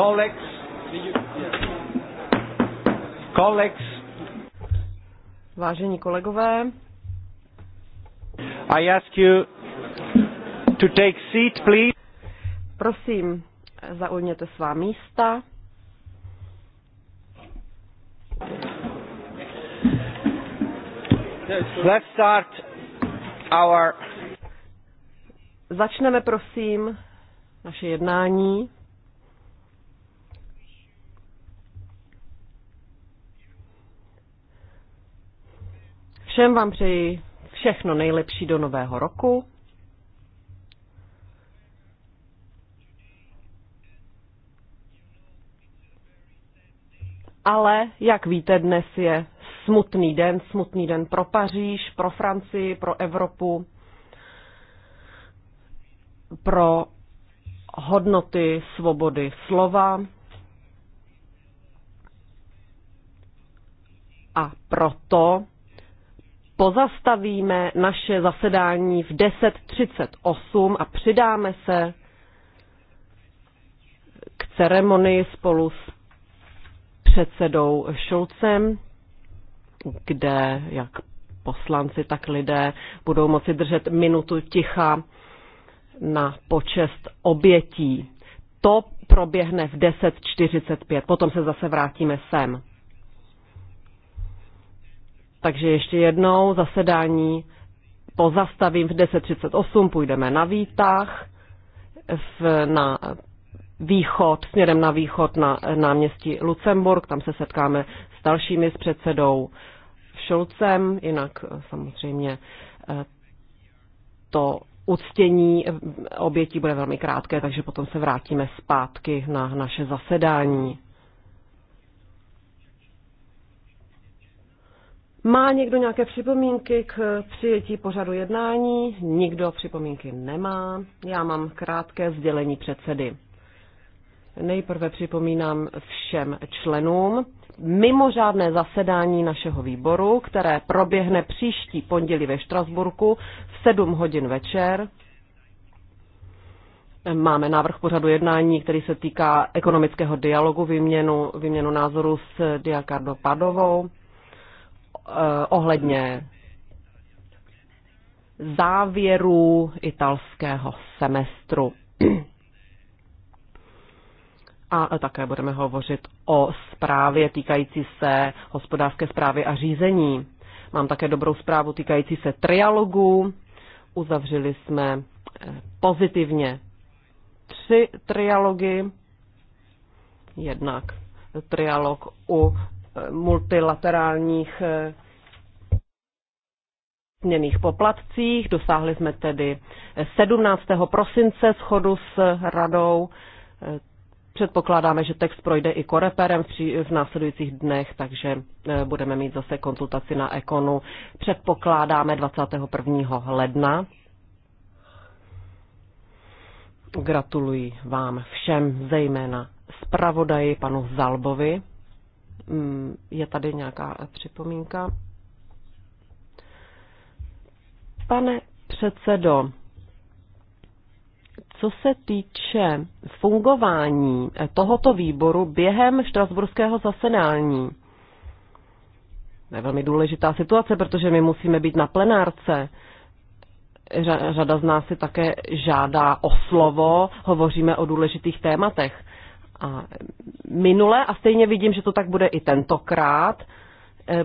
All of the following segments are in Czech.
Colex. Colex. Vážení kolegové, I ask you to take seat, please. Prosím, zaujměte svá místa. Let's start our... Začneme, prosím, naše jednání. Všem vám přeji všechno nejlepší do nového roku. Ale, jak víte, dnes je smutný den, smutný den pro Paříž, pro Francii, pro Evropu, pro hodnoty svobody slova a proto pozastavíme naše zasedání v 10.38 a přidáme se k ceremonii spolu s předsedou Šulcem, kde jak poslanci, tak lidé budou moci držet minutu ticha na počest obětí. To proběhne v 10.45, potom se zase vrátíme sem. Takže ještě jednou zasedání pozastavím v 10.38, půjdeme na výtah v, na východ, směrem na východ na náměstí Lucemburg, tam se setkáme s dalšími, s předsedou Šulcem, jinak samozřejmě eh, to uctění eh, obětí bude velmi krátké, takže potom se vrátíme zpátky na naše zasedání. Má někdo nějaké připomínky k přijetí pořadu jednání? Nikdo připomínky nemá. Já mám krátké sdělení předsedy. Nejprve připomínám všem členům mimořádné zasedání našeho výboru, které proběhne příští pondělí ve Štrasburku v 7 hodin večer. Máme návrh pořadu jednání, který se týká ekonomického dialogu, výměnu, výměnu názoru s Diakardo Padovou Eh, ohledně závěru italského semestru. A také budeme hovořit o zprávě týkající se hospodářské zprávy a řízení. Mám také dobrou zprávu týkající se trialogu. Uzavřeli jsme eh, pozitivně tři trialogy. Jednak trialog u multilaterálních směných eh, poplatcích. Dosáhli jsme tedy 17. prosince schodu s radou. Eh, předpokládáme, že text projde i koreperem v následujících dnech, takže eh, budeme mít zase konzultaci na Ekonu. Předpokládáme 21. ledna. Gratuluji vám všem, zejména zpravodaji panu Zalbovi Mm, je tady nějaká připomínka? Pane předsedo, co se týče fungování eh, tohoto výboru během štrasburského zasedání, to je velmi důležitá situace, protože my musíme být na plenárce. Řada z nás si také žádá o slovo, hovoříme o důležitých tématech a minule a stejně vidím, že to tak bude i tentokrát, e,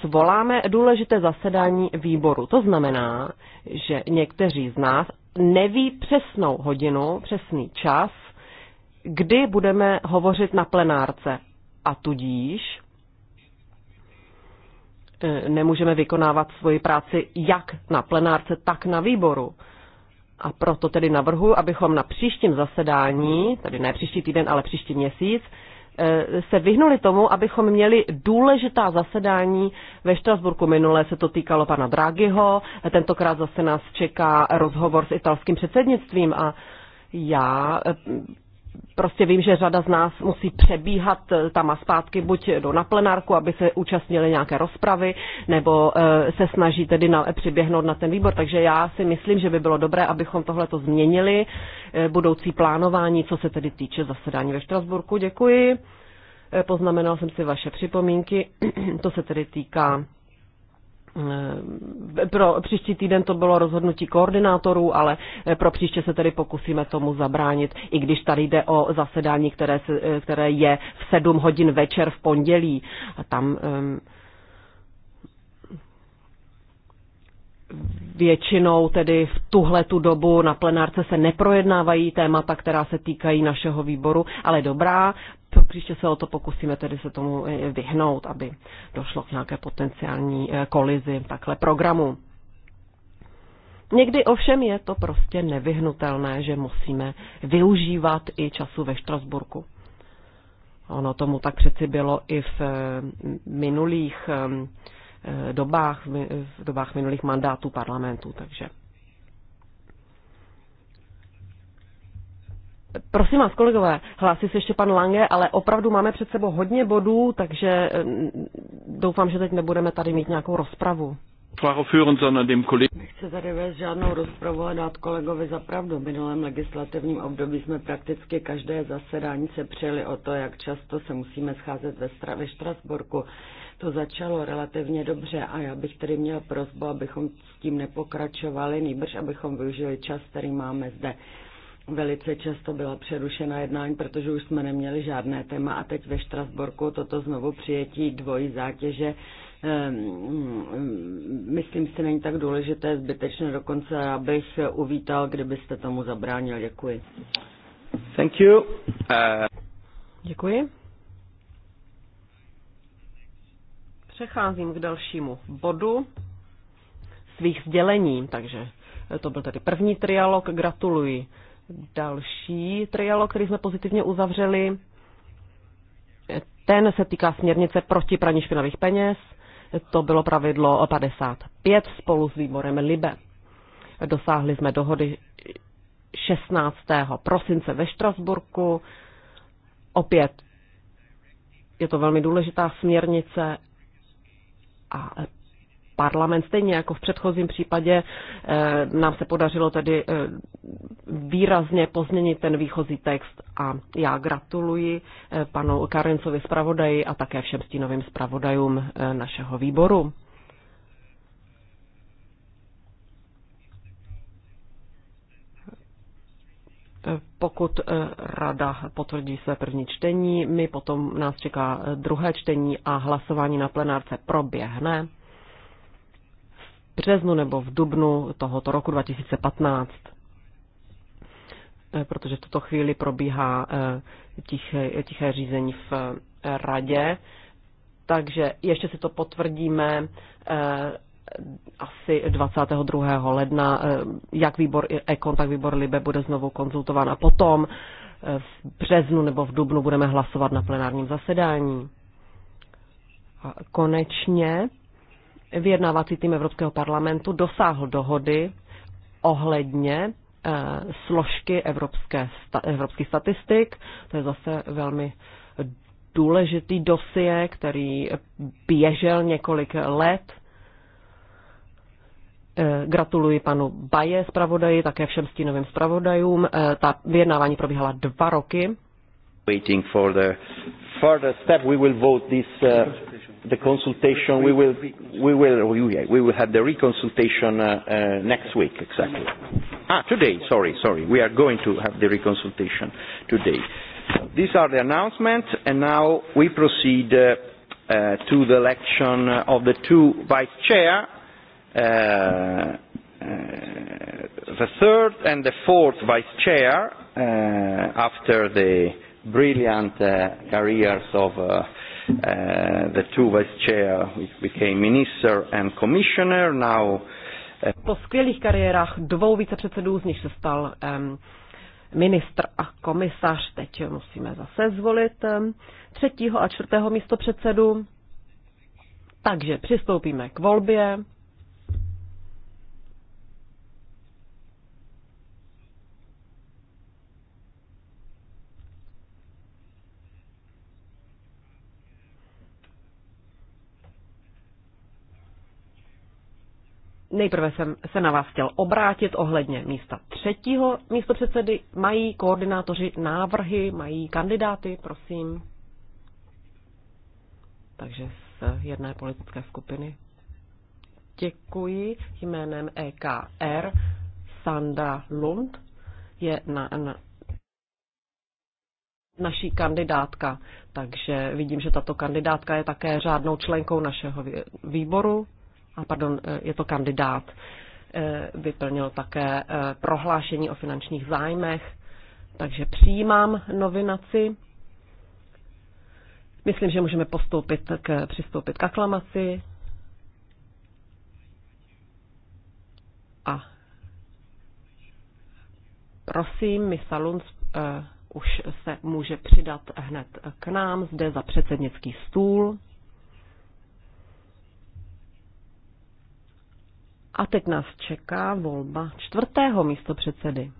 svoláme důležité zasedání výboru. To znamená, že někteří z nás neví přesnou hodinu, přesný čas, kdy budeme hovořit na plenárce. A tudíž e, nemůžeme vykonávat svoji práci jak na plenárce, tak na výboru. A proto tedy navrhuji, abychom na příštím zasedání, tedy ne příští týden, ale příští měsíc, eh, se vyhnuli tomu, abychom měli důležitá zasedání ve Štrasburku. Minulé se to týkalo pana Draghiho, tentokrát zase nás čeká rozhovor s italským předsednictvím a já eh, prostě vím, že řada z nás musí přebíhat eh, tam a zpátky buď do na plenárku, aby se účastnili nějaké rozpravy, nebo eh, se snaží tedy na, přiběhnout na ten výbor. Takže já si myslím, že by bylo dobré, abychom tohle to změnili, eh, budoucí plánování, co se tedy týče zasedání ve Štrasburku. Děkuji. Poznamenal jsem si vaše připomínky. to se tedy týká Eh, pro příští týden to bylo rozhodnutí koordinátorů, ale eh, pro příště se tedy pokusíme tomu zabránit, i když tady jde o zasedání, které, se, eh, které je v 7 hodin večer v pondělí. Tam um, většinou tedy v tuhle tu dobu na plenárce se neprojednávají témata, která se týkají našeho výboru, ale dobrá, příště se o to pokusíme tedy se tomu eh, vyhnout, aby došlo k nějaké potenciální eh, kolizi takhle programu. Někdy ovšem je to prostě nevyhnutelné, že musíme využívat i času ve Štrasburku. Ono tomu tak přeci bylo i v eh, minulých Eh, dobách, v dobách minulých mandátů parlamentu. Takže. Prosím vás, kolegové, hlásí se ještě pan Lange, ale opravdu máme před sebou hodně bodů, takže eh, doufám, že teď nebudeme tady mít nějakou rozpravu. Nechci tady vést žádnou rozpravu a dát kolegovi za pravdu. V minulém legislativním období jsme prakticky každé zasedání se přeli o to, jak často se musíme scházet ve, Stra- ve Štrasburku. To začalo relativně dobře a já bych tedy měl prozbu, abychom s tím nepokračovali, nejbrž abychom využili čas, který máme zde. Velice často byla přerušena jednání, protože už jsme neměli žádné téma a teď ve Štrasborku toto znovu přijetí dvojí zátěže ehm, mm, myslím si, není tak důležité, zbytečné dokonce, abych uvítal, kdybyste tomu zabránil. Děkuji. Thank you. Uh... Děkuji. Přecházím k dalšímu bodu svých sdělení, takže to byl tady první trialog, gratuluji. Další trialog, který jsme pozitivně uzavřeli, ten se týká směrnice proti praní špinavých peněz. To bylo pravidlo 55 spolu s výborem LIBE. Dosáhli jsme dohody 16. prosince ve Štrasburku. Opět je to velmi důležitá směrnice a parlament, stejně jako v předchozím případě, eh, nám se podařilo tedy eh, výrazně pozměnit ten výchozí text a já gratuluji eh, panu Karencovi zpravodaji a také všem stínovým zpravodajům našeho výboru. Pokud eh, rada potvrdí své první čtení, my potom nás čeká eh, druhé čtení a hlasování na plenárce proběhne v březnu nebo v dubnu tohoto roku 2015 eh, protože v tuto chvíli probíhá tiché, tiché řízení v radě. Takže ještě si to potvrdíme asi 22. ledna, eh, jak výbor Ekon, tak výbor Libe bude znovu konzultován a potom eh, v březnu nebo v dubnu budeme hlasovat na plenárním zasedání. A konečně vyjednávací tým Evropského parlamentu dosáhl dohody ohledně eh, složky evropské, evropských statistik. To je zase velmi důležitý dosie, který běžel několik let Eh, gratuluji panu Baje zpravodaji, také všem stínovým zpravodajům. Eh, ta vyjednávání probíhala dva roky. Waiting for the further step, we will vote this, uh, the consultation, we will, we will, we will have the reconsultation uh, uh, next week, exactly. Ah, today, sorry, sorry, we are going to have the reconsultation today. These are the announcements, and now we proceed uh, uh, to the election of the two vice chair Uh, uh, the third and the fourth vice chair, uh, after the brilliant uh, careers of uh, uh, the two vice chair, which became minister and commissioner, now. Uh, po skvělých kariérách dvou vicepředsedů z nich se stal um, ministr a komisař. Teď musíme zase zvolit um, třetího a čtvrtého místo předsedu. Takže přistoupíme k volbě. Nejprve jsem se na vás chtěl obrátit ohledně místa třetího místo předsedy. Mají koordinátoři návrhy, mají kandidáty, prosím. Takže z jedné politické skupiny. Děkuji. Jménem EKR Sandra Lund je na, na, naší kandidátka. Takže vidím, že tato kandidátka je také řádnou členkou našeho výboru a pardon, eh, je to kandidát, eh, vyplnil také eh, prohlášení o finančních zájmech, takže přijímám novinaci. Myslím, že můžeme postoupit k, přistoupit k aklamaci. A prosím, Misalun uh, už se může přidat hned k nám zde za předsednický stůl. A teď nás čeká volba čtvrtého místo předsedy.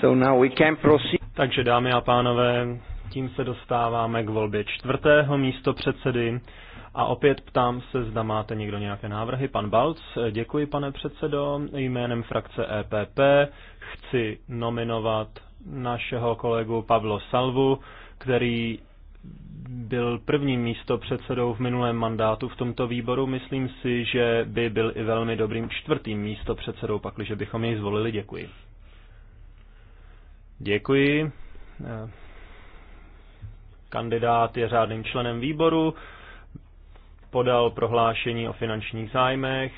So now we can proceed. Takže dámy a pánové, tím se dostáváme k volbě čtvrtého místo předsedy a opět ptám se, zda máte někdo nějaké návrhy. Pan Balc, děkuji pane předsedo. Jménem frakce EPP chci nominovat našeho kolegu Pavlo Salvu, který byl prvním místo předsedou v minulém mandátu v tomto výboru. Myslím si, že by byl i velmi dobrým čtvrtým místo předsedou, pakliže bychom jej zvolili. Děkuji. Děkuji. Eh, kandidát je řádným členem výboru podal prohlášení o finančních zájmech,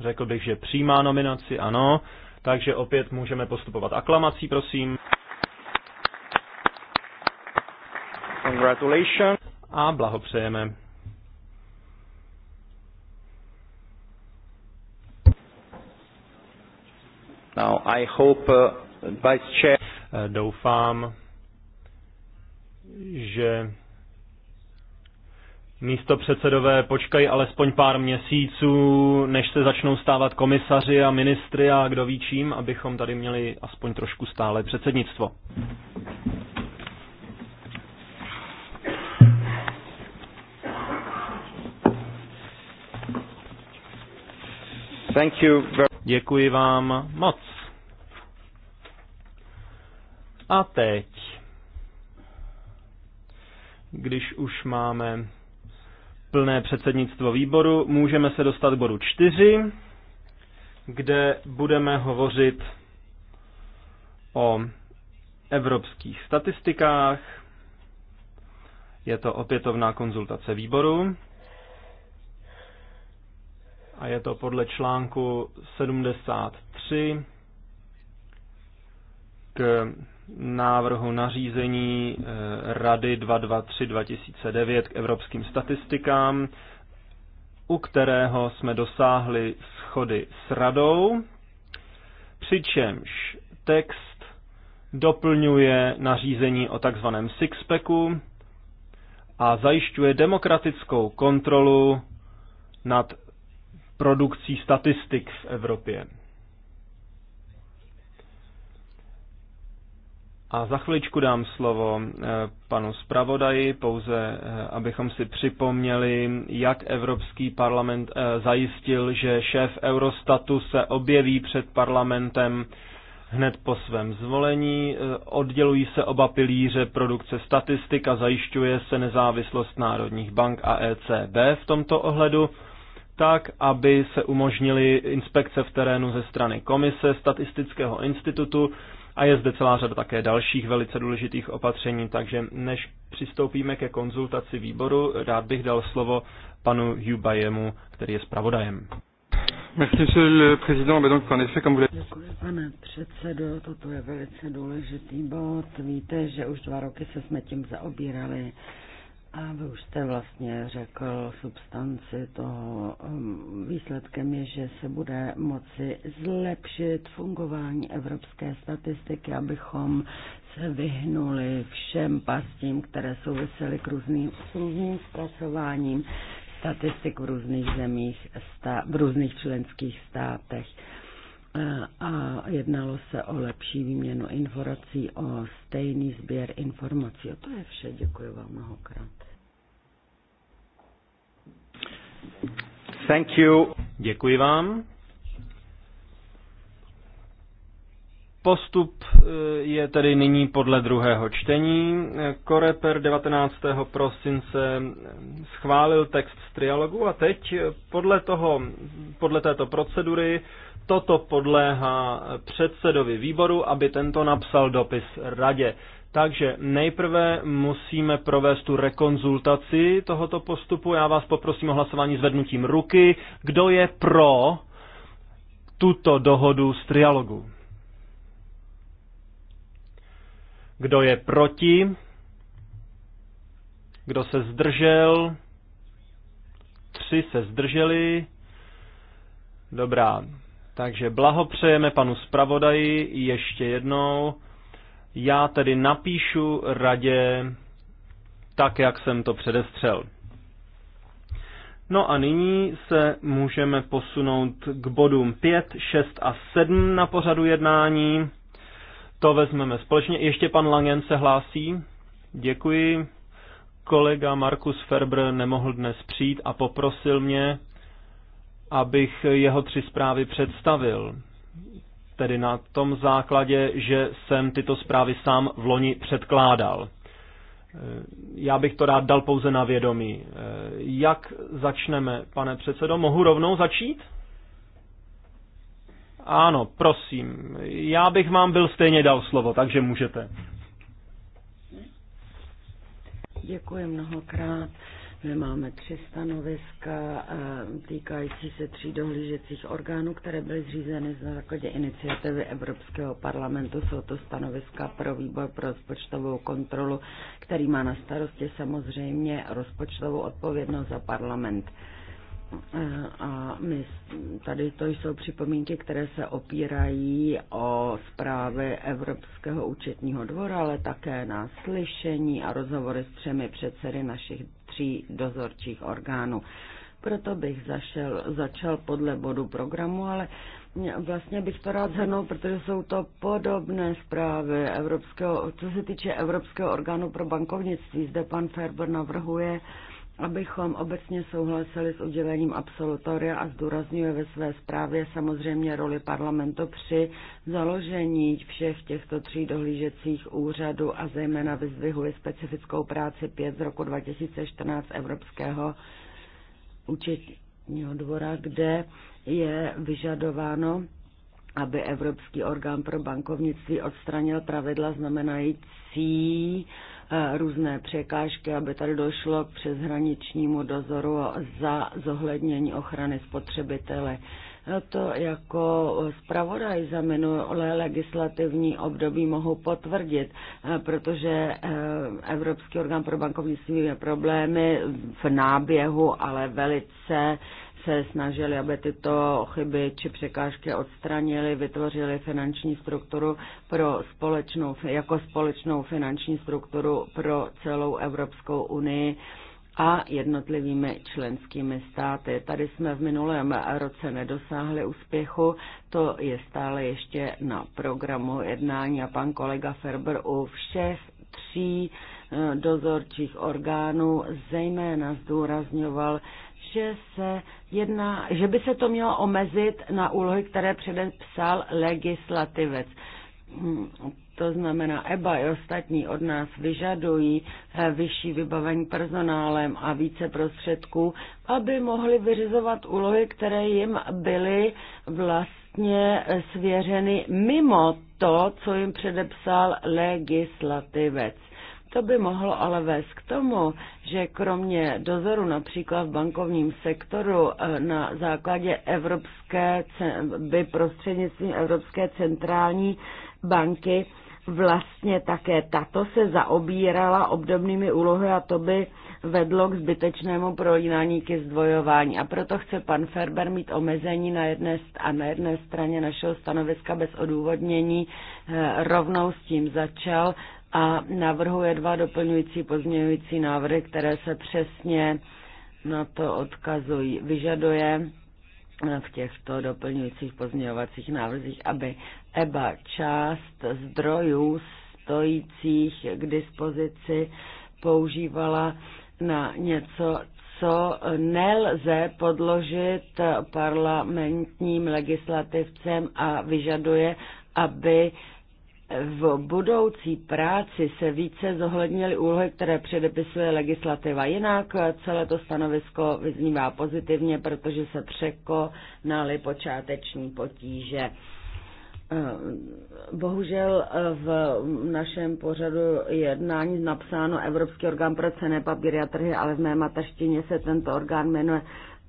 řekl bych, že přijímá nominaci, ano, takže opět můžeme postupovat aklamací, prosím. Congratulations. A blahopřejeme. Now I hope uh, Vice Chair. Doufám, že místo předsedové počkají alespoň pár měsíců, než se začnou stávat komisaři a ministry a kdo ví čím, abychom tady měli aspoň trošku stále předsednictvo. Thank you very... Děkuji vám moc. A teď, když už máme plné předsednictvo výboru, můžeme se dostat k bodu 4, kde budeme hovořit o evropských statistikách. Je to opětovná konzultace výboru a je to podle článku 73 k eh, návrhu nařízení eh, Rady 223-2009 k evropským statistikám, u kterého jsme dosáhli schody s radou, přičemž text doplňuje nařízení o takzvaném sixpacku a zajišťuje demokratickou kontrolu nad produkcí statistik v Evropě. A za chviličku dám slovo eh, panu zpravodaji, pouze eh, abychom si připomněli, jak Evropský parlament eh, zajistil, že šéf Eurostatu se objeví před parlamentem hned po svém zvolení. Oddělují se oba pilíře produkce statistik a zajišťuje se nezávislost národních bank a ECB v tomto ohledu tak, aby se umožnily inspekce v terénu ze strany Komise, Statistického institutu a je zde celá řada také dalších velice důležitých opatření, takže než přistoupíme ke konzultaci výboru, rád bych dal slovo panu Hubajemu, který je zpravodajem. Děkuji, pane předsedo, toto je velice důležitý bod. Víte, že už dva roky se jsme tím zaobírali. A vy už jste vlastně řekl substanci toho. Um, výsledkem je, že se bude moci zlepšit fungování evropské statistiky, abychom se vyhnuli všem pastím, které souvisely k různým, s různým zpracováním statistik v různých zemích, v různých členských státech e, a jednalo se o lepší výměnu informací, o stejný sběr informací. A to je vše. Děkuji vám mnohokrát. Thank you. Děkuji vám. Postup eh, je tedy nyní podle druhého čtení. Koreper 19. prosince schválil text z trialogu a teď eh, podle, toho, podle této procedury toto podléhá předsedovi výboru, aby tento napsal dopis radě. Takže nejprve musíme provést tu rekonzultaci tohoto postupu. Já vás poprosím o hlasování zvednutím ruky. Kdo je pro tuto dohodu z trialogu? Kdo je proti? Kdo se zdržel? Tři se zdrželi. Dobrá. Takže blahopřejeme panu zpravodaji ještě jednou já tedy napíšu radě tak, jak jsem to předestřel. No a nyní se můžeme posunout k bodům 5, 6 a 7 na pořadu jednání. To vezmeme společně. Ještě pan Langen se hlásí. Děkuji. Kolega Markus Ferber nemohl dnes přijít a poprosil mě, abych jeho tři zprávy představil tedy na tom základě, že jsem tyto zprávy sám v loni předkládal. Eh, já bych to rád dal pouze na vědomí. Eh, jak začneme, pane předsedo? Mohu rovnou začít? Ano, prosím. Já bych vám byl stejně dal slovo, takže můžete. Děkuji mnohokrát. My máme tři stanoviska týkající se tří dohlížecích orgánů, které byly zřízeny na základě iniciativy Evropského parlamentu. Jsou to stanoviska pro výbor pro rozpočtovou kontrolu, který má na starosti samozřejmě rozpočtovou odpovědnost za parlament. A my, tady to jsou připomínky, které se opírají o zprávy Evropského účetního dvora, ale také na slyšení a rozhovory s třemi předsedy našich tří dozorčích orgánů. Proto bych zašel, začal podle bodu programu, ale vlastně bych to rád zhrnul, protože jsou to podobné zprávy Evropského, co se týče Evropského orgánu pro bankovnictví. Zde pan Ferber navrhuje uh, abychom obecně souhlasili s udělením absolutoria a zdůrazňuje ve své zprávě samozřejmě roli parlamentu při založení všech těchto tří dohlížecích úřadů a zejména vyzvihuje specifickou práci 5 z roku 2014 Evropského účetního dvora, kde je vyžadováno aby Evropský orgán pro bankovnictví odstranil pravidla znamenající Eh, různé překážky, aby tady došlo k přeshraničnímu dozoru za zohlednění ochrany spotřebitele. Eh, to jako zpravodaj za minulé legislativní období mohu potvrdit, eh, protože Evropský orgán pro bankovnictví měl problémy v náběhu, ale velice se snažili, aby tyto chyby či překážky odstranili, vytvořili finanční strukturu pro společnou, jako společnou finanční strukturu pro celou Evropskou unii a jednotlivými členskými státy. Tady jsme v minulém roce nedosáhli úspěchu, to je stále ještě na programu jednání a pan kolega Ferber u všech tří eh, dozorčích orgánů zejména zdůrazňoval, že se jedná, že by se to mělo omezit na úlohy, které předepsal legislativec. To znamená, EBA i ostatní od nás vyžadují eh, vyšší vybavení personálem a více prostředků, aby mohli vyřizovat úlohy, které jim byly vlastně svěřeny mimo to, co jim předepsal legislativec. To by mohlo ale vést k tomu, že kromě dozoru například v bankovním sektoru eh, na základě Evropské, by prostřednictvím Evropské centrální banky vlastně také tato se zaobírala obdobnými úlohy a to by vedlo k zbytečnému prolínání ke zdvojování. A proto chce pan Ferber mít omezení na jedné, a na jedné straně našeho stanoviska bez odůvodnění. Eh, rovnou s tím začal a navrhuje dva doplňující pozměňující návrhy, které se přesně na to odkazují. Vyžaduje v těchto doplňujících pozměňovacích návrzích, aby EBA část zdrojů stojících k dispozici používala na něco, co nelze podložit parlamentním legislativcem a vyžaduje, aby v budoucí práci se více zohlednily úlohy, které předepisuje legislativa. Jinak celé to stanovisko vyznívá pozitivně, protože se překonaly počáteční potíže. Eh, bohužel eh, v našem pořadu jednání napsáno Evropský orgán pro cené papíry a trhy, ale v mé mateřštině se tento orgán jmenuje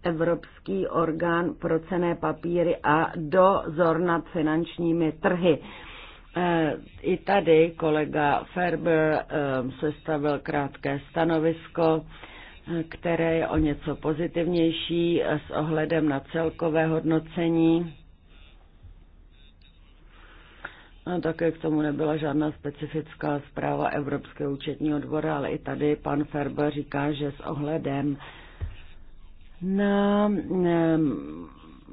Evropský orgán pro cené papíry a dozor nad finančními trhy Eh, I tady kolega Ferber eh, sestavil krátké stanovisko, eh, které je o něco pozitivnější s ohledem na celkové hodnocení. No, také k tomu nebyla žádná specifická zpráva Evropského účetního dvora, ale i tady pan Ferber říká, že s ohledem na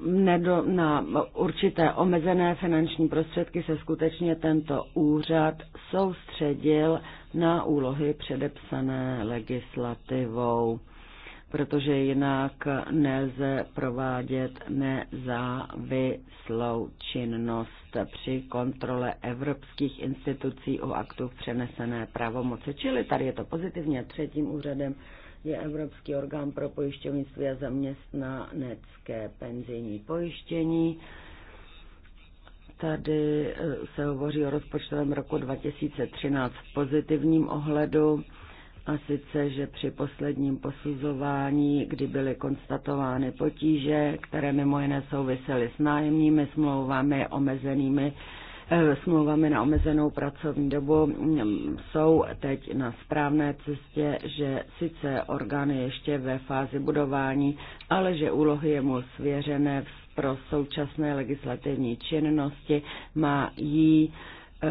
nedo, na určité omezené finanční prostředky se skutečně tento úřad soustředil na úlohy předepsané legislativou, protože jinak nelze provádět nezávislou činnost při kontrole evropských institucí o aktu v přenesené pravomoci. Čili tady je to pozitivně třetím úřadem, je Evropský orgán pro pojišťovnictví a zaměstnanecké penzijní pojištění. Tady eh, se hovoří o rozpočtovém roku 2013 v pozitivním ohledu a sice, že při posledním posuzování, kdy byly konstatovány potíže, které mimo jiné souvisely s nájemními smlouvami, omezenými Eh, smlouvami na omezenou pracovní dobu mm, jsou teď na správné cestě, že sice orgány ještě ve fázi budování, ale že úlohy je mu svěřené pro současné legislativní činnosti, má jí eh,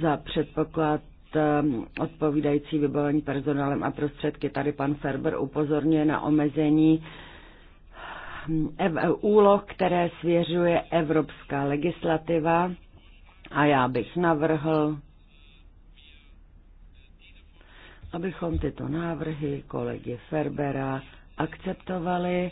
za předpoklad eh, odpovídající vybavení personálem a prostředky. Tady pan Ferber upozorňuje na omezení úloh, které svěřuje evropská legislativa a já bych navrhl, abychom tyto návrhy kolegy Ferbera akceptovali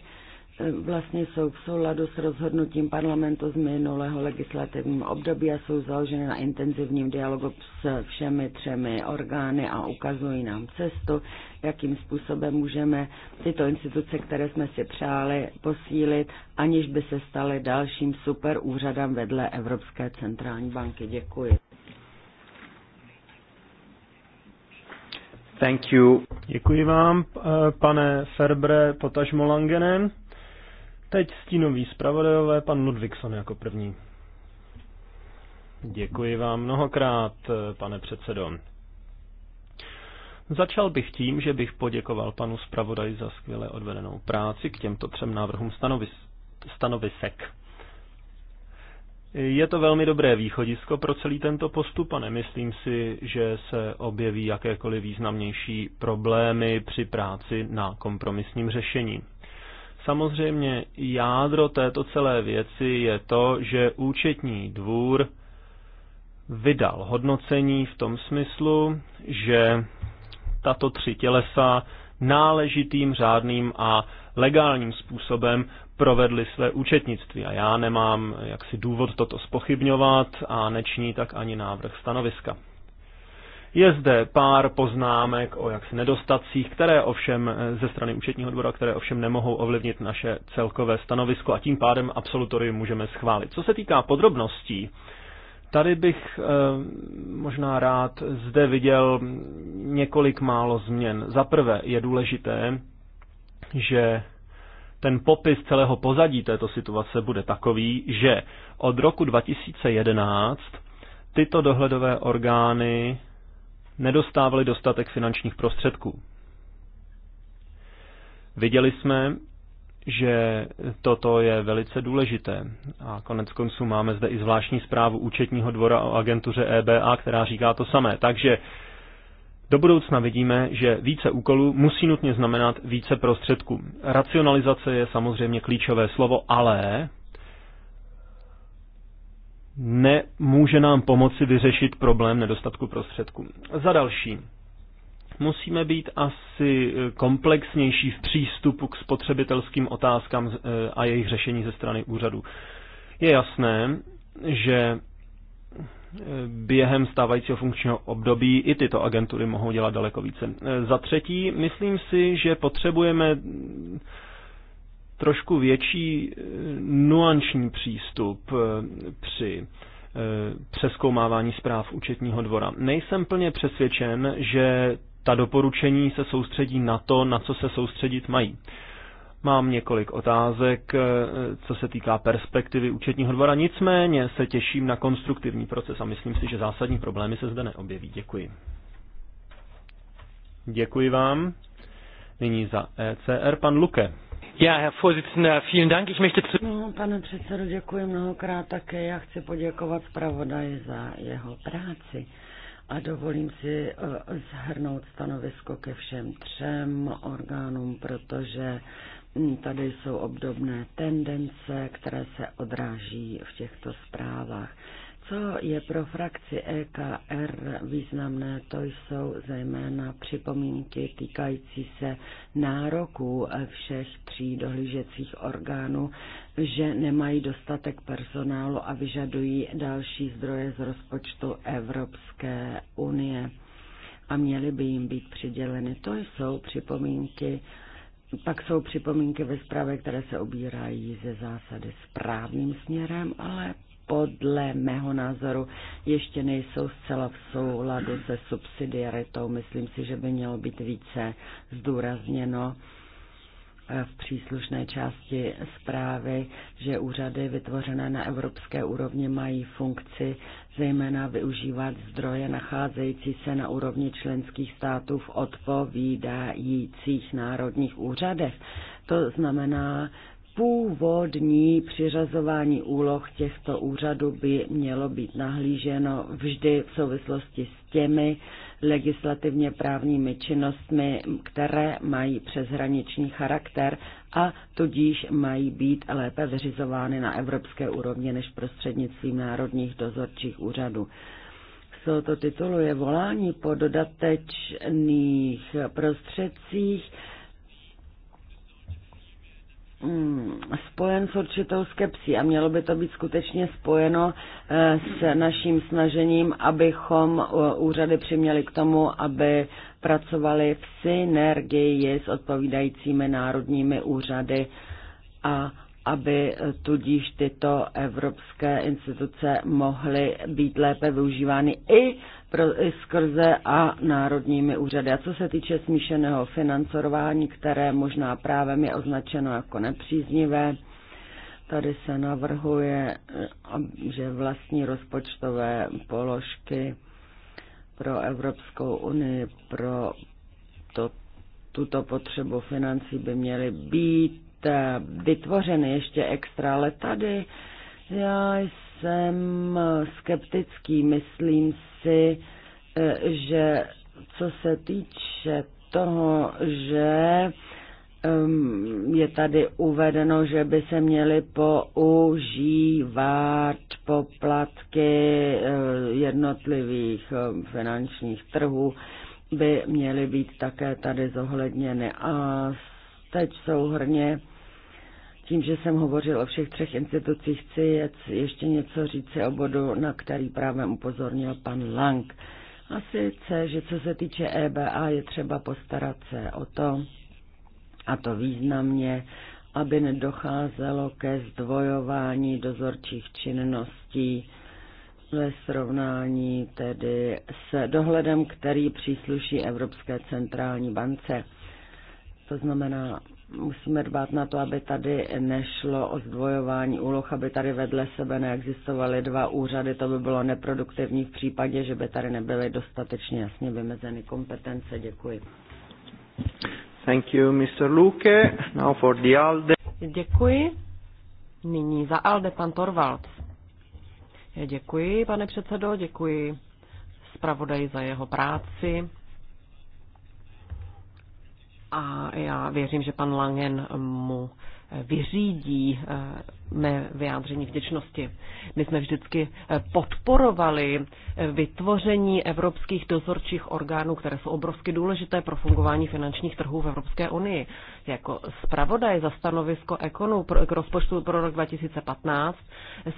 vlastně jsou v souladu s rozhodnutím parlamentu z minulého legislativního období a jsou založeny na intenzivním dialogu s všemi třemi orgány a ukazují nám cestu, jakým způsobem můžeme tyto instituce, které jsme si přáli, posílit, aniž by se staly dalším super úřadem vedle Evropské centrální banky. Děkuji. Thank you. Děkuji vám, eh, pane Ferbre, potažmo Langenen. Teď stínový zpravodajové, pan Ludvíkson jako první. Děkuji vám mnohokrát, pane předsedo. Začal bych tím, že bych poděkoval panu zpravodaji za skvěle odvedenou práci k těmto třem návrhům stanovis, stanovisek. Je to velmi dobré východisko pro celý tento postup a nemyslím si, že se objeví jakékoliv významnější problémy při práci na kompromisním řešení. Samozřejmě jádro této celé věci je to, že účetní dvůr vydal hodnocení v tom smyslu, že tato tři tělesa náležitým, řádným a legálním způsobem provedli své účetnictví. A já nemám jaksi důvod toto spochybňovat a nečiní tak ani návrh stanoviska. Je zde pár poznámek o jaksi nedostacích, které ovšem eh, ze strany účetního dvora, které ovšem nemohou ovlivnit naše celkové stanovisko a tím pádem absolutorium můžeme schválit. Co se týká podrobností, Tady bych eh, možná rád zde viděl několik málo změn. Za prvé je důležité, že ten popis celého pozadí této situace bude takový, že od roku 2011 tyto dohledové orgány nedostávali dostatek finančních prostředků. Viděli jsme, že toto je velice důležité. A konec konců máme zde i zvláštní zprávu účetního dvora o agentuře EBA, která říká to samé. Takže do budoucna vidíme, že více úkolů musí nutně znamenat více prostředků. Racionalizace je samozřejmě klíčové slovo, ale nemůže nám pomoci vyřešit problém nedostatku prostředků. Za další, musíme být asi eh, komplexnější v přístupu k spotřebitelským otázkám eh, a jejich řešení ze strany úřadu. Je jasné, že eh, během stávajícího funkčního období i tyto agentury mohou dělat daleko více. Za třetí, myslím si, že potřebujeme trošku větší eh, nuanční přístup eh, při eh, přeskoumávání zpráv účetního dvora. Nejsem plně přesvědčen, že ta doporučení se soustředí na to, na co se soustředit mají. Mám několik otázek, co se týká perspektivy účetního dvora, nicméně se těším na konstruktivní proces a myslím si, že zásadní problémy se zde neobjeví. Děkuji. Děkuji vám. Nyní za ECR pan Luke. No, pane předsedo, děkuji mnohokrát také. Já chci poděkovat zpravodaji za jeho práci a dovolím si zhrnout eh, stanovisko ke všem třem orgánům, protože hm, tady jsou obdobné tendence, které se odráží v těchto zprávách. Co je pro frakci EKR významné, to jsou zejména připomínky týkající se nároků všech tří dohlížecích orgánů, že nemají dostatek personálu a vyžadují další zdroje z rozpočtu Evropské unie a měly by jim být přiděleny. To jsou připomínky, pak jsou připomínky ve zprávě, které se obírají ze zásady správným směrem, ale podle mého názoru ještě nejsou zcela v souladu se subsidiaritou. Myslím si, že by mělo být více zdůrazněno eh, v příslušné části zprávy, že úřady vytvořené na evropské úrovni mají funkci zejména využívat zdroje nacházející se na úrovni členských států v odpovídajících národních úřadech. To znamená, původní přiřazování úloh těchto úřadů by mělo být nahlíženo vždy v souvislosti s těmi legislativně právními činnostmi, které mají přeshraniční charakter a tudíž mají být lépe vyřizovány na evropské úrovni než prostřednictvím národních dozorčích úřadů tohoto titulu je volání po dodatečných prostředcích Mm, spojen s určitou skepsí a mělo by to být skutečně spojeno eh, s naším snažením, abychom eh, úřady přiměli k tomu, aby pracovali v synergii s odpovídajícími národními úřady a aby eh, tudíž tyto evropské instituce mohly být lépe využívány i pro, skrze a národními úřady. A co se týče smíšeného financování, které možná právem je označeno jako nepříznivé, tady se navrhuje, eh, že vlastní rozpočtové položky pro Evropskou unii pro to, tuto potřebu financí by měly být eh, vytvořeny ještě extra, ale tady já jsem skeptický, myslím říci, eh, že co se týče toho, že ehm, je tady uvedeno, že by se měly používat poplatky eh, jednotlivých eh, finančních trhů, by měly být také tady zohledněny. A teď souhrně tím, že jsem hovořil o všech třech institucích, chci ještě něco říci o bodu, na který právě upozornil pan Lang. A sice, že co se týče EBA, je třeba postarat se o to, a to významně, aby nedocházelo ke zdvojování dozorčích činností ve srovnání tedy s dohledem, který přísluší Evropské centrální bance. To znamená, musíme dbát na to, aby tady nešlo o zdvojování úloh, aby tady vedle sebe neexistovaly dva úřady, to by bylo neproduktivní v případě, že by tady nebyly dostatečně jasně vymezeny kompetence. Děkuji. Thank you, Mr. Luke. Now for the ALDE. Děkuji. Nyní za ALDE pan Torvalds. Děkuji, pane předsedo, děkuji zpravodaj za jeho práci a já věřím, že pan Langen mu vyřídí eh, mé vyjádření vděčnosti. My jsme vždycky eh, podporovali eh, vytvoření evropských dozorčích orgánů, které jsou obrovsky důležité pro fungování finančních trhů v Evropské unii. Jako zpravodaj za stanovisko ekonu k rozpočtu pro rok 2015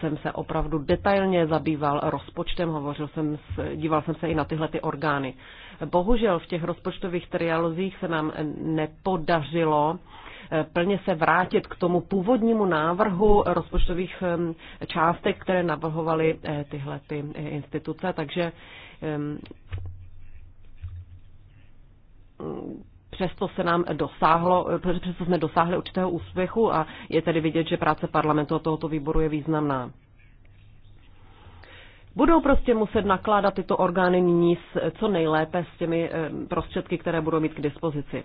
jsem se opravdu detailně zabýval rozpočtem, hovořil jsem, díval jsem se i na tyhle ty orgány. Bohužel v těch rozpočtových trialozích se nám nepodařilo eh, plně se vrátit k tomu původnímu návrhu rozpočtových ehm, částek, které navrhovaly eh, tyhle ty eh, instituce, takže ehm, přesto se nám dosáhlo, přesto jsme dosáhli určitého úspěchu a je tedy vidět, že práce parlamentu a tohoto výboru je významná budou prostě muset nakládat tyto orgány nyní co nejlépe s těmi eh, prostředky, které budou mít k dispozici.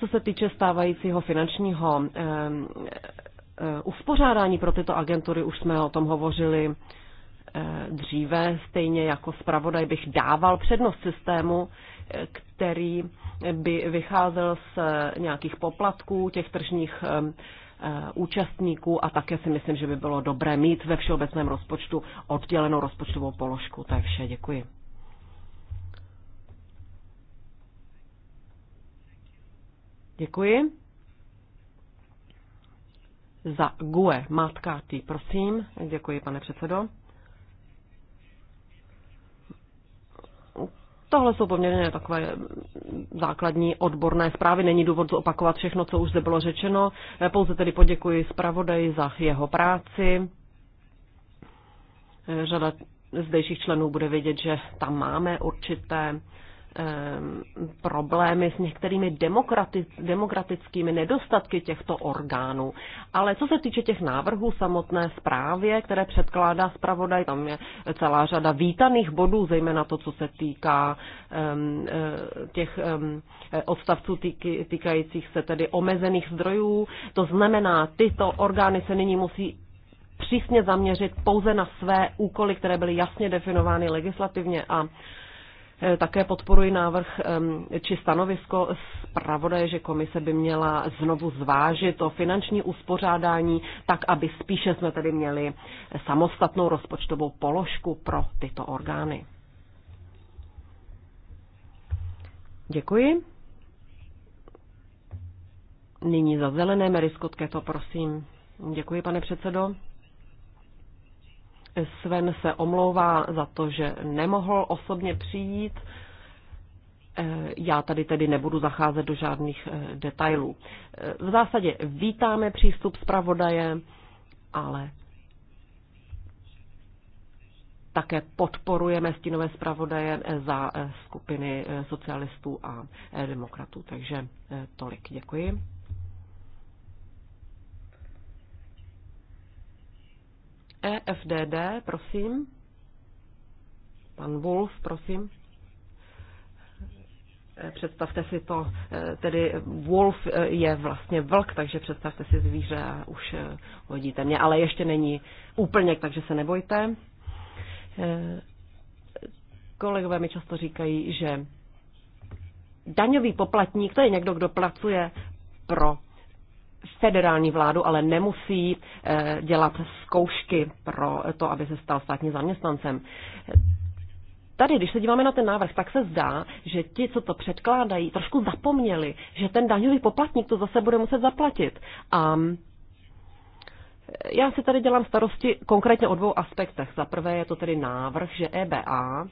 Co se týče stávajícího finančního eh, eh, uspořádání pro tyto agentury, už jsme o tom hovořili dříve, stejně jako zpravodaj bych dával přednost systému, který by vycházel z nějakých poplatků těch tržních Eh, účastníků a také si myslím, že by bylo dobré mít ve všeobecném rozpočtu oddělenou rozpočtovou položku. To je vše, děkuji. Děkuji. Za GUE matka Matkátý, prosím. Děkuji, pane předsedo. Tohle jsou poměrně takové základní odborné zprávy. Není důvod opakovat všechno, co už zde bylo řečeno. Eh, Pouze tedy poděkuji zpravodaji za jeho práci. Eh, Řada zdejších členů bude vědět, že tam máme určité Ehm, problémy s některými demokrati, demokratickými nedostatky těchto orgánů. Ale co se týče těch návrhů samotné zprávě, které předkládá zpravodaj, tam je celá řada vítaných bodů, zejména to, co se týká um, těch um, odstavců týky, týkajících se tedy omezených zdrojů. To znamená, tyto orgány se nyní musí přísně zaměřit pouze na své úkoly, které byly jasně definovány legislativně a Eh, také podporuji návrh či stanovisko zpravodaje, že komise by měla znovu zvážit to finanční uspořádání, tak aby spíše jsme tedy měli samostatnou rozpočtovou položku pro tyto orgány. Děkuji. Nyní za zelené, Mary Scott, to prosím. Děkuji, pane předsedo. Sven se omlouvá za to, že nemohl osobně přijít. Eh, já tady tedy nebudu zacházet do žádných eh, detailů. Eh, v zásadě vítáme přístup zpravodaje, ale také podporujeme stínové zpravodaje za skupiny socialistů a demokratů. Takže tolik. Děkuji. EFDD, prosím. Pan Wolf, prosím. E, představte si to, e, tedy wolf e, je vlastně vlk, takže představte si zvíře a už hodíte mě, ale ještě není úplněk, takže se nebojte. Kolegové mi často říkají, že daňový poplatník to je někdo, kdo pracuje pro federální vládu ale nemusí eh, dělat zkoušky pro to, aby se stal státním zaměstnancem. Tady, když se díváme na ten návrh, tak se zdá, že ti, co to předkládají, trošku zapomněli, že ten daňový poplatník to zase bude muset zaplatit. A eh, já si tady dělám starosti konkrétně o dvou aspektech. Za prvé je to tedy návrh, že EBA,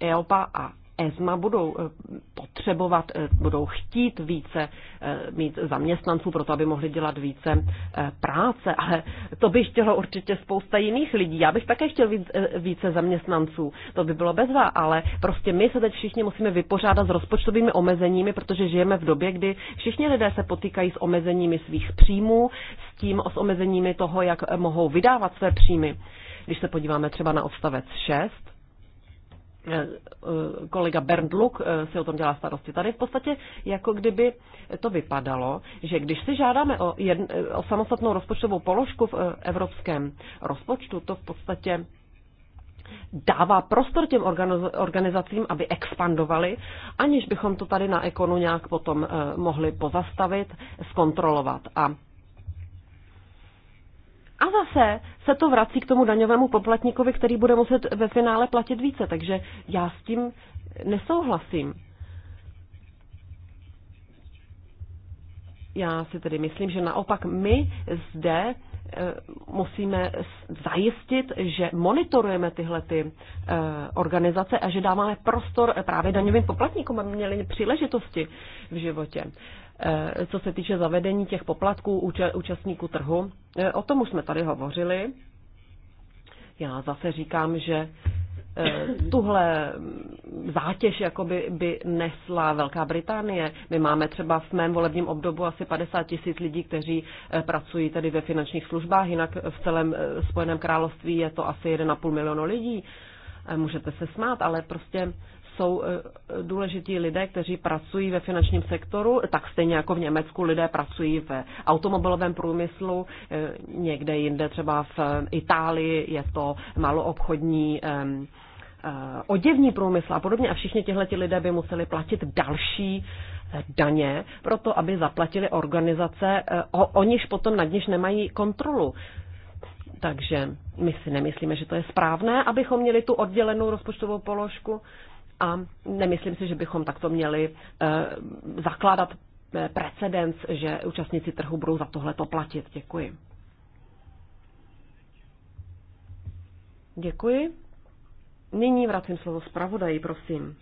EOPA a eh, e ESMA budou eh, potřebovat, eh, budou chtít více eh, mít zaměstnanců, to, aby mohli dělat více práce, ale to by chtělo určitě spousta jiných lidí. Já bych také chtěl více zaměstnanců, to by bylo bezva, ale prostě my se teď všichni musíme vypořádat s rozpočtovými omezeními, protože žijeme v době, kdy všichni lidé se potýkají s omezeními svých příjmů, s tím, s omezeními toho, jak mohou vydávat své příjmy. Když se podíváme třeba na odstavec 6, Eh, eh, kolega Bernd Luk eh, si o tom dělá starosti. Tady v podstatě jako kdyby to vypadalo, že když si žádáme o, jedn, o samostatnou rozpočtovou položku v evropském rozpočtu, to v podstatě dává prostor těm organizacím, aby expandovali, aniž bychom to tady na ekonu nějak potom mohli pozastavit, zkontrolovat. A a zase se to vrací k tomu daňovému poplatníkovi, který bude muset ve finále platit více. Takže já s tím nesouhlasím. Já si tedy myslím, že naopak my zde eh, musíme zajistit, že monitorujeme tyhle ty eh, organizace a že dáváme prostor právě daňovým poplatníkům, aby měli příležitosti v životě. Eh, co se týče zavedení těch poplatků účastníků trhu. Eh, o tom už jsme tady hovořili. Já zase říkám, že eh, tuhle zátěž jakoby by nesla Velká Británie. My máme třeba v mém volebním obdobu asi 50 tisíc lidí, kteří pracují tady ve finančních službách, jinak v celém Spojeném království je to asi 1,5 milionu lidí. Můžete se smát, ale prostě jsou e, důležití lidé, kteří pracují ve finančním sektoru, tak stejně jako v Německu lidé pracují v automobilovém průmyslu, e, někde jinde třeba v e, Itálii je to maloobchodní oděvní průmysl a podobně a všichni tihleti lidé by museli platit další daně, proto aby zaplatili organizace, o, o niž potom nad niž nemají kontrolu. Takže my si nemyslíme, že to je správné, abychom měli tu oddělenou rozpočtovou položku a nemyslím si, že bychom takto měli eh, zakládat eh, precedens, že účastníci trhu budou za tohle to platit. Děkuji. Děkuji. Nyní vracím slovo zpravodaji, prosím.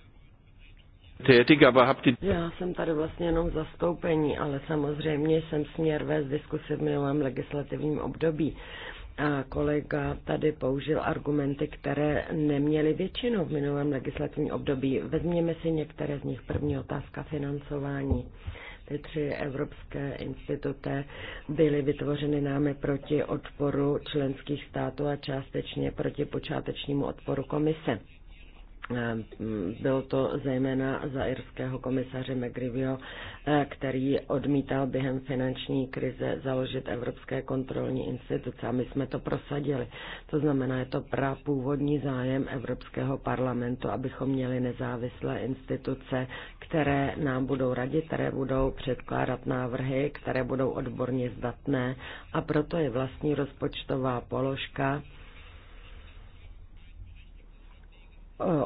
Já jsem tady vlastně jenom v zastoupení, ale samozřejmě jsem směr vést diskusi v minulém legislativním období. A kolega tady použil argumenty, které neměly většinu v minulém legislativním období. Vezměme si některé z nich. První otázka financování. Ty tři evropské instituty byly vytvořeny námi proti odporu členských států a částečně proti počátečnímu odporu komise. Eh, bylo to zejména za irského komisaře McGrivio, eh, který odmítal během finanční krize založit Evropské kontrolní instituce a my jsme to prosadili. To znamená, je to původní zájem Evropského parlamentu, abychom měli nezávislé instituce, které nám budou radit, které budou předkládat návrhy, které budou odborně zdatné a proto je vlastní rozpočtová položka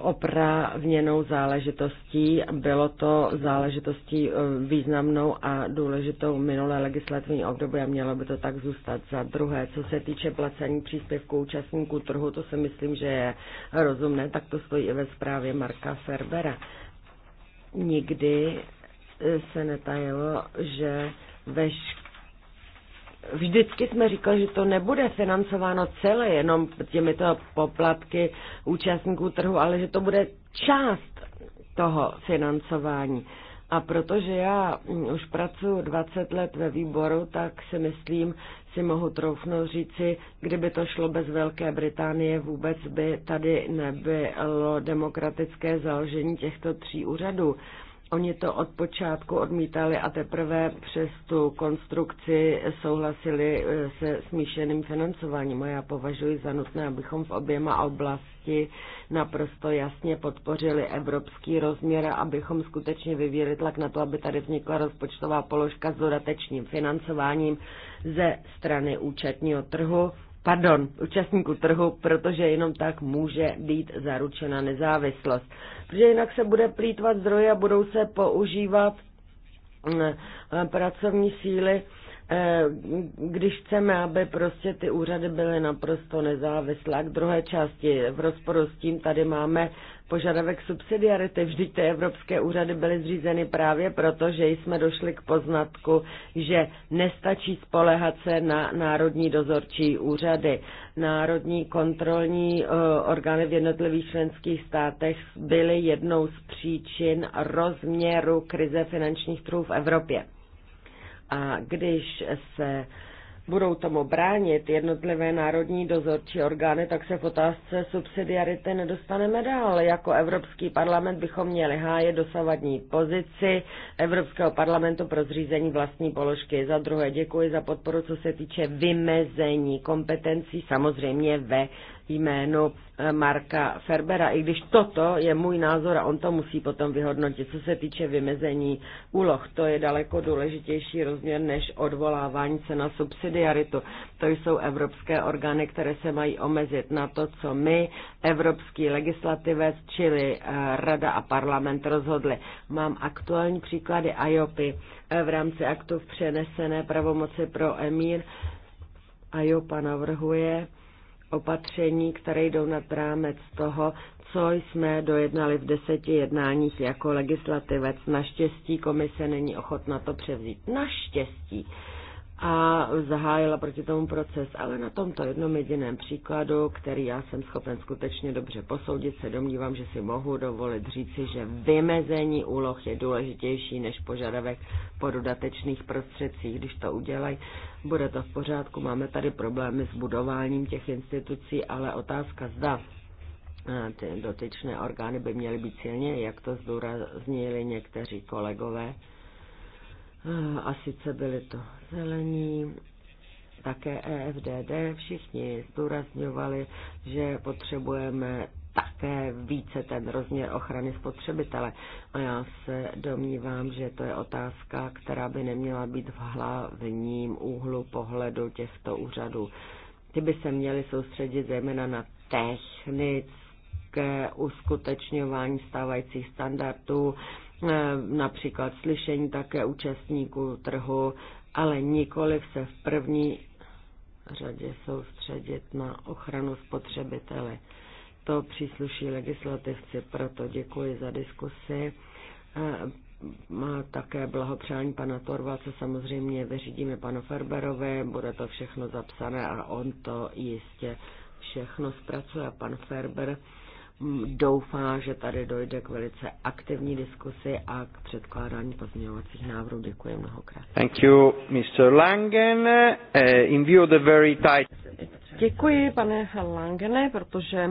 oprávněnou záležitostí. Bylo to záležitostí eh, významnou a důležitou minulé legislativní období a mělo by to tak zůstat. Za druhé, co se týče placení příspěvků účastníků trhu, to si myslím, že je rozumné, tak to stojí i ve zprávě Marka Ferbera. Nikdy eh, se netajilo, že veškeré Vždycky jsme říkali, že to nebude financováno celé jenom těmito poplatky účastníků trhu, ale že to bude část toho financování. A protože já mm, už pracuji 20 let ve výboru, tak si myslím, si mohu troufnout říci, kdyby to šlo bez Velké Británie, vůbec by tady nebylo demokratické založení těchto tří úřadů. Oni to od počátku odmítali a teprve přes tu konstrukci souhlasili eh, se smíšeným financováním. A já považuji za nutné, abychom v oběma oblasti naprosto jasně podpořili evropský rozměr, abychom skutečně vyvíjeli tlak na to, aby tady vznikla rozpočtová položka s dodatečným financováním ze strany účetního trhu pardon, účastníků trhu, protože jenom tak může být zaručena nezávislost. Protože jinak se bude plítvat zdroje a budou se používat mm, pracovní síly, eh, když chceme, aby prostě ty úřady byly naprosto nezávislé. A k druhé části v rozporu s tím tady máme požadavek subsidiarity. Vždyť ty evropské úřady byly zřízeny právě proto, že jsme došli k poznatku, že nestačí spolehat se na národní dozorčí úřady. Národní kontrolní eh, orgány v jednotlivých členských státech byly jednou z příčin rozměru krize finančních trhů v Evropě. A když se uh, budou tomu bránit jednotlivé národní dozorčí orgány, tak se v otázce subsidiarity nedostaneme dál. Jako Evropský parlament bychom měli hájet dosavadní pozici Evropského parlamentu pro zřízení vlastní položky. Za druhé děkuji za podporu, co se týče vymezení kompetencí, samozřejmě ve jméno eh, Marka Ferbera, i když toto je můj názor a on to musí potom vyhodnotit. Co se týče vymezení úloh, to je daleko důležitější rozměr než odvolávání se na subsidiaritu. To jsou evropské orgány, které se mají omezit na to, co my, evropský legislativec, čili eh, Rada a parlament rozhodli. Mám aktuální příklady IOPy eh, v rámci aktu v přenesené pravomoci pro EMIR. IOPA navrhuje, opatření, které jdou nad rámec toho, co jsme dojednali v deseti jednáních jako legislativec. Naštěstí komise není ochotna to převzít. Naštěstí a zahájila proti tomu proces. Ale na tomto jednom jediném příkladu, který já jsem schopen skutečně dobře posoudit, se domnívám, že si mohu dovolit říci, že vymezení úloh je důležitější než požadavek po dodatečných prostředcích. Když to udělají, bude to v pořádku. Máme tady problémy s budováním těch institucí, ale otázka zda eh, ty dotyčné orgány by měly být silně, jak to zdůraznili někteří kolegové a sice byly to zelení, také EFDD, všichni zdůrazňovali, že potřebujeme také více ten rozměr ochrany spotřebitele. A já se domnívám, že to je otázka, která by neměla být v hlavním úhlu pohledu těchto úřadů. Ty by se měly soustředit zejména na technické uskutečňování stávajících standardů, Eh, například slyšení také účastníků trhu, ale nikoli se v první řadě soustředit na ochranu spotřebitele. To přísluší legislativci, proto děkuji za diskusi. Má eh, také blahopřání pana co samozřejmě vyřídíme panu Ferberové, bude to všechno zapsané a on to jistě všechno zpracuje. Pan Ferber doufá, že tady dojde k velice aktivní diskusi a k předkládání pozměňovacích návrhů. Děkuji mnohokrát. Thank you, Mr. Langen. Eh, in view of the very tight... Děkuji, pane Langene, protože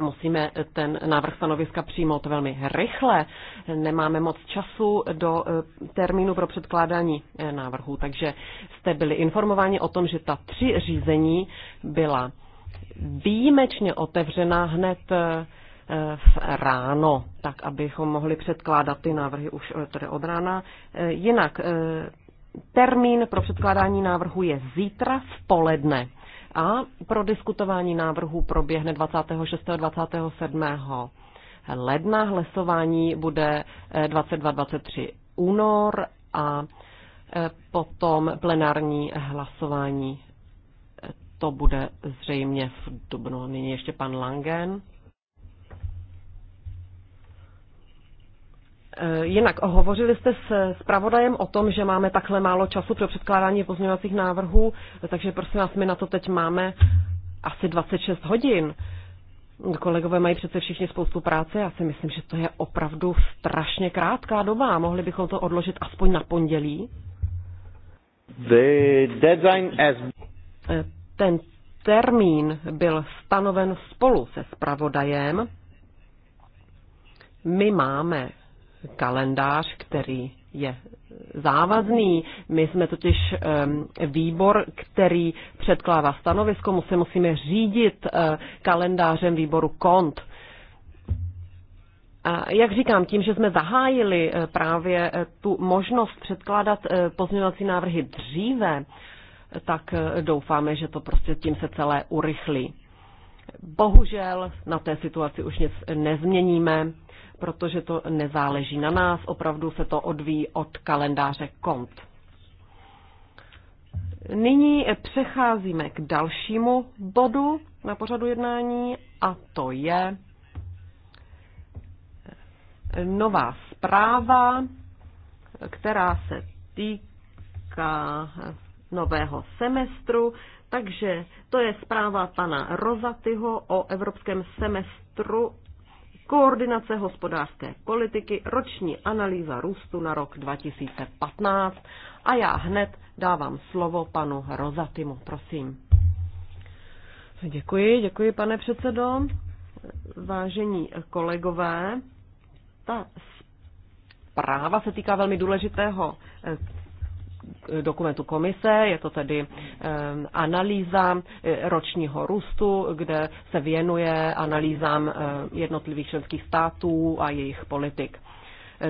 musíme ten návrh stanoviska přijmout velmi rychle. Nemáme moc času do eh, termínu pro předkládání eh, návrhů, takže jste byli informováni o tom, že ta tři řízení byla výjimečně otevřená hned eh, v ráno, tak abychom mohli předkládat ty návrhy už eh, tedy od rána. Eh, jinak termín pro předkládání návrhu je zítra v poledne a pro diskutování návrhu proběhne 26. a 27. ledna. Hlasování bude 22-23 únor a potom plenární hlasování to bude zřejmě v dubnu. Nyní ještě pan Langen. E, jinak, hovořili jste s zpravodajem o tom, že máme takhle málo času pro předkládání pozměňovacích návrhů, takže prosím vás, my na to teď máme asi 26 hodin. Kolegové mají přece všichni spoustu práce, já si myslím, že to je opravdu strašně krátká doba. Mohli bychom to odložit aspoň na pondělí? The deadline as... E, ten termín byl stanoven spolu se spravodajem. My máme kalendář, který je závazný. My jsme totiž výbor, který předkládá stanovisko, my se musíme řídit eh, kalendářem výboru KONT. A jak říkám, tím, že jsme zahájili eh, právě eh, tu možnost předkládat pozměňovací návrhy dříve, tak eh, doufáme, že to prostě tím se celé urychlí. Bohužel na té situaci už nic nezměníme, protože to nezáleží na nás, opravdu se to odvíjí od kalendáře kont. Nyní přecházíme k dalšímu bodu na pořadu jednání a to je nová zpráva, která se týká nového semestru. Takže to je zpráva pana Rozatyho o evropském semestru koordinace hospodářské politiky, roční analýza růstu na rok 2015. A já hned dávám slovo panu Rozatymu, prosím. Děkuji, děkuji pane předsedo. Vážení kolegové, ta zpráva se týká velmi důležitého Eh, dokumentu komise, je to tedy eh, analýza eh, ročního růstu, kde se věnuje analýzám jednotlivých členských států a jejich politik.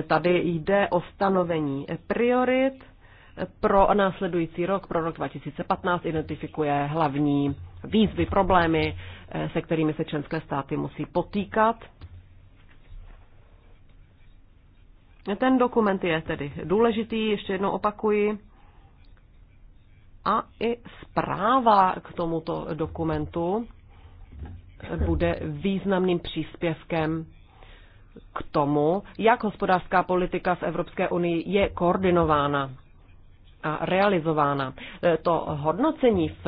Tady jde o stanovení priorit pro následující rok, pro rok 2015, identifikuje hlavní výzvy, problémy, se kterými se členské státy musí potýkat. Ten dokument je tedy důležitý, ještě jednou opakuji a i zpráva k tomuto dokumentu bude významným příspěvkem k tomu, jak hospodářská politika v Evropské unii je koordinována a realizována. To hodnocení v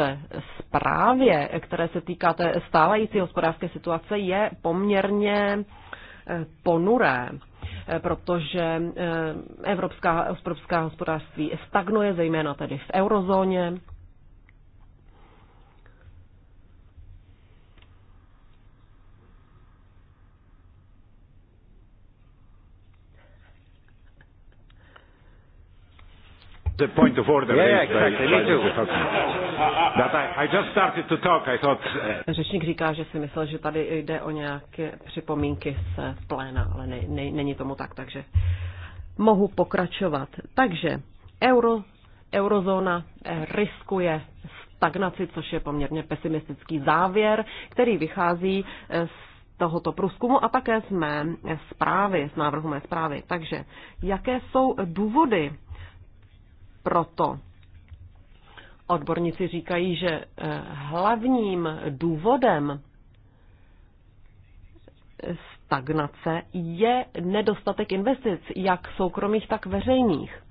zprávě, které se týká té stávající hospodářské situace, je poměrně ponuré. Eh, protože eh, evropská, evropská hospodářství stagnuje, zejména tedy v eurozóně. The point of order. Yeah, exactly. Me too. That I, I just started to talk. I thought. Uh... Řečník říká, že si myslel, že tady jde o nějaké připomínky z pléna, ale ne, ne, není tomu tak, takže mohu pokračovat. Takže euro, eurozóna riskuje stagnaci, což je poměrně pesimistický závěr, který vychází eh, z tohoto průzkumu a také z mé zprávy, z návrhu mé zprávy. Takže jaké jsou důvody proto odborníci říkají, že eh, hlavním důvodem stagnace je nedostatek investic, jak soukromých, tak veřejných.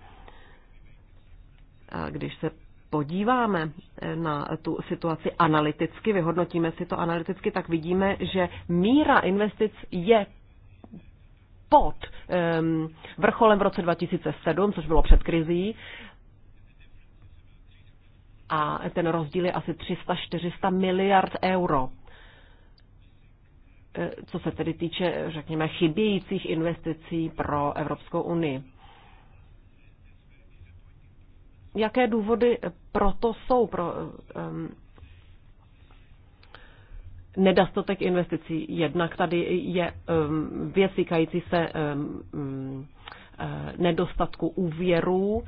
A když se podíváme eh, na tu situaci analyticky, vyhodnotíme si to analyticky, tak vidíme, že míra investic je pod um, vrcholem v roce 2007, což bylo před krizí, a ten rozdíl je asi 300-400 miliard euro. E, co se tedy týče, řekněme, chybějících investicí pro Evropskou unii. Jaké důvody proto jsou pro um, nedostatek investicí? Jednak tady je um, věc týkající se um, Eh, nedostatku úvěrů,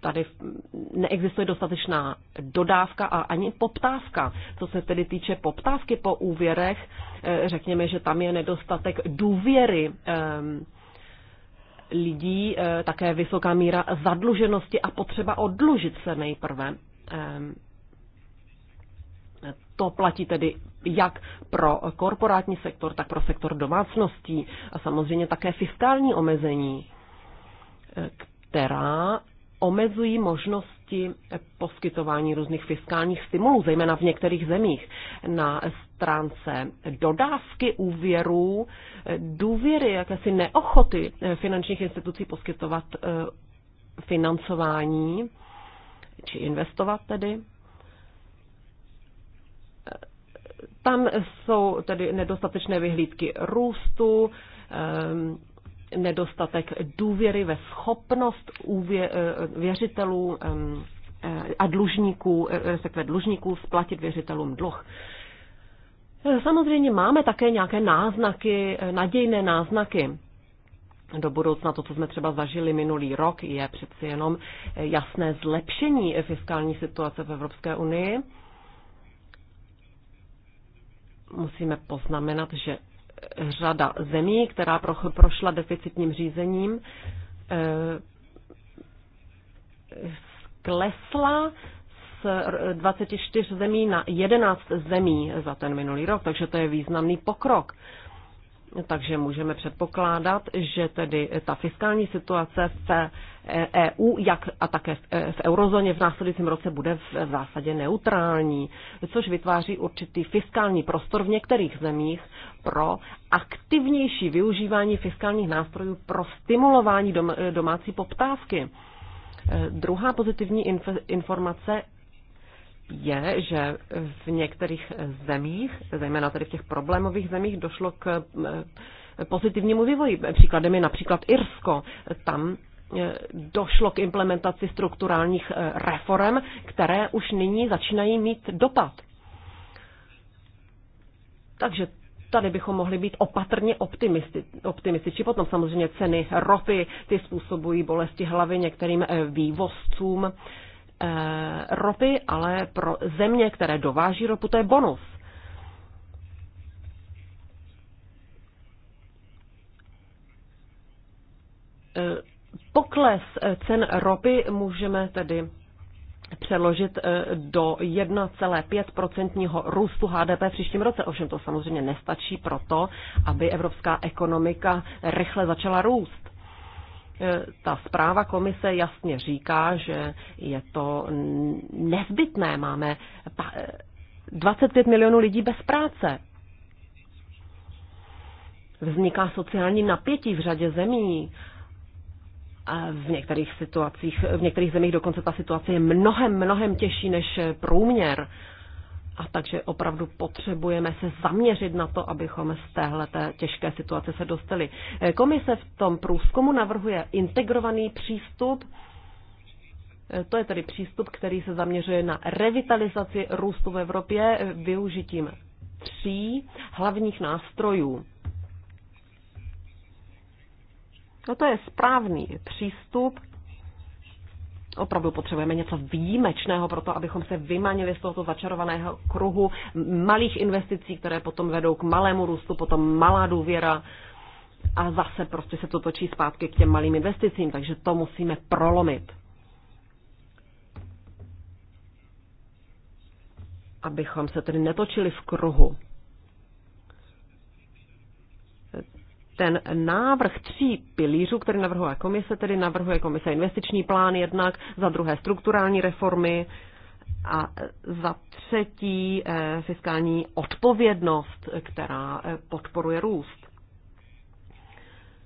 tady neexistuje dostatečná dodávka a ani poptávka. Co se tedy týče poptávky po úvěrech, eh, řekněme, že tam je nedostatek důvěry ehm, lidí, eh, také vysoká míra zadluženosti a potřeba odlužit se nejprve. Ehm to platí tedy jak pro korporátní sektor, tak pro sektor domácností a samozřejmě také fiskální omezení, která omezují možnosti poskytování různých fiskálních stimulů, zejména v některých zemích. Na stránce dodávky úvěrů, důvěry, jakési neochoty finančních institucí poskytovat eh, financování, či investovat tedy, Tam jsou tedy nedostatečné vyhlídky růstu, ehm, nedostatek důvěry ve schopnost eh, věřitelů ehm, eh, a dlužníků, eh, respektive dlužníků splatit věřitelům dluh. Samozřejmě máme také nějaké náznaky, nadějné náznaky do budoucna. To, co jsme třeba zažili minulý rok, je přeci jenom jasné zlepšení fiskální situace v Evropské unii musíme poznamenat, že řada zemí, která prošla deficitním řízením, eh, klesla z 24 zemí na 11 zemí za ten minulý rok, takže to je významný pokrok takže můžeme předpokládat, že tedy ta fiskální situace v EU jak a také e, v eurozóně v následujícím roce bude v zásadě neutrální, což vytváří určitý fiskální prostor v některých zemích pro aktivnější využívání fiskálních nástrojů pro stimulování domácí poptávky. E, druhá pozitivní informace je, že v některých zemích, zejména tedy v těch problémových zemích, došlo k eh, pozitivnímu vývoji. Příkladem je například Irsko. Tam eh, došlo k implementaci strukturálních eh, reform, které už nyní začínají mít dopad. Takže tady bychom mohli být opatrně optimisti, optimističtí. Potom samozřejmě ceny ropy, ty způsobují bolesti hlavy některým vývozcům. Eh, ropy, ale pro země, které dováží ropu, to je bonus. Eh, pokles cen ropy můžeme tedy přeložit eh, do 1,5% růstu HDP v příštím roce. Ovšem to samozřejmě nestačí proto, aby evropská ekonomika rychle začala růst. E, ta zpráva komise jasně říká, že je to nezbytné. Máme 25 e, milionů lidí bez práce. Vzniká sociální napětí v řadě zemí. A v některých situacích, v některých zemích dokonce ta situace je mnohem, mnohem těžší než průměr. A takže opravdu potřebujeme se zaměřit na to, abychom z téhle těžké situace se dostali. Eh, komise v tom průzkumu navrhuje integrovaný přístup. Eh, to je tedy přístup, který se zaměřuje na revitalizaci růstu v Evropě eh, využitím tří hlavních nástrojů. No to je správný přístup, Opravdu potřebujeme něco výjimečného pro to, abychom se vymanili z tohoto začarovaného kruhu malých investicí, které potom vedou k malému růstu, potom malá důvěra a zase prostě se to točí zpátky k těm malým investicím, takže to musíme prolomit. Abychom se tedy netočili v kruhu. ten návrh tří pilířů, který navrhuje komise, tedy navrhuje komise investiční plán jednak, za druhé strukturální reformy a za třetí eh, fiskální odpovědnost, která eh, podporuje růst.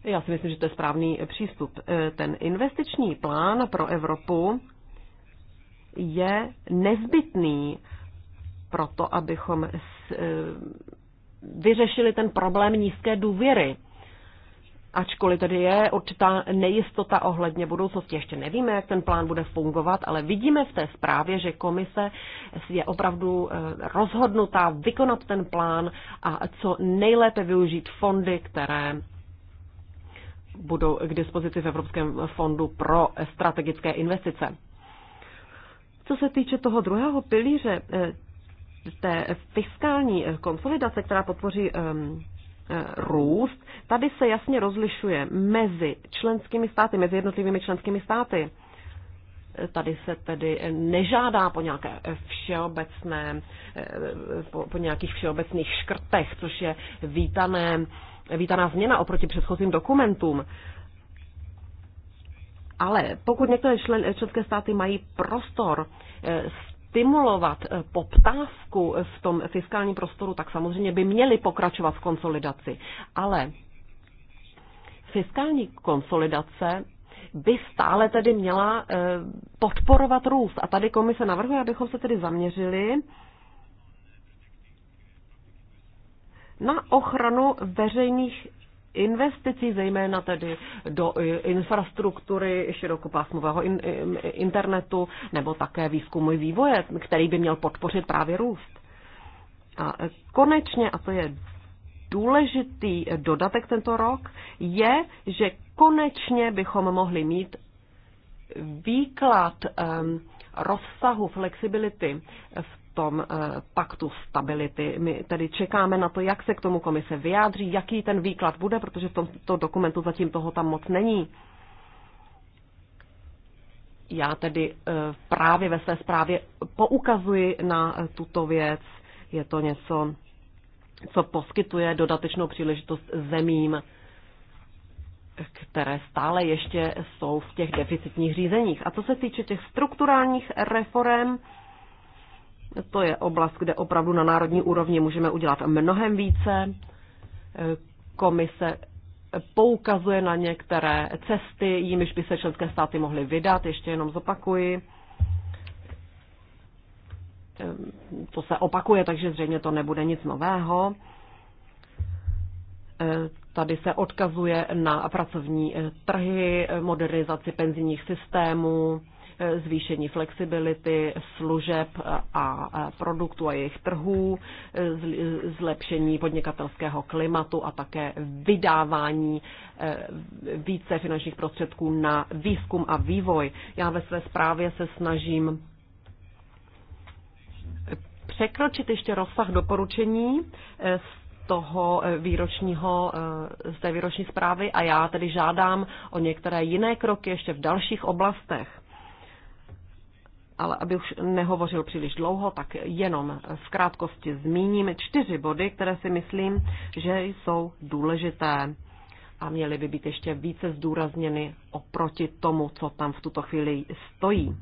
Já si myslím, že to je správný přístup. Eh, ten investiční plán pro Evropu je nezbytný pro to, abychom vyřešili ten problém nízké důvěry ačkoliv tady je určitá nejistota ohledně budoucnosti. Ještě nevíme, jak ten plán bude fungovat, ale vidíme v té zprávě, že komise je opravdu eh, rozhodnutá vykonat ten plán a co nejlépe využít fondy, které budou k dispozici v Evropském fondu pro strategické investice. Co se týče toho druhého pilíře, eh, té fiskální eh, konsolidace, která podpoří ehm, Eh, růst. Tady se jasně rozlišuje mezi členskými státy, mezi jednotlivými členskými státy. Eh, tady se tedy nežádá po nějaké všeobecné, eh, po, po nějakých všeobecných škrtech, což je vítané, vítaná změna oproti předchozím dokumentům. Ale pokud některé člen, členské státy mají prostor stimulovat eh, poptávku v tom fiskálním prostoru, tak samozřejmě by měly pokračovat v konsolidaci. Ale fiskální konsolidace by stále tedy měla eh, podporovat růst. A tady komise navrhuje, abychom se tedy zaměřili na ochranu veřejných investicí, zejména tedy do eh, infrastruktury širokopásmového in, eh, internetu nebo také výzkumu i vývoje, který by měl podpořit právě růst. A eh, konečně, a to je důležitý dodatek tento rok, je, že konečně bychom mohli mít výklad um, rozsahu flexibility v tom eh, paktu stability. My tedy čekáme na to, jak se k tomu komise vyjádří, jaký ten výklad bude, protože v tomto dokumentu zatím toho tam moc není. Já tedy eh, právě ve své zprávě poukazuji na eh, tuto věc. Je to něco, co poskytuje dodatečnou příležitost zemím, které stále ještě jsou v těch deficitních řízeních. A co se týče těch strukturálních reform, to je oblast, kde opravdu na národní úrovni můžeme udělat mnohem více. Komise poukazuje na některé cesty, jimiž by se členské státy mohly vydat, ještě jenom zopakuji. To se opakuje, takže zřejmě to nebude nic nového. Tady se odkazuje na pracovní trhy, modernizaci penzijních systémů, zvýšení flexibility služeb a produktů a jejich trhů, zlepšení podnikatelského klimatu a také vydávání eh, více finančních prostředků na výzkum a vývoj. Já ve své zprávě se snažím překročit ještě rozsah doporučení eh, z toho eh, výročního, z té výroční zprávy a já tedy žádám o některé jiné kroky ještě v dalších oblastech ale aby už nehovořil příliš dlouho, tak jenom v krátkosti zmíním čtyři body, které si myslím, že jsou důležité a měly by být ještě více zdůrazněny oproti tomu, co tam v tuto chvíli stojí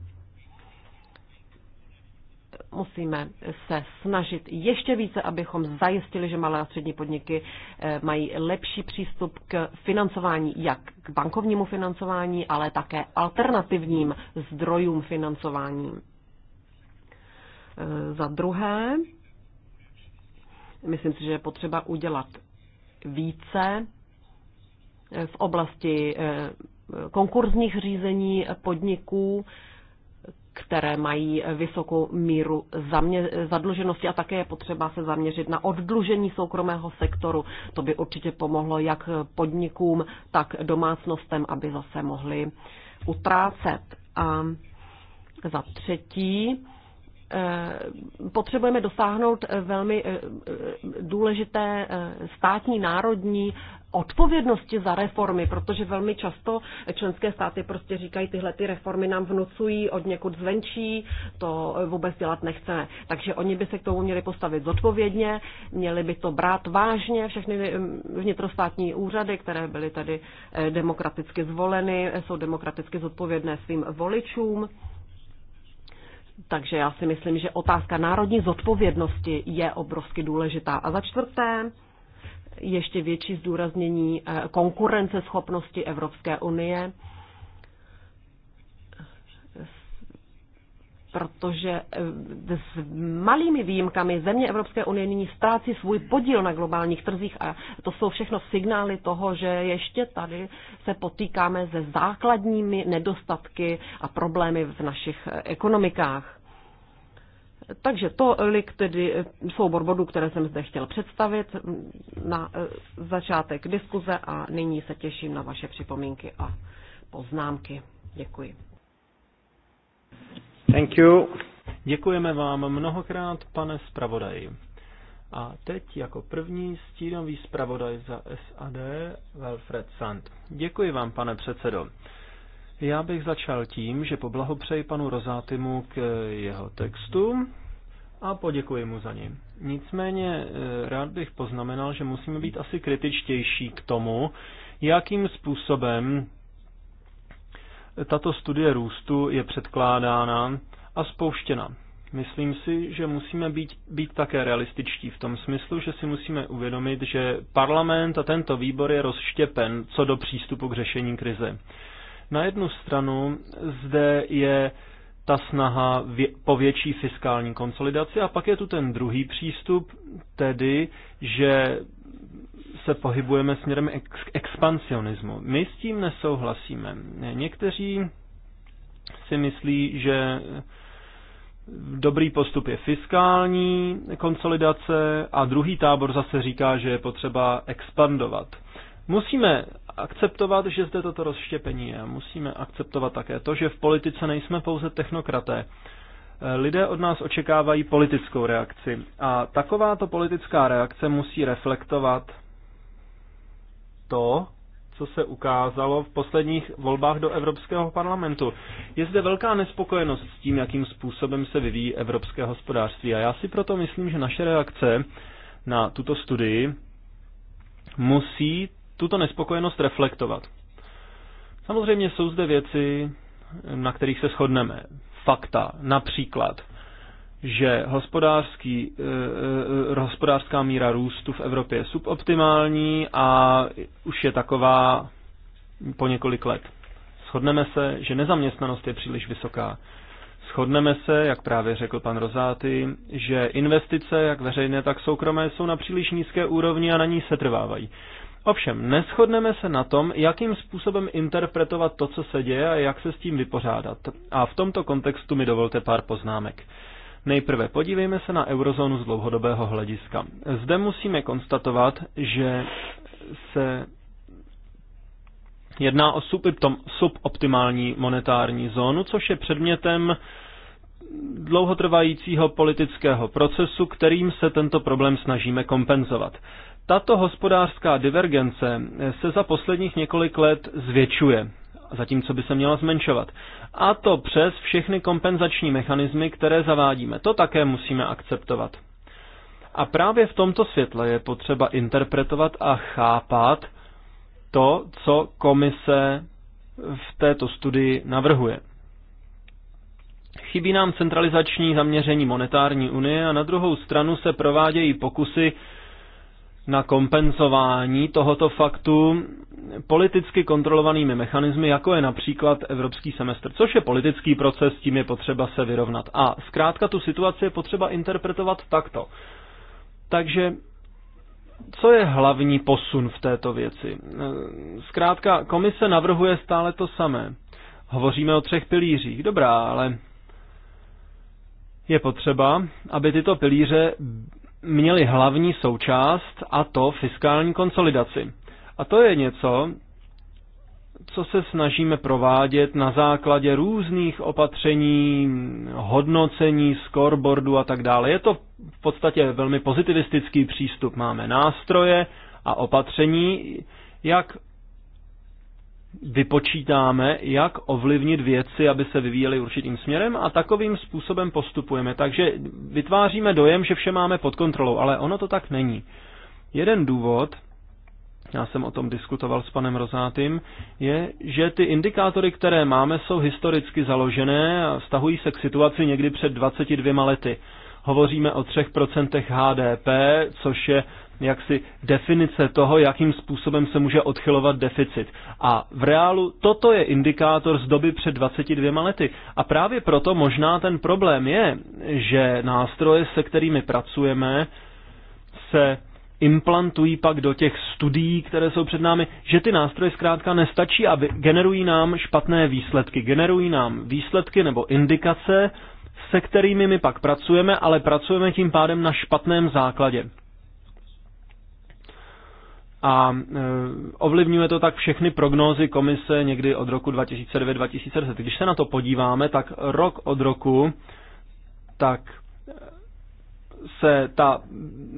musíme se snažit ještě více, abychom zajistili, že malé a střední podniky eh, mají lepší přístup k financování, jak k bankovnímu financování, ale také alternativním zdrojům financování. Eh, za druhé, myslím si, že je potřeba udělat více eh, v oblasti konkurzních řízení podniků, které mají vysokou míru zadluženosti a také je potřeba se zaměřit na oddlužení soukromého sektoru. To by určitě pomohlo jak podnikům, tak domácnostem, aby zase mohli utrácet. A za třetí, Eh, potřebujeme dosáhnout eh, velmi eh, důležité státní, národní odpovědnosti za reformy, protože velmi často členské státy prostě říkají, tyhle ty reformy nám vnucují od někud zvenčí, to vůbec dělat nechceme. Takže oni by se k tomu měli postavit zodpovědně, měli by to brát vážně, všechny vnitrostátní úřady, které byly tady demokraticky zvoleny, jsou demokraticky zodpovědné svým voličům. Takže já si myslím, že otázka národní zodpovědnosti je obrovsky důležitá. A za čtvrté, ještě větší zdůraznění eh, konkurenceschopnosti Evropské unie protože eh, s malými výjimkami země Evropské unie nyní ztrácí svůj podíl na globálních trzích a to jsou všechno signály toho, že ještě tady se potýkáme se základními nedostatky a problémy v našich eh, ekonomikách. Takže to lik tedy eh, soubor bodů, které jsem zde chtěl představit mm, na začátek diskuze a nyní se těším na vaše připomínky a poznámky. Děkuji. Thank you. Děkujeme vám mnohokrát, pane zpravodaji. A teď jako první stínový zpravodaj za SAD, Wilfred Sand. Děkuji vám, pane předsedo. Já bych začal tím, že poblahopřeji panu Rozátymu k jeho textu a poděkuji mu za ní. Nicméně eh, rád bych poznamenal, že musíme být asi kritičtější k tomu, jakým způsobem tato studie růstu je předkládána a spouštěna. Myslím si, že musíme být, být také realističtí v tom smyslu, že si musíme uvědomit, že parlament a tento výbor je rozštěpen co do přístupu k řešení krize. Na jednu stranu zde je ta snaha vě- po větší fiskální konsolidaci a pak je tu ten druhý přístup, tedy, že se pohybujeme směrem ex- expansionismu. My s tím nesouhlasíme. Někteří si myslí, že dobrý postup je fiskální konsolidace a druhý tábor zase říká, že je potřeba expandovat. Musíme akceptovat, že zde toto rozštěpení je. Musíme akceptovat také to, že v politice nejsme pouze technokraté. Lidé od nás očekávají politickou reakci a takováto politická reakce musí reflektovat to, co se ukázalo v posledních volbách do Evropského parlamentu. Je zde velká nespokojenost s tím, jakým způsobem se vyvíjí evropské hospodářství. A já si proto myslím, že naše reakce na tuto studii musí tuto nespokojenost reflektovat. Samozřejmě jsou zde věci, na kterých se shodneme. Fakta, například že hospodářský, eh, eh, hospodářská míra růstu v Evropě je suboptimální a už je taková po několik let. Shodneme se, že nezaměstnanost je příliš vysoká. Shodneme se, jak právě řekl pan Rozáty, že investice, jak veřejné, tak soukromé, jsou na příliš nízké úrovni a na ní se trvávají. Ovšem, neschodneme se na tom, jakým způsobem interpretovat to, co se děje a jak se s tím vypořádat. A v tomto kontextu mi dovolte pár poznámek. Nejprve podívejme se na eurozónu z dlouhodobého hlediska. Zde musíme konstatovat, že se jedná o suboptimální monetární zónu, což je předmětem dlouhotrvajícího politického procesu, kterým se tento problém snažíme kompenzovat. Tato hospodářská divergence se za posledních několik let zvětšuje zatímco by se měla zmenšovat. A to přes všechny kompenzační mechanismy, které zavádíme. To také musíme akceptovat. A právě v tomto světle je potřeba interpretovat a chápat to, co komise v této studii navrhuje. Chybí nám centralizační zaměření monetární unie a na druhou stranu se provádějí pokusy na kompenzování tohoto faktu politicky kontrolovanými mechanismy, jako je například evropský semestr, což je politický proces, tím je potřeba se vyrovnat. A zkrátka tu situaci je potřeba interpretovat takto. Takže co je hlavní posun v této věci? Zkrátka, komise navrhuje stále to samé. Hovoříme o třech pilířích. Dobrá, ale je potřeba, aby tyto pilíře měli hlavní součást a to fiskální konsolidaci. A to je něco, co se snažíme provádět na základě různých opatření, hodnocení, scoreboardu a tak dále. Je to v podstatě velmi pozitivistický přístup. Máme nástroje a opatření, jak vypočítáme, jak ovlivnit věci, aby se vyvíjely určitým směrem a takovým způsobem postupujeme. Takže vytváříme dojem, že vše máme pod kontrolou, ale ono to tak není. Jeden důvod, já jsem o tom diskutoval s panem Rozátým, je, že ty indikátory, které máme, jsou historicky založené a vztahují se k situaci někdy před 22 lety. Hovoříme o 3% HDP, což je jaksi definice toho, jakým způsobem se může odchylovat deficit. A v reálu toto je indikátor z doby před 22 lety. A právě proto možná ten problém je, že nástroje, se kterými pracujeme, se implantují pak do těch studií, které jsou před námi, že ty nástroje zkrátka nestačí a generují nám špatné výsledky. Generují nám výsledky nebo indikace, se kterými my pak pracujeme, ale pracujeme tím pádem na špatném základě a e, ovlivňuje to tak všechny prognózy komise někdy od roku 2009-2010. Když se na to podíváme, tak rok od roku tak e, se ta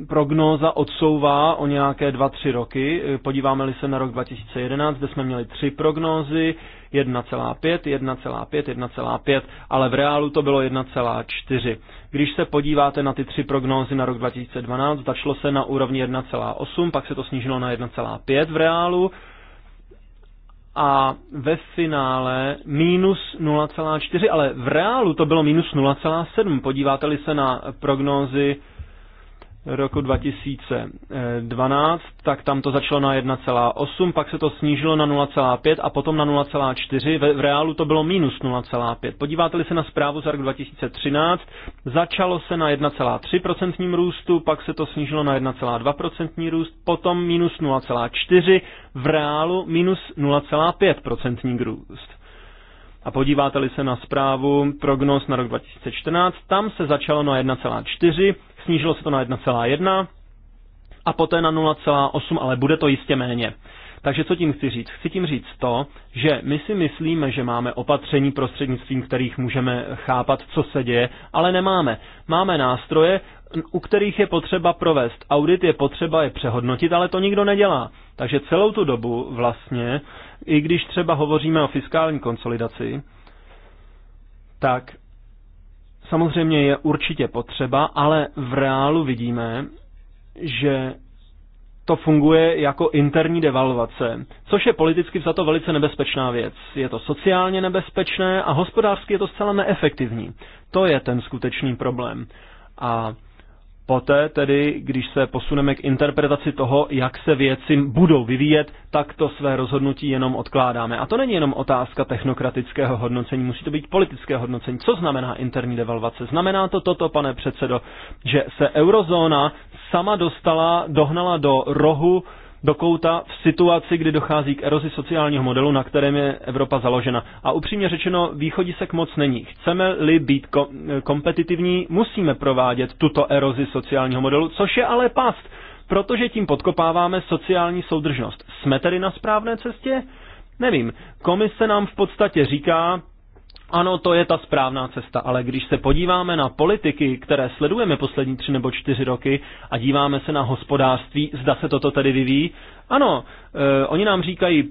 prognóza odsouvá o nějaké 2-3 roky. E, podíváme-li se na rok 2011, kde jsme měli tři prognózy, 1,5, 1,5, 1,5, ale v reálu to bylo 1,4. Když se podíváte na ty tři prognózy na rok 2012, začalo se na úrovni 1,8, pak se to snížilo na 1,5 v reálu a ve finále minus 0,4, ale v reálu to bylo minus 0,7. Podíváte-li se na prognózy roku 2012, tak tam to začalo na 1,8, pak se to snížilo na 0,5 a potom na 0,4. V reálu to bylo minus 0,5. Podíváte-li se na zprávu za rok 2013, začalo se na 1,3% růstu, pak se to snížilo na 1,2% růst, potom minus 0,4, v reálu minus 0,5% růst. A podíváte-li se na zprávu prognoz na rok 2014, tam se začalo na 1,4, snížilo se to na 1,1 a poté na 0,8, ale bude to jistě méně. Takže co tím chci říct? Chci tím říct to, že my si myslíme, že máme opatření prostřednictvím, kterých můžeme chápat, co se děje, ale nemáme. Máme nástroje, u kterých je potřeba provést audit, je potřeba je přehodnotit, ale to nikdo nedělá. Takže celou tu dobu vlastně, i když třeba hovoříme o fiskální konsolidaci, tak samozřejmě je určitě potřeba, ale v reálu vidíme, že to funguje jako interní devalvace, což je politicky za to velice nebezpečná věc. Je to sociálně nebezpečné a hospodářsky je to zcela neefektivní. To je ten skutečný problém. A poté tedy, když se posuneme k interpretaci toho, jak se věci budou vyvíjet, tak to své rozhodnutí jenom odkládáme. A to není jenom otázka technokratického hodnocení, musí to být politické hodnocení. Co znamená interní devalvace? Znamená to toto, pane předsedo, že se eurozóna sama dostala, dohnala do rohu, do kouta v situaci, kdy dochází k erozi sociálního modelu, na kterém je Evropa založena. A upřímně řečeno, východisek moc není. Chceme-li být ko- kompetitivní, musíme provádět tuto erozi sociálního modelu, což je ale past, protože tím podkopáváme sociální soudržnost. Jsme tedy na správné cestě? Nevím. Komise nám v podstatě říká, ano, to je ta správná cesta, ale když se podíváme na politiky, které sledujeme poslední tři nebo čtyři roky a díváme se na hospodářství, zda se toto tedy vyvíjí, ano, eh, oni nám říkají,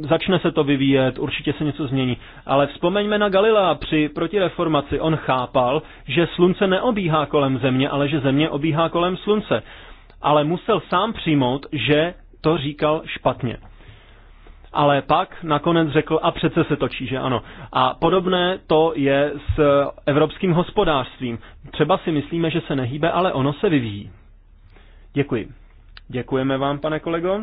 začne se to vyvíjet, určitě se něco změní, ale vzpomeňme na Galilea při protireformaci, on chápal, že slunce neobíhá kolem země, ale že země obíhá kolem slunce. Ale musel sám přijmout, že to říkal špatně ale pak nakonec řekl a přece se točí, že ano. A podobné to je s evropským hospodářstvím. Třeba si myslíme, že se nehýbe, ale ono se vyvíjí. Děkuji. Děkujeme vám, pane kolego.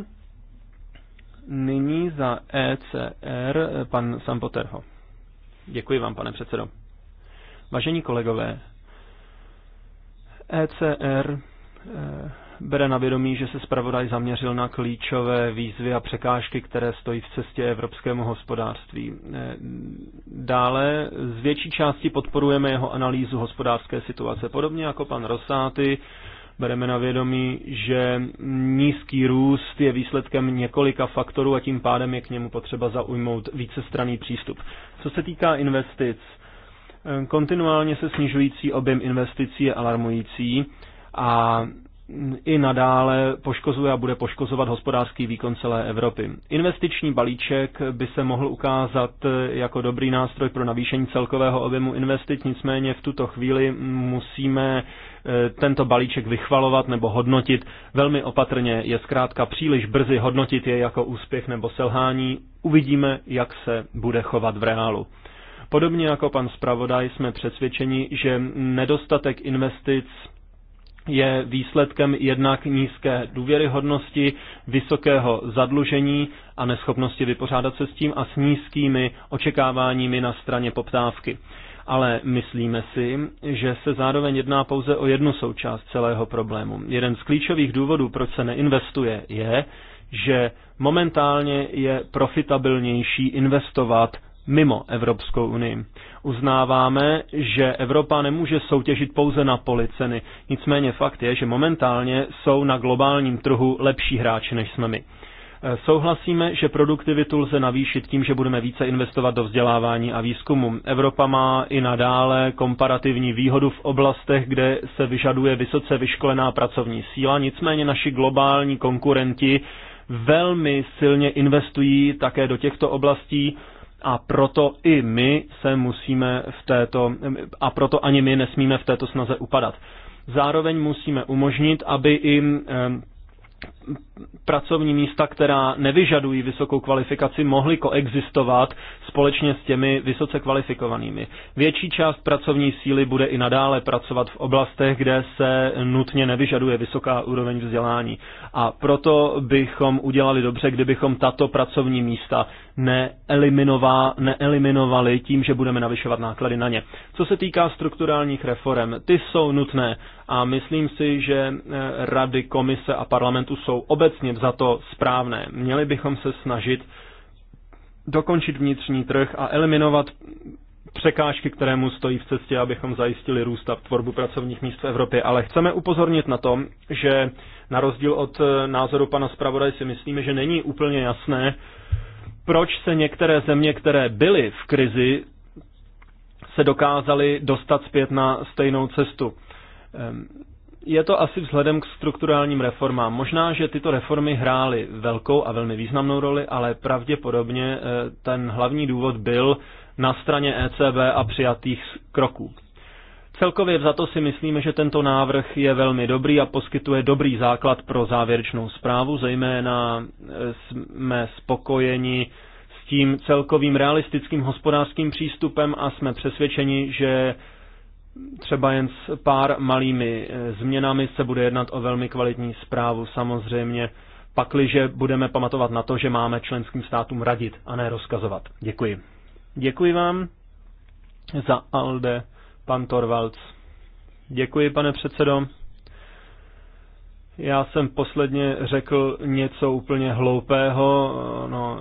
Nyní za ECR pan Sampoterho. Děkuji vám, pane předsedo. Vážení kolegové, ECR eh bere na vědomí, že se zpravodaj zaměřil na klíčové výzvy a překážky, které stojí v cestě evropskému hospodářství. E, dále z větší části podporujeme jeho analýzu hospodářské situace. Podobně jako pan Rosáty, bereme na vědomí, že nízký růst je výsledkem několika faktorů a tím pádem je k němu potřeba zaujmout vícestranný přístup. Co se týká investic, e, kontinuálně se snižující objem investicí je alarmující a i nadále poškozuje a bude poškozovat hospodářský výkon celé Evropy. Investiční balíček by se mohl ukázat jako dobrý nástroj pro navýšení celkového objemu investic, nicméně v tuto chvíli musíme eh, tento balíček vychvalovat nebo hodnotit velmi opatrně. Je zkrátka příliš brzy hodnotit je jako úspěch nebo selhání. Uvidíme, jak se bude chovat v reálu. Podobně jako pan zpravodaj jsme přesvědčeni, že nedostatek investic je výsledkem jednak nízké důvěryhodnosti, vysokého zadlužení a neschopnosti vypořádat se s tím a s nízkými očekáváními na straně poptávky. Ale myslíme si, že se zároveň jedná pouze o jednu součást celého problému. Jeden z klíčových důvodů, proč se neinvestuje, je, že momentálně je profitabilnější investovat mimo Evropskou unii. Uznáváme, že Evropa nemůže soutěžit pouze na policeny, nicméně fakt je, že momentálně jsou na globálním trhu lepší hráči než jsme my. E, souhlasíme, že produktivitu lze navýšit tím, že budeme více investovat do vzdělávání a výzkumu. Evropa má i nadále komparativní výhodu v oblastech, kde se vyžaduje vysoce vyškolená pracovní síla, nicméně naši globální konkurenti velmi silně investují také do těchto oblastí a proto i my se musíme v této, a proto ani my nesmíme v této snaze upadat. Zároveň musíme umožnit, aby i pracovní místa, která nevyžadují vysokou kvalifikaci, mohly koexistovat společně s těmi vysoce kvalifikovanými. Větší část pracovní síly bude i nadále pracovat v oblastech, kde se nutně nevyžaduje vysoká úroveň vzdělání. A proto bychom udělali dobře, kdybychom tato pracovní místa neeliminovali tím, že budeme navyšovat náklady na ně. Co se týká strukturálních reform, ty jsou nutné a myslím si, že eh, rady, komise a parlamentu jsou obecně za to správné. Měli bychom se snažit dokončit vnitřní trh a eliminovat překážky, kterému stojí v cestě, abychom zajistili růst a tvorbu pracovních míst v Evropě. Ale chceme upozornit na to, že na rozdíl od eh, názoru pana zpravodaje si myslíme, že není úplně jasné, proč se některé země, které byly v krizi, se dokázaly dostat zpět na stejnou cestu. Ehm, je to asi vzhledem k strukturálním reformám. Možná, že tyto reformy hrály velkou a velmi významnou roli, ale pravděpodobně eh, ten hlavní důvod byl na straně ECB a přijatých kroků. Celkově za to si myslíme, že tento návrh je velmi dobrý a poskytuje dobrý základ pro závěrečnou zprávu, zejména e, jsme spokojeni s tím celkovým realistickým hospodářským přístupem a jsme přesvědčeni, že třeba jen s pár malými e, změnami se bude jednat o velmi kvalitní zprávu. Samozřejmě pakliže budeme pamatovat na to, že máme členským státům radit a ne rozkazovat. Děkuji. Děkuji vám za ALDE Pan Torvalds. Děkuji, pane předsedo. Já jsem posledně řekl něco úplně hloupého, no,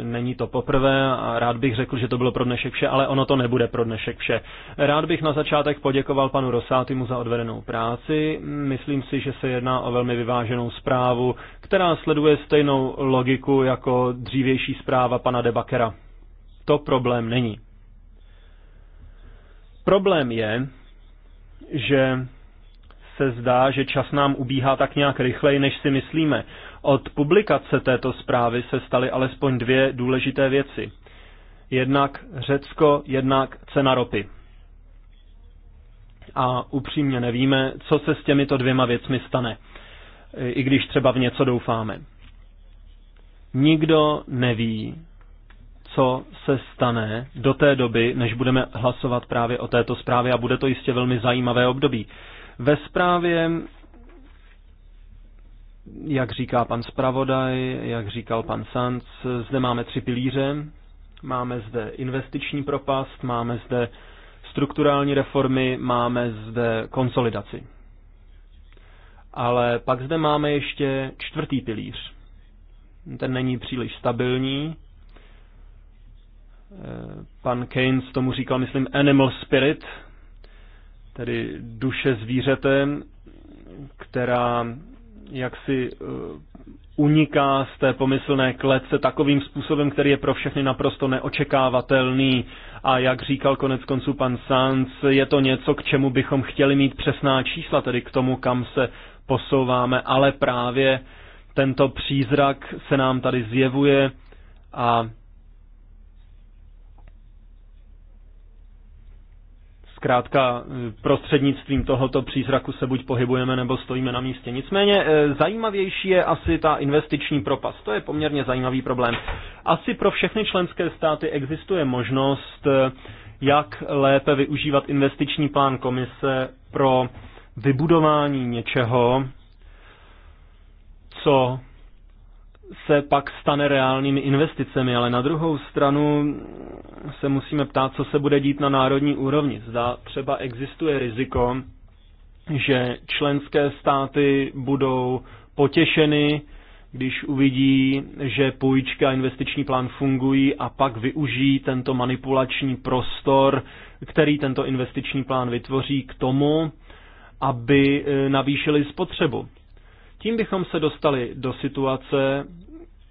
e, není to poprvé a rád bych řekl, že to bylo pro dnešek vše, ale ono to nebude pro dnešek vše. Rád bych na začátek poděkoval panu Rosátymu za odvedenou práci. Myslím si, že se jedná o velmi vyváženou zprávu, která sleduje stejnou logiku jako dřívější zpráva pana Debakera. To problém není. Problém je, že se zdá, že čas nám ubíhá tak nějak rychleji, než si myslíme. Od publikace této zprávy se staly alespoň dvě důležité věci. Jednak Řecko, jednak cena ropy. A upřímně nevíme, co se s těmito dvěma věcmi stane, i když třeba v něco doufáme. Nikdo neví, co se stane do té doby, než budeme hlasovat právě o této zprávě a bude to jistě velmi zajímavé období. Ve zprávě, jak říká pan zpravodaj, jak říkal pan Sanz, zde máme tři pilíře. Máme zde investiční propast, máme zde strukturální reformy, máme zde konsolidaci. Ale pak zde máme ještě čtvrtý pilíř. Ten není příliš stabilní, Eh, pan Keynes tomu říkal, myslím, animal spirit, tedy duše zvířete, která jaksi eh, uniká z té pomyslné klece takovým způsobem, který je pro všechny naprosto neočekávatelný. A jak říkal konec konců pan Sanz, je to něco, k čemu bychom chtěli mít přesná čísla, tedy k tomu, kam se posouváme, ale právě tento přízrak se nám tady zjevuje a Zkrátka eh, prostřednictvím tohoto přízraku se buď pohybujeme nebo stojíme na místě. Nicméně eh, zajímavější je asi ta investiční propast. To je poměrně zajímavý problém. Asi pro všechny členské státy existuje možnost, eh, jak lépe využívat investiční plán komise pro vybudování něčeho, co se pak stane reálnými investicemi, ale na druhou stranu se musíme ptát, co se bude dít na národní úrovni. Zda třeba existuje riziko, že členské státy budou potěšeny, když uvidí, že půjčka a investiční plán fungují a pak využijí tento manipulační prostor, který tento investiční plán vytvoří k tomu, aby eh, navýšili spotřebu. Tím bychom se dostali do situace,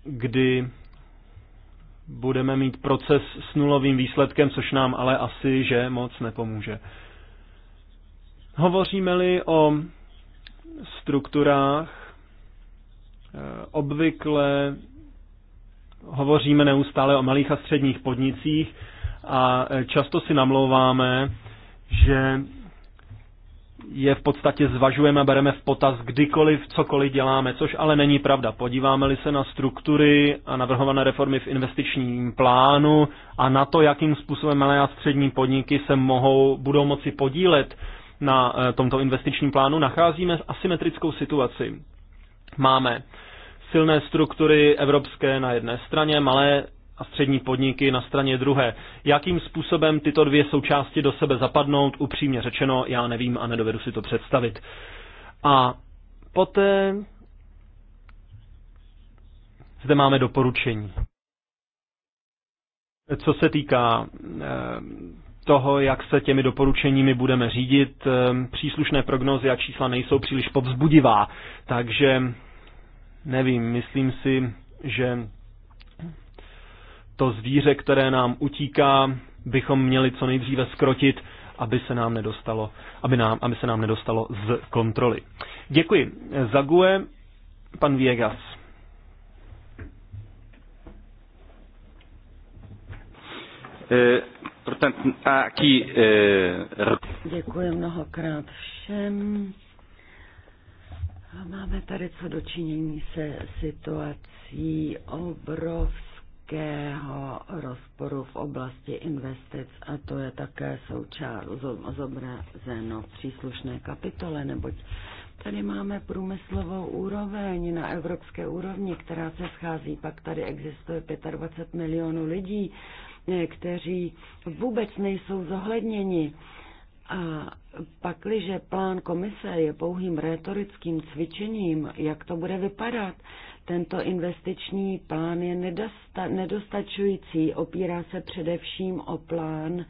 kdy budeme mít proces s nulovým výsledkem, což nám ale asi že moc nepomůže. Hovoříme-li o strukturách, eh, obvykle hovoříme neustále o malých a středních podnicích a eh, často si namlouváme, že je v podstatě zvažujeme, bereme v potaz kdykoliv, cokoliv děláme, což ale není pravda. Podíváme-li se na struktury a navrhované reformy v investičním plánu a na to, jakým způsobem malé a střední podniky se mohou, budou moci podílet na eh, tomto investičním plánu, nacházíme asymetrickou situaci. Máme silné struktury evropské na jedné straně, malé a střední podniky na straně druhé. Jakým způsobem tyto dvě součásti do sebe zapadnout, upřímně řečeno, já nevím a nedovedu si to představit. A poté zde máme doporučení. Co se týká eh, toho, jak se těmi doporučeními budeme řídit, eh, příslušné prognózy a čísla nejsou příliš povzbudivá, takže nevím, myslím si, že to zvíře, které nám utíká, bychom měli co nejdříve skrotit, aby se nám nedostalo, aby, nám, aby se nám nedostalo z kontroly. Děkuji. Zague, pan Viegas. Eh, eh, Děkuji mnohokrát všem. Máme tady co dočinění se situací obrovské velkého rozporu v oblasti investic a to je také součást zobrazeno v příslušné kapitole, neboť tady máme průmyslovou úroveň na evropské úrovni, která se schází, pak tady existuje 25 milionů lidí, eh, kteří vůbec nejsou zohledněni. A pakliže plán komise je pouhým rétorickým cvičením, jak to bude vypadat, tento investiční plán je nedosta, nedostačující, opírá se především o plán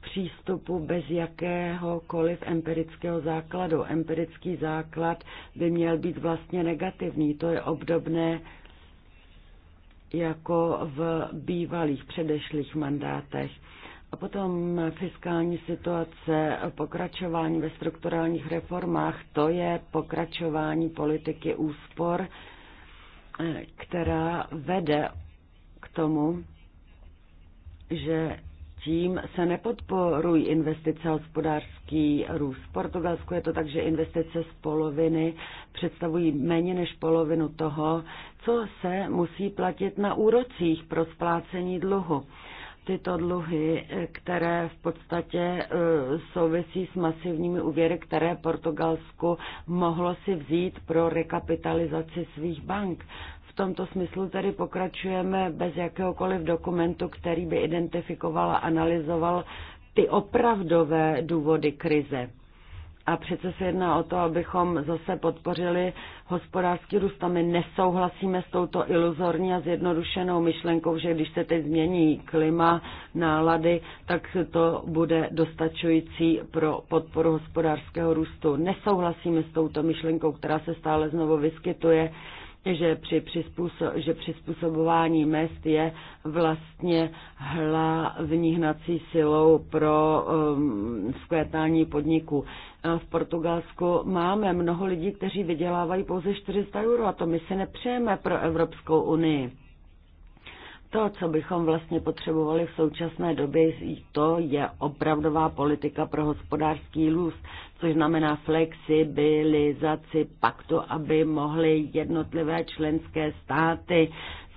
přístupu bez jakéhokoliv empirického základu. Empirický základ by měl být vlastně negativní. To je obdobné jako v bývalých předešlých mandátech. A potom fiskální situace, pokračování ve strukturálních reformách, to je pokračování politiky úspor, která vede k tomu, že tím se nepodporují investice a hospodářský růst. V Portugalsku je to tak, že investice z poloviny představují méně než polovinu toho, co se musí platit na úrocích pro splácení dluhu tyto dluhy, eh, které v podstatě eh, souvisí s masivními úvěry, které Portugalsku mohlo si vzít pro rekapitalizaci svých bank. V tomto smyslu tedy pokračujeme bez jakéhokoliv dokumentu, který by identifikoval a analyzoval ty opravdové důvody krize. A přece se jedná o to, abychom zase podpořili hospodářský růst. A my nesouhlasíme s touto iluzorní a zjednodušenou myšlenkou, že když se teď změní klima, nálady, tak se to bude dostačující pro podporu hospodářského růstu. Nesouhlasíme s touto myšlenkou, která se stále znovu vyskytuje že při přizpůso- že přizpůsobování mest je vlastně hlavní hnací silou pro um, skvétání podniků. V Portugalsku máme mnoho lidí, kteří vydělávají pouze 400 euro a to my si nepřejeme pro Evropskou unii. To, co bychom vlastně potřebovali v současné době, to je opravdová politika pro hospodářský růst, což znamená flexibilizaci paktu, aby mohly jednotlivé členské státy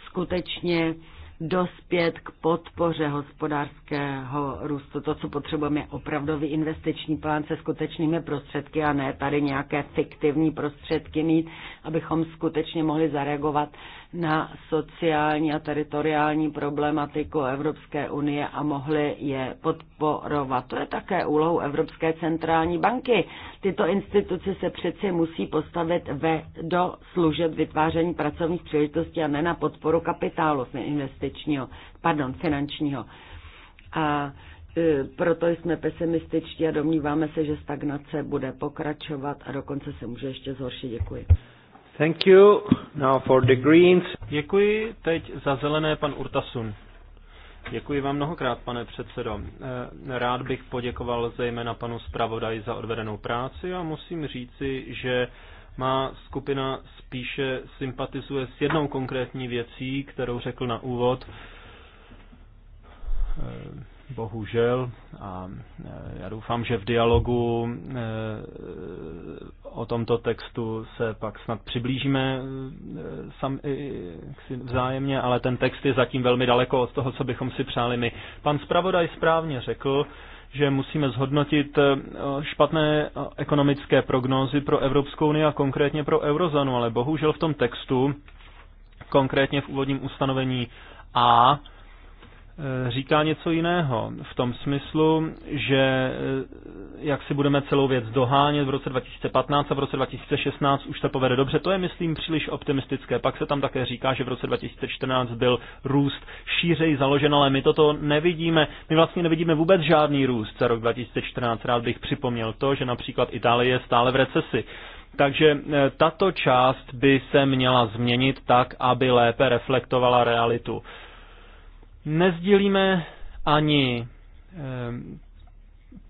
skutečně dospět k podpoře hospodářského růstu. To, co potřebujeme, je opravdový investiční plán se skutečnými prostředky a ne tady nějaké fiktivní prostředky mít, abychom skutečně mohli zareagovat na sociální a teritoriální problematiku Evropské unie a mohli je podporovat. To je také úlohou Evropské centrální banky. Tyto instituce se přeci musí postavit ve, do služeb vytváření pracovních příležitostí a ne na podporu kapitálu investičního, pardon, finančního. A e, proto jsme pesimističtí a domníváme se, že stagnace bude pokračovat a dokonce se může ještě zhoršit. Děkuji. Thank you. Now for the Greens. Děkuji teď za zelené pan Urtasun. Děkuji vám mnohokrát, pane předsedo. Eh, rád bych poděkoval zejména panu zpravodaji za odvedenou práci a musím říci, že má skupina spíše sympatizuje s jednou konkrétní věcí, kterou řekl na úvod eh, bohužel. A e, já doufám, že v dialogu e, o tomto textu se pak snad přiblížíme e, sam, vzájemně, ale ten text je zatím velmi daleko od toho, co bychom si přáli my. Pan zpravodaj správně řekl, že musíme zhodnotit špatné ekonomické prognózy pro Evropskou unii a konkrétně pro eurozonu, ale bohužel v tom textu, konkrétně v úvodním ustanovení A, Eh, říká něco jiného. V tom smyslu, že eh, jak si budeme celou věc dohánět v roce 2015 a v roce 2016 už to povede dobře, to je, myslím, příliš optimistické. Pak se tam také říká, že v roce 2014 byl růst šířej založen, ale my toto nevidíme. My vlastně nevidíme vůbec žádný růst za rok 2014. Rád bych připomněl to, že například Itálie je stále v recesi. Takže eh, tato část by se měla změnit tak, aby lépe reflektovala realitu. Nezdílíme ani eh,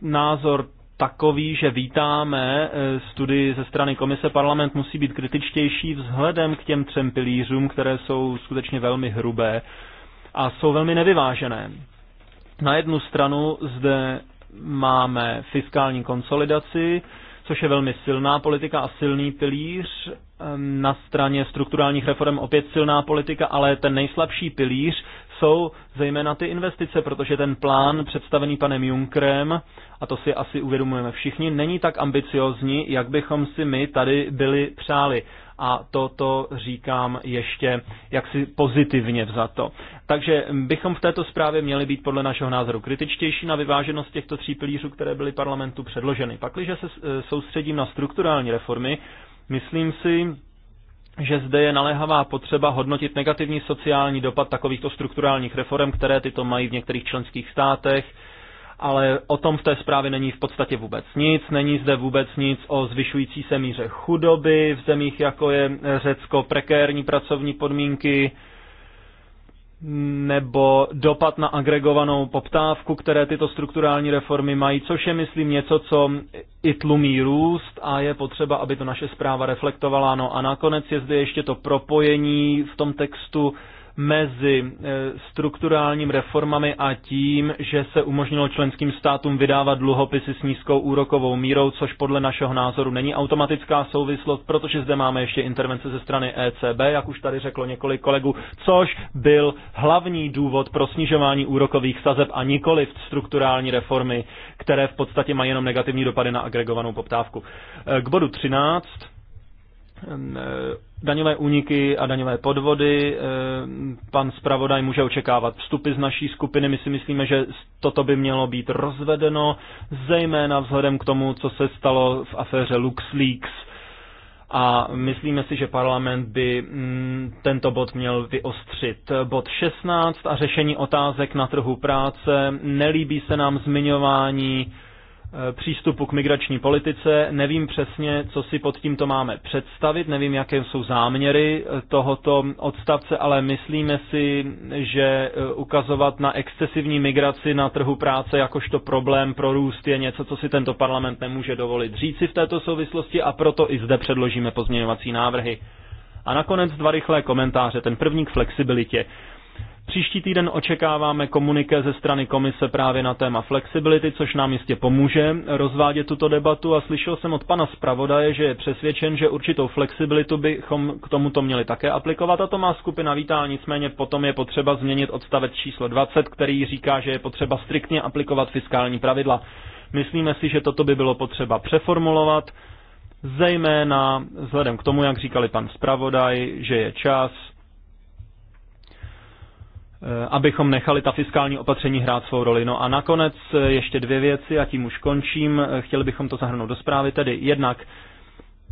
názor takový, že vítáme eh, studii ze strany komise. Parlament musí být kritičtější vzhledem k těm třem pilířům, které jsou skutečně velmi hrubé a jsou velmi nevyvážené. Na jednu stranu zde máme fiskální konsolidaci, což je velmi silná politika a silný pilíř. Ehm, na straně strukturálních reform opět silná politika, ale ten nejslabší pilíř jsou zejména ty investice, protože ten plán představený panem Junkrem, a to si asi uvědomujeme všichni, není tak ambiciozní, jak bychom si my tady byli přáli. A toto říkám ještě jaksi pozitivně vzato. Takže bychom v této zprávě měli být podle našeho názoru kritičtější na vyváženost těchto tří pilířů, které byly parlamentu předloženy. Pakliže se soustředím na strukturální reformy, myslím si, že zde je naléhavá potřeba hodnotit negativní sociální dopad takovýchto strukturálních reform, které tyto mají v některých členských státech, ale o tom v té zprávě není v podstatě vůbec nic. Není zde vůbec nic o zvyšující se míře chudoby v zemích, jako je Řecko, prekérní pracovní podmínky, nebo dopad na agregovanou poptávku, které tyto strukturální reformy mají, což je, myslím, něco, co i tlumí růst a je potřeba, aby to naše zpráva reflektovala. No a nakonec je zde ještě to propojení v tom textu mezi eh, strukturálním reformami a tím, že se umožnilo členským státům vydávat dluhopisy s nízkou úrokovou mírou, což podle našeho názoru není automatická souvislost, protože zde máme ještě intervence ze strany ECB, jak už tady řeklo několik kolegů, což byl hlavní důvod pro snižování úrokových sazeb a nikoli v strukturální reformy, které v podstatě mají jenom negativní dopady na agregovanou poptávku. Eh, k bodu 13 Eh, daňové úniky a daňové podvody. Eh, pan zpravodaj může očekávat vstupy z naší skupiny. My si myslíme, že toto by mělo být rozvedeno, zejména vzhledem k tomu, co se stalo v aféře LuxLeaks. A myslíme si, že parlament by mm, tento bod měl vyostřit. Bod 16 a řešení otázek na trhu práce. Nelíbí se nám zmiňování Eh, přístupu k migrační politice. Nevím přesně, co si pod tímto máme představit, nevím, jaké jsou záměry eh, tohoto odstavce, ale myslíme si, že eh, ukazovat na excesivní migraci na trhu práce jakožto problém pro růst je něco, co si tento parlament nemůže dovolit říci v této souvislosti a proto i zde předložíme pozměňovací návrhy. A nakonec dva rychlé komentáře. Ten první k flexibilitě. Příští týden očekáváme komuniké ze strany komise právě na téma flexibility, což nám jistě pomůže rozvádět tuto debatu a slyšel jsem od pana zpravodaje, že je přesvědčen, že určitou flexibilitu bychom k tomuto měli také aplikovat a to má skupina vítá, nicméně potom je potřeba změnit odstavec číslo 20, který říká, že je potřeba striktně aplikovat fiskální pravidla. Myslíme si, že toto by bylo potřeba přeformulovat, zejména vzhledem k tomu, jak říkali pan zpravodaj, že je čas, Eh, abychom nechali ta fiskální opatření hrát svou roli. No a nakonec eh, ještě dvě věci a tím už končím. Eh, chtěli bychom to zahrnout do zprávy, tedy jednak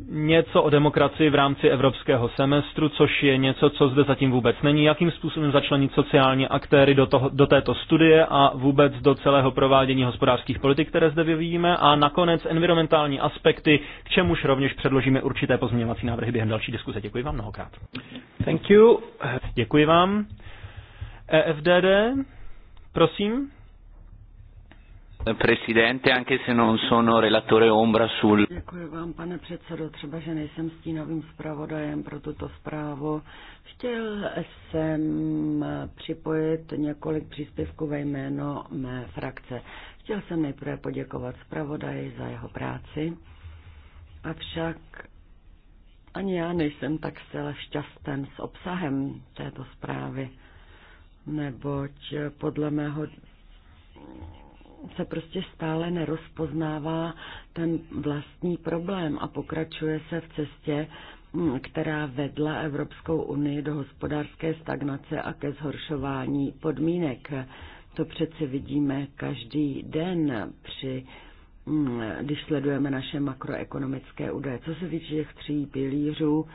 něco o demokracii v rámci evropského semestru, což je něco, co zde zatím vůbec není, jakým způsobem začlenit sociální aktéry do, toho, do této studie a vůbec do celého provádění hospodářských politik, které zde vyvíjíme a nakonec environmentální aspekty, k čemuž rovněž předložíme určité pozměňovací návrhy během další diskuse. Děkuji vám mnohokrát. Thank you. Děkuji vám. EFDD, prosím. Presidente, anche se non sono relatore ombra sul... Děkuji vám, pane předsedo, třeba, že nejsem stínovým zpravodajem pro tuto zprávu. Chtěl jsem připojit několik příspěvků ve jméno mé frakce. Chtěl jsem nejprve poděkovat zpravodaji za jeho práci, avšak ani já nejsem tak zcela šťastný s obsahem této zprávy neboť podle mého se prostě stále nerozpoznává ten vlastní problém a pokračuje se v cestě, mm, která vedla Evropskou unii do hospodářské stagnace a ke zhoršování podmínek. To přece vidíme každý den při mm, když sledujeme naše makroekonomické údaje. Co se týče těch tří pilířů,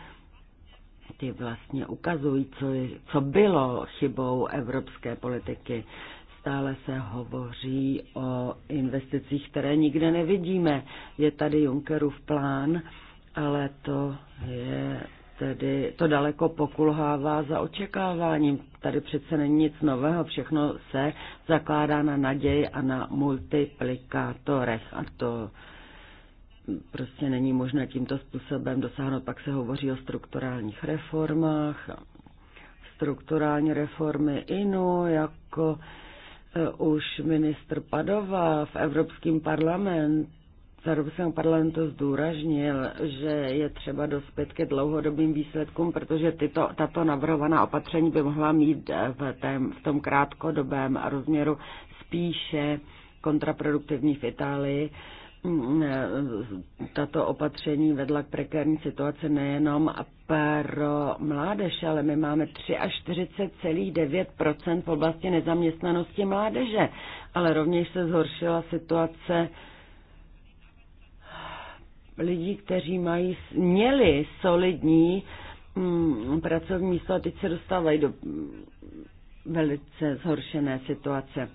ty vlastně ukazují, co, co bylo chybou evropské politiky. Stále se hovoří o investicích, které nikde nevidíme. Je tady Junckerův plán, ale to je tedy, to daleko pokulhává za očekáváním. Tady přece není nic nového, všechno se zakládá na naději a na multiplikátorech. A to prostě není možné tímto způsobem dosáhnout. Pak se hovoří o strukturálních reformách, strukturální reformy INU, jako eh, už ministr Padova v Evropském parlamentu v Evropském parlamentu zdůraznil, že je třeba dospět ke dlouhodobým výsledkům, protože tyto, tato navrhovaná opatření by mohla mít eh, v, tém, v tom krátkodobém rozměru spíše kontraproduktivní v Itálii, tato opatření vedla k prekární situaci nejenom pro mládež, ale my máme 43,9% v oblasti nezaměstnanosti mládeže, ale rovněž se zhoršila situace lidí, kteří mají, měli solidní mm, pracovní místo a teď se dostávají do velice zhoršené situace.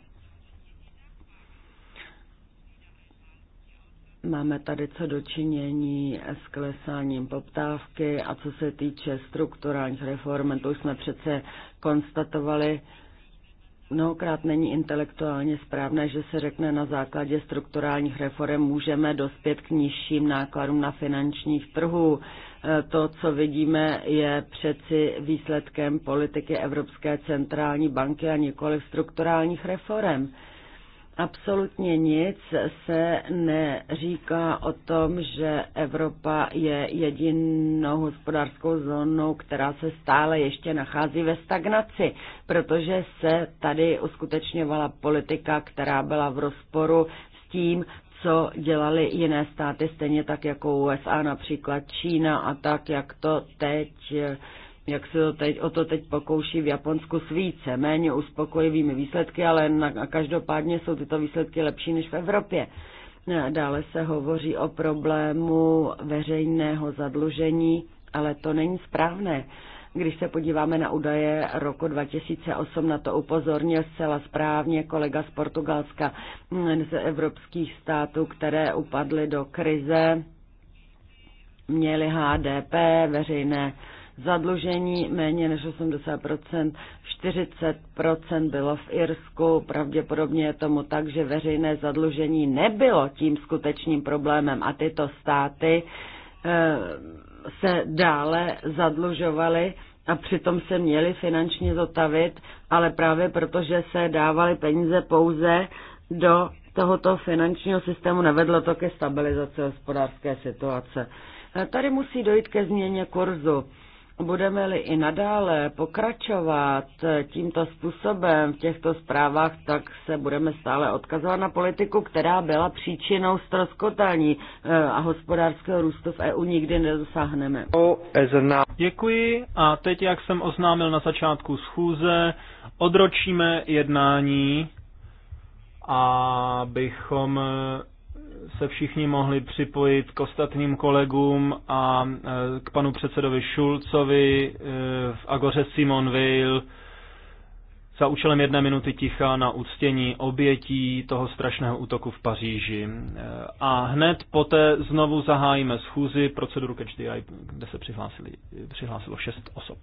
Máme tady co dočinění s klesáním poptávky a co se týče strukturálních reform, to už jsme přece konstatovali, Mnohokrát není intelektuálně správné, že se řekne na základě strukturálních reform můžeme dospět k nižším nákladům na finančních trhů. E, to, co vidíme, je přeci výsledkem politiky Evropské centrální banky a nikoli strukturálních reform absolutně nic se neříká o tom, že Evropa je jedinou hospodářskou zónou, která se stále ještě nachází ve stagnaci, protože se tady uskutečňovala politika, která byla v rozporu s tím, co dělali jiné státy, stejně tak jako USA, například Čína a tak, jak to teď jak se to teď, o to teď pokouší v Japonsku s více, méně uspokojivými výsledky, ale na, na každopádně jsou tyto výsledky lepší než v Evropě. Eh, Dále se hovoří o problému veřejného zadlužení, ale to není správné. Když se podíváme na údaje roku 2008, na to upozornil zcela správně kolega z Portugalska mm, z evropských států, které upadly do krize, měly HDP, veřejné zadlužení méně než 80%, 40% bylo v Irsku, pravděpodobně je tomu tak, že veřejné zadlužení nebylo tím skutečným problémem a tyto státy eh, se dále zadlužovaly a přitom se měli finančně zotavit, ale právě protože se dávaly peníze pouze do tohoto finančního systému nevedlo to ke stabilizaci hospodářské situace. Eh, tady musí dojít ke změně kurzu. Budeme-li i nadále pokračovat tímto způsobem v těchto zprávách, tak se budeme stále odkazovat na politiku, která byla příčinou ztroskotání eh, a hospodářského růstu v EU nikdy nedosáhneme. Děkuji a teď, jak jsem oznámil na začátku schůze, odročíme jednání, abychom se všichni mohli připojit k ostatním kolegům a e, k panu předsedovi Šulcovi e, v Agoře Simonville za účelem jedné minuty ticha na uctění obětí toho strašného útoku v Paříži. E, a hned poté znovu zahájíme schůzi proceduru catch the eye, kde se přihlásilo šest osob.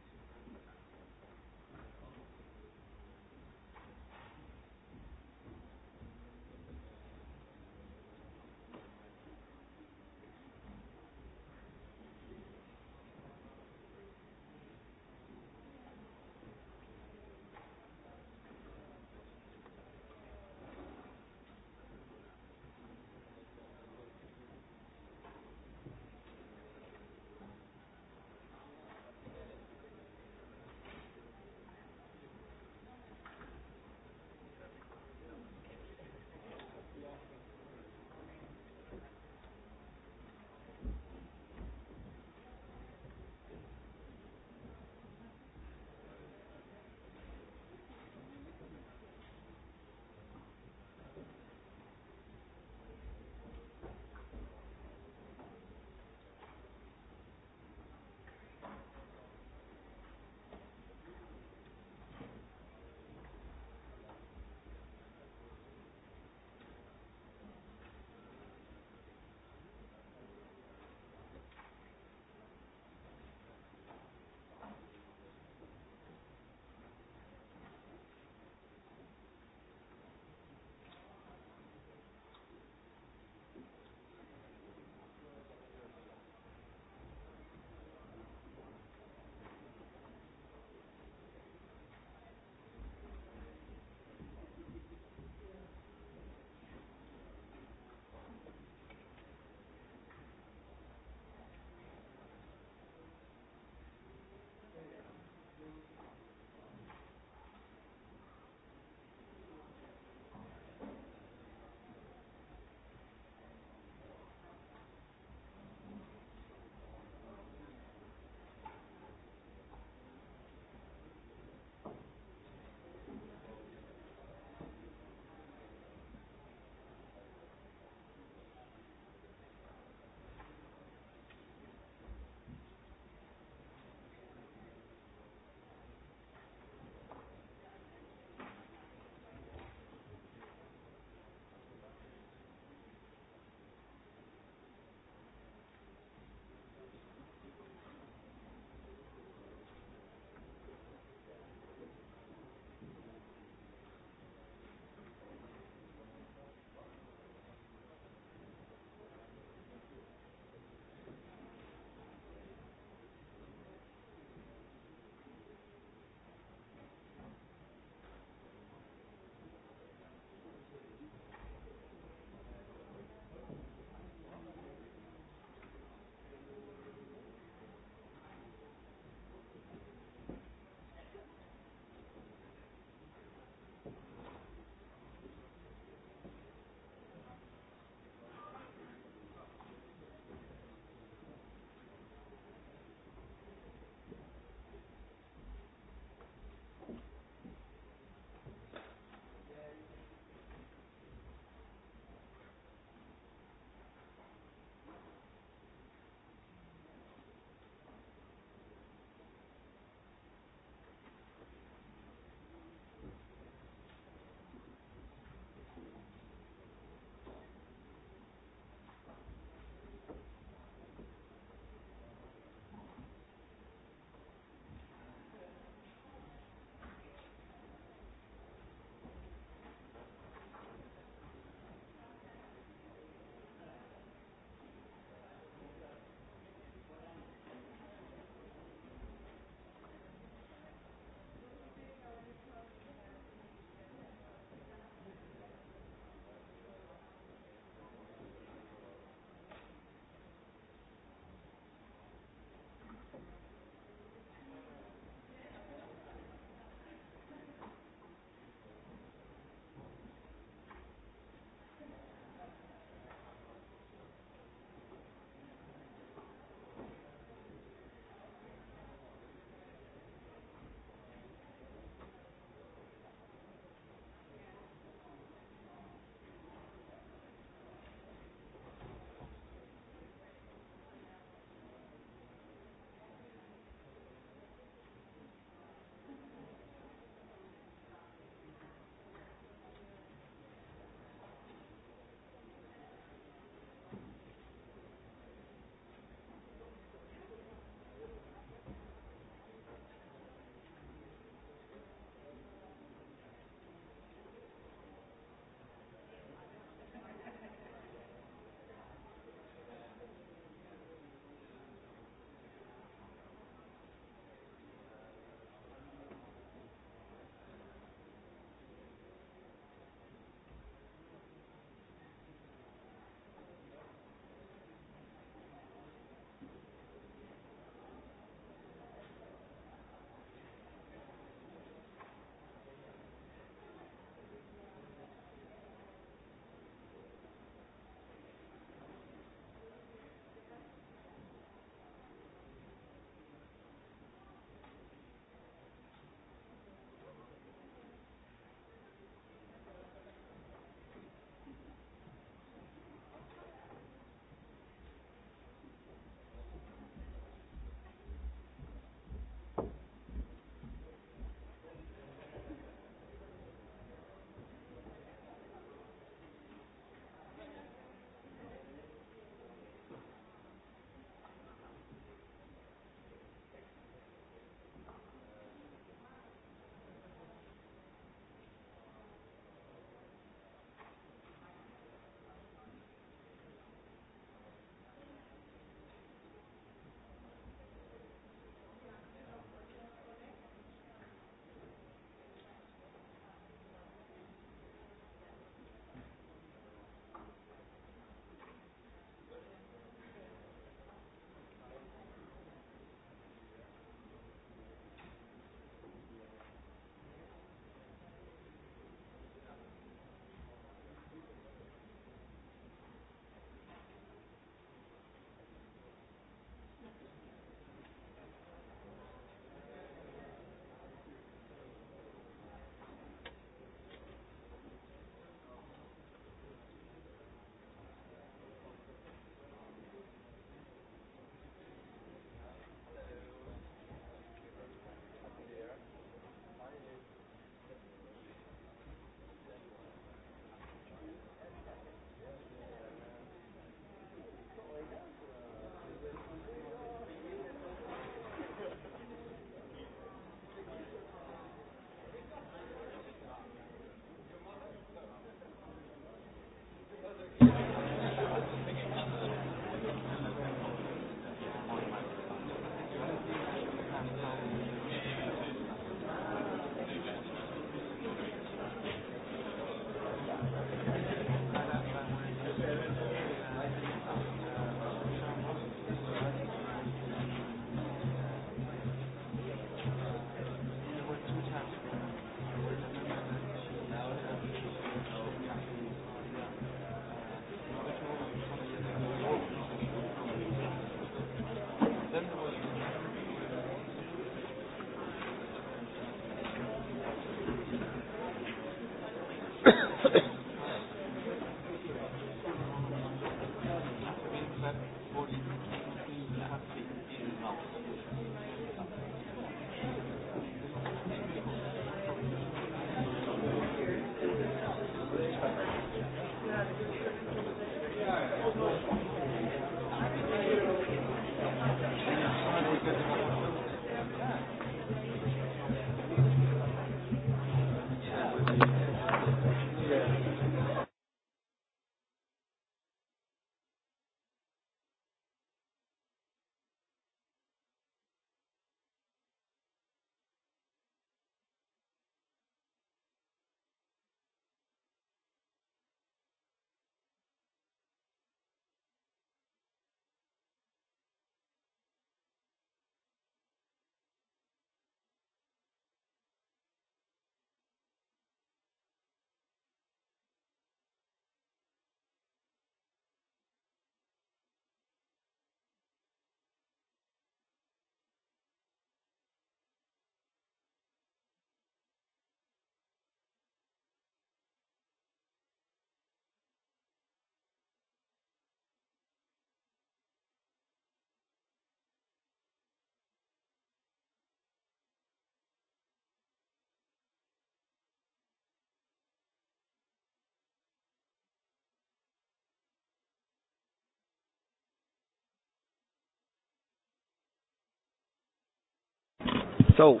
So,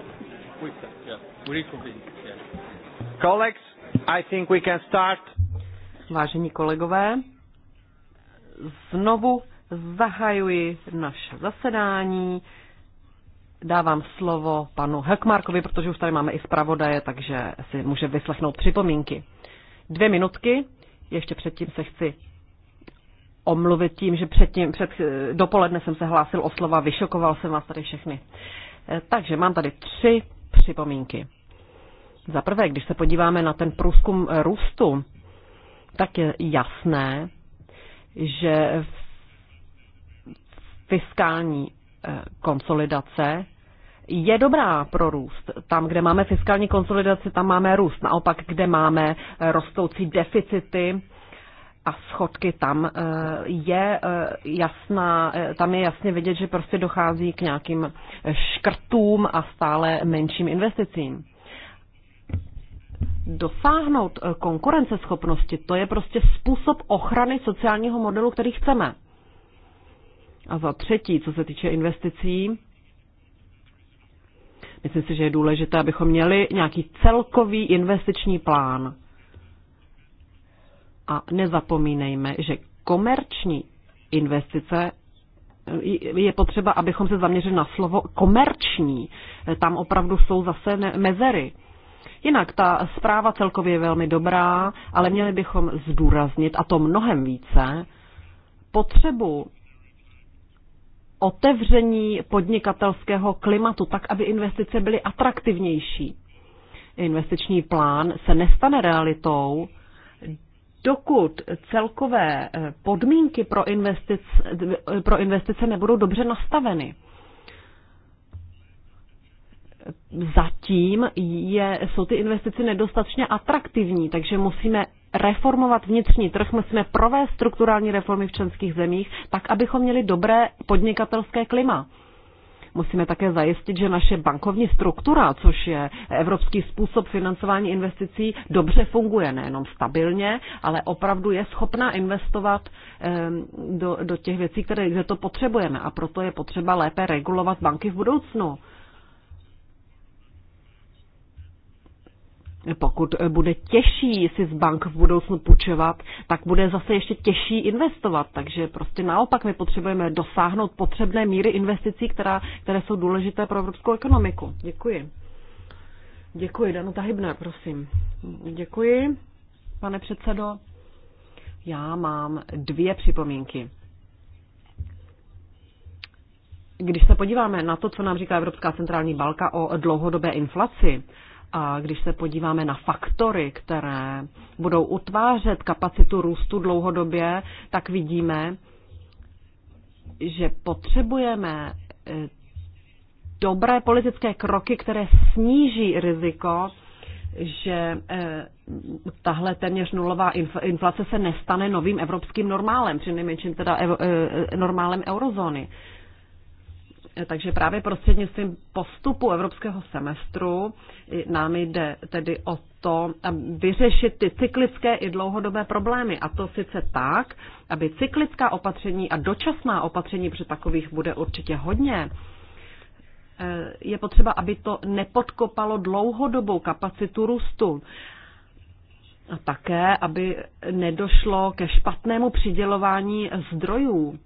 colleagues, I think we can start. Vážení kolegové, znovu zahajuji naše zasedání. Dávám slovo panu Hekmarkovi, protože už tady máme i zpravodaje, takže si může vyslechnout připomínky. Dvě minutky, ještě předtím se chci omluvit tím, že předtím, před, dopoledne jsem se hlásil o slova, vyšokoval jsem vás tady všechny. Takže mám tady tři připomínky. Za prvé, když se podíváme na ten průzkum růstu, tak je jasné, že fiskální eh, konsolidace je dobrá pro růst. Tam, kde máme fiskální konsolidaci, tam máme růst. Naopak, kde máme eh, rostoucí deficity, a schodky tam eh, je eh, jasná, eh, tam je jasně vidět, že prostě dochází k nějakým škrtům a stále menším investicím. Dosáhnout konkurenceschopnosti, to je prostě způsob ochrany sociálního modelu, který chceme. A za třetí, co se týče investicí, myslím si, že je důležité, abychom měli nějaký celkový investiční plán a nezapomínejme, že komerční investice eh, je potřeba, abychom se zaměřili na slovo komerční. Eh, tam opravdu jsou zase mezery. Jinak ta zpráva celkově je velmi dobrá, ale měli bychom zdůraznit, a to mnohem více, potřebu otevření podnikatelského klimatu tak, aby investice byly atraktivnější. Investiční plán se nestane realitou, dokud celkové eh, podmínky pro investice, pro investice nebudou dobře nastaveny. Zatím je, jsou ty investice nedostatečně atraktivní, takže musíme reformovat vnitřní trh, musíme provést strukturální reformy v členských zemích, tak abychom měli dobré podnikatelské klima. Musíme také zajistit, že naše bankovní struktura, což je evropský způsob financování investicí, dobře funguje, nejenom stabilně, ale opravdu je schopná investovat do, do těch věcí, které, kde to potřebujeme. A proto je potřeba lépe regulovat banky v budoucnu. pokud eh, bude těžší si z bank v budoucnu půjčovat, tak bude zase ještě těžší investovat. Takže prostě naopak my potřebujeme dosáhnout potřebné míry investicí, která, které jsou důležité pro evropskou ekonomiku. Děkuji. Děkuji, Danuta Hybner, prosím. Děkuji, pane předsedo. Já mám dvě připomínky. Když se podíváme na to, co nám říká Evropská centrální balka o dlouhodobé inflaci, a když se podíváme na faktory, které budou utvářet kapacitu růstu dlouhodobě, tak vidíme, že potřebujeme eh, dobré politické kroky, které sníží riziko, že eh, tahle téměř nulová inflace se nestane novým evropským normálem, přinejmenším teda eh, normálem eurozóny. Takže právě prostřednictvím postupu evropského semestru nám jde tedy o to vyřešit ty cyklické i dlouhodobé problémy. A to sice tak, aby cyklická opatření a dočasná opatření, při takových bude určitě hodně, e, je potřeba, aby to nepodkopalo dlouhodobou kapacitu růstu. A také, aby nedošlo ke špatnému přidělování zdrojů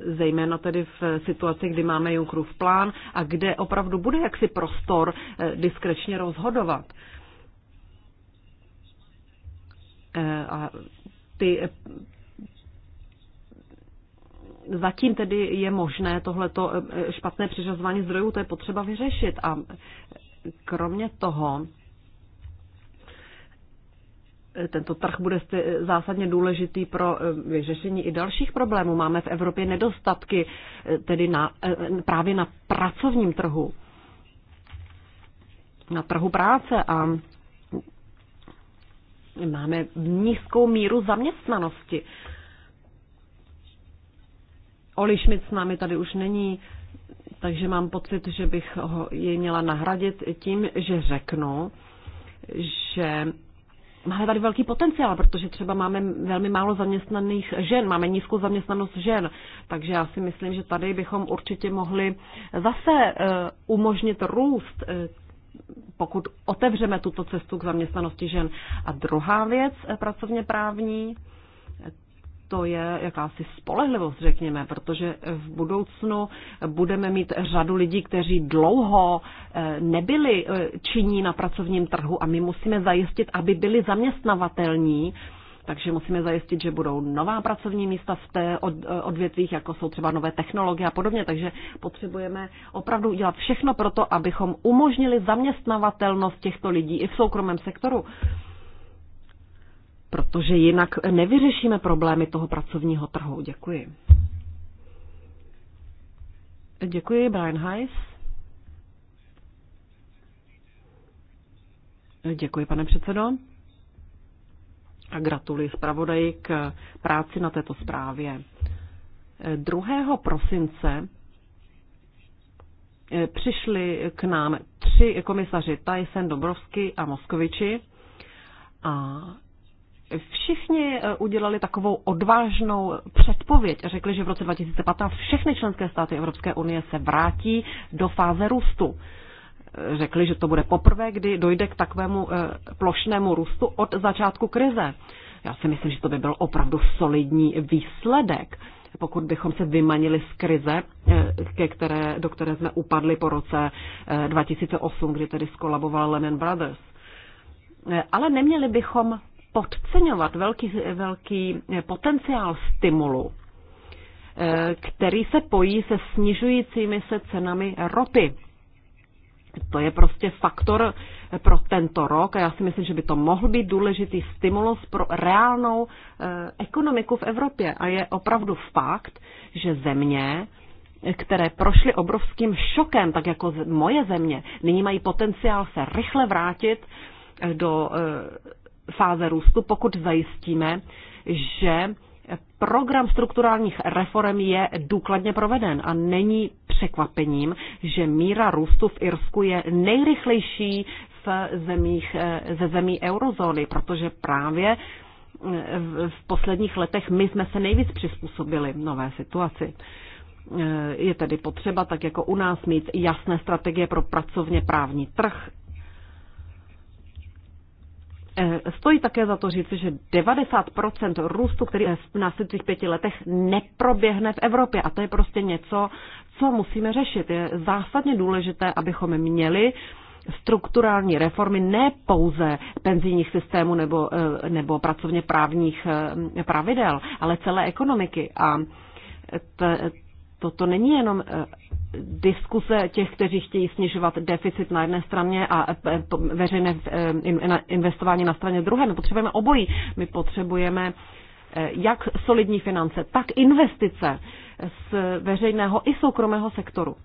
zejména tedy v situaci, kdy máme Junckerův plán a kde opravdu bude jaksi prostor eh, diskrečně rozhodovat. Eh, a ty eh, Zatím tedy je možné tohleto špatné přiřazování zdrojů, to je potřeba vyřešit. A kromě toho, tento trh bude eh, zásadně důležitý pro eh, vyřešení i dalších problémů. Máme v Evropě nedostatky eh, tedy na, právě na pracovním trhu, na trhu práce a máme nízkou míru zaměstnanosti. Oli Schmidt s námi tady už není, takže mám pocit, že bych ho jej měla nahradit tím, že řeknu, že máme tady velký potenciál, protože třeba máme velmi málo zaměstnaných žen, máme nízkou zaměstnanost žen, takže já si myslím, že tady bychom určitě mohli zase eh, umožnit růst, eh, pokud otevřeme tuto cestu k zaměstnanosti žen. A druhá věc eh, pracovně právní, to je jakási spolehlivost, řekněme, protože v budoucnu budeme mít řadu lidí, kteří dlouho eh, nebyli eh, činní na pracovním trhu a my musíme zajistit, aby byli zaměstnavatelní, takže musíme zajistit, že budou nová pracovní místa v té eh, odvětvích, jako jsou třeba nové technologie a podobně. Takže potřebujeme opravdu udělat všechno pro to, abychom umožnili zaměstnavatelnost těchto lidí i v soukromém sektoru protože jinak nevyřešíme problémy toho pracovního trhu. Děkuji. Děkuji, Brian Heiss. Děkuji, pane předsedo. A gratuluji zpravodaji k práci na této zprávě. 2. prosince eh, přišli k nám tři komisaři Tyson, Dobrovsky a Moskoviči a Všichni eh, udělali takovou odvážnou předpověď a řekli, že v roce 2015 všechny členské státy Evropské unie se vrátí do fáze růstu. Eh, řekli, že to bude poprvé, kdy dojde k takovému eh, plošnému růstu od začátku krize. Já si myslím, že to by byl opravdu solidní výsledek pokud bychom se vymanili z krize, ke které, do které jsme upadli po roce 2008, kdy tedy skolaboval Lehman Brothers. Ale neměli bychom podceňovat velký, velký potenciál stimulu, eh, který se pojí se snižujícími se cenami ropy. To je prostě faktor pro tento rok a já si myslím, že by to mohl být důležitý stimulus pro reálnou eh, ekonomiku v Evropě. A je opravdu fakt, že země, které prošly obrovským šokem, tak jako moje země, nyní mají potenciál se rychle vrátit eh, do fáze růstu, pokud zajistíme, že program strukturálních reform je důkladně proveden a není překvapením, že míra růstu v Irsku je nejrychlejší v zemích, eh, ze zemí eurozóny, protože právě eh, v posledních letech my jsme se nejvíc přizpůsobili nové situaci. Eh, je tedy potřeba, tak jako u nás, mít jasné strategie pro pracovně právní trh, Eh, stojí také za to říci, že 90% růstu, který v následujících pěti letech neproběhne v Evropě a to je prostě něco, co musíme řešit. Je zásadně důležité, abychom měli strukturální reformy ne pouze penzijních systémů nebo, eh, nebo pracovně právních eh, pravidel, ale celé ekonomiky. A to to není jenom diskuse těch, kteří chtějí snižovat deficit na jedné straně a e, veřejné e, investování na straně druhé. My potřebujeme obojí. My potřebujeme e, jak solidní finance, tak investice z veřejného i soukromého sektoru.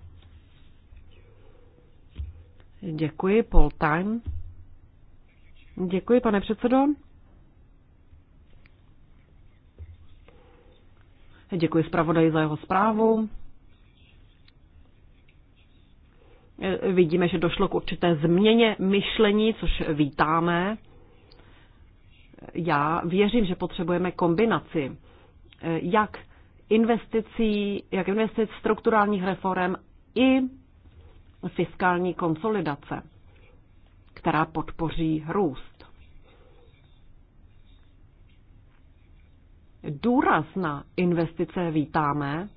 Děkuji, Paul Time. Děkuji, pane předsedo. Děkuji zpravodaji za jeho zprávu. Eh, vidíme, že došlo k určité změně myšlení, což vítáme. Já věřím, že potřebujeme kombinaci eh, jak investicí, jak investic strukturálních reform i fiskální konsolidace, která podpoří růst. Důraz na investice vítáme,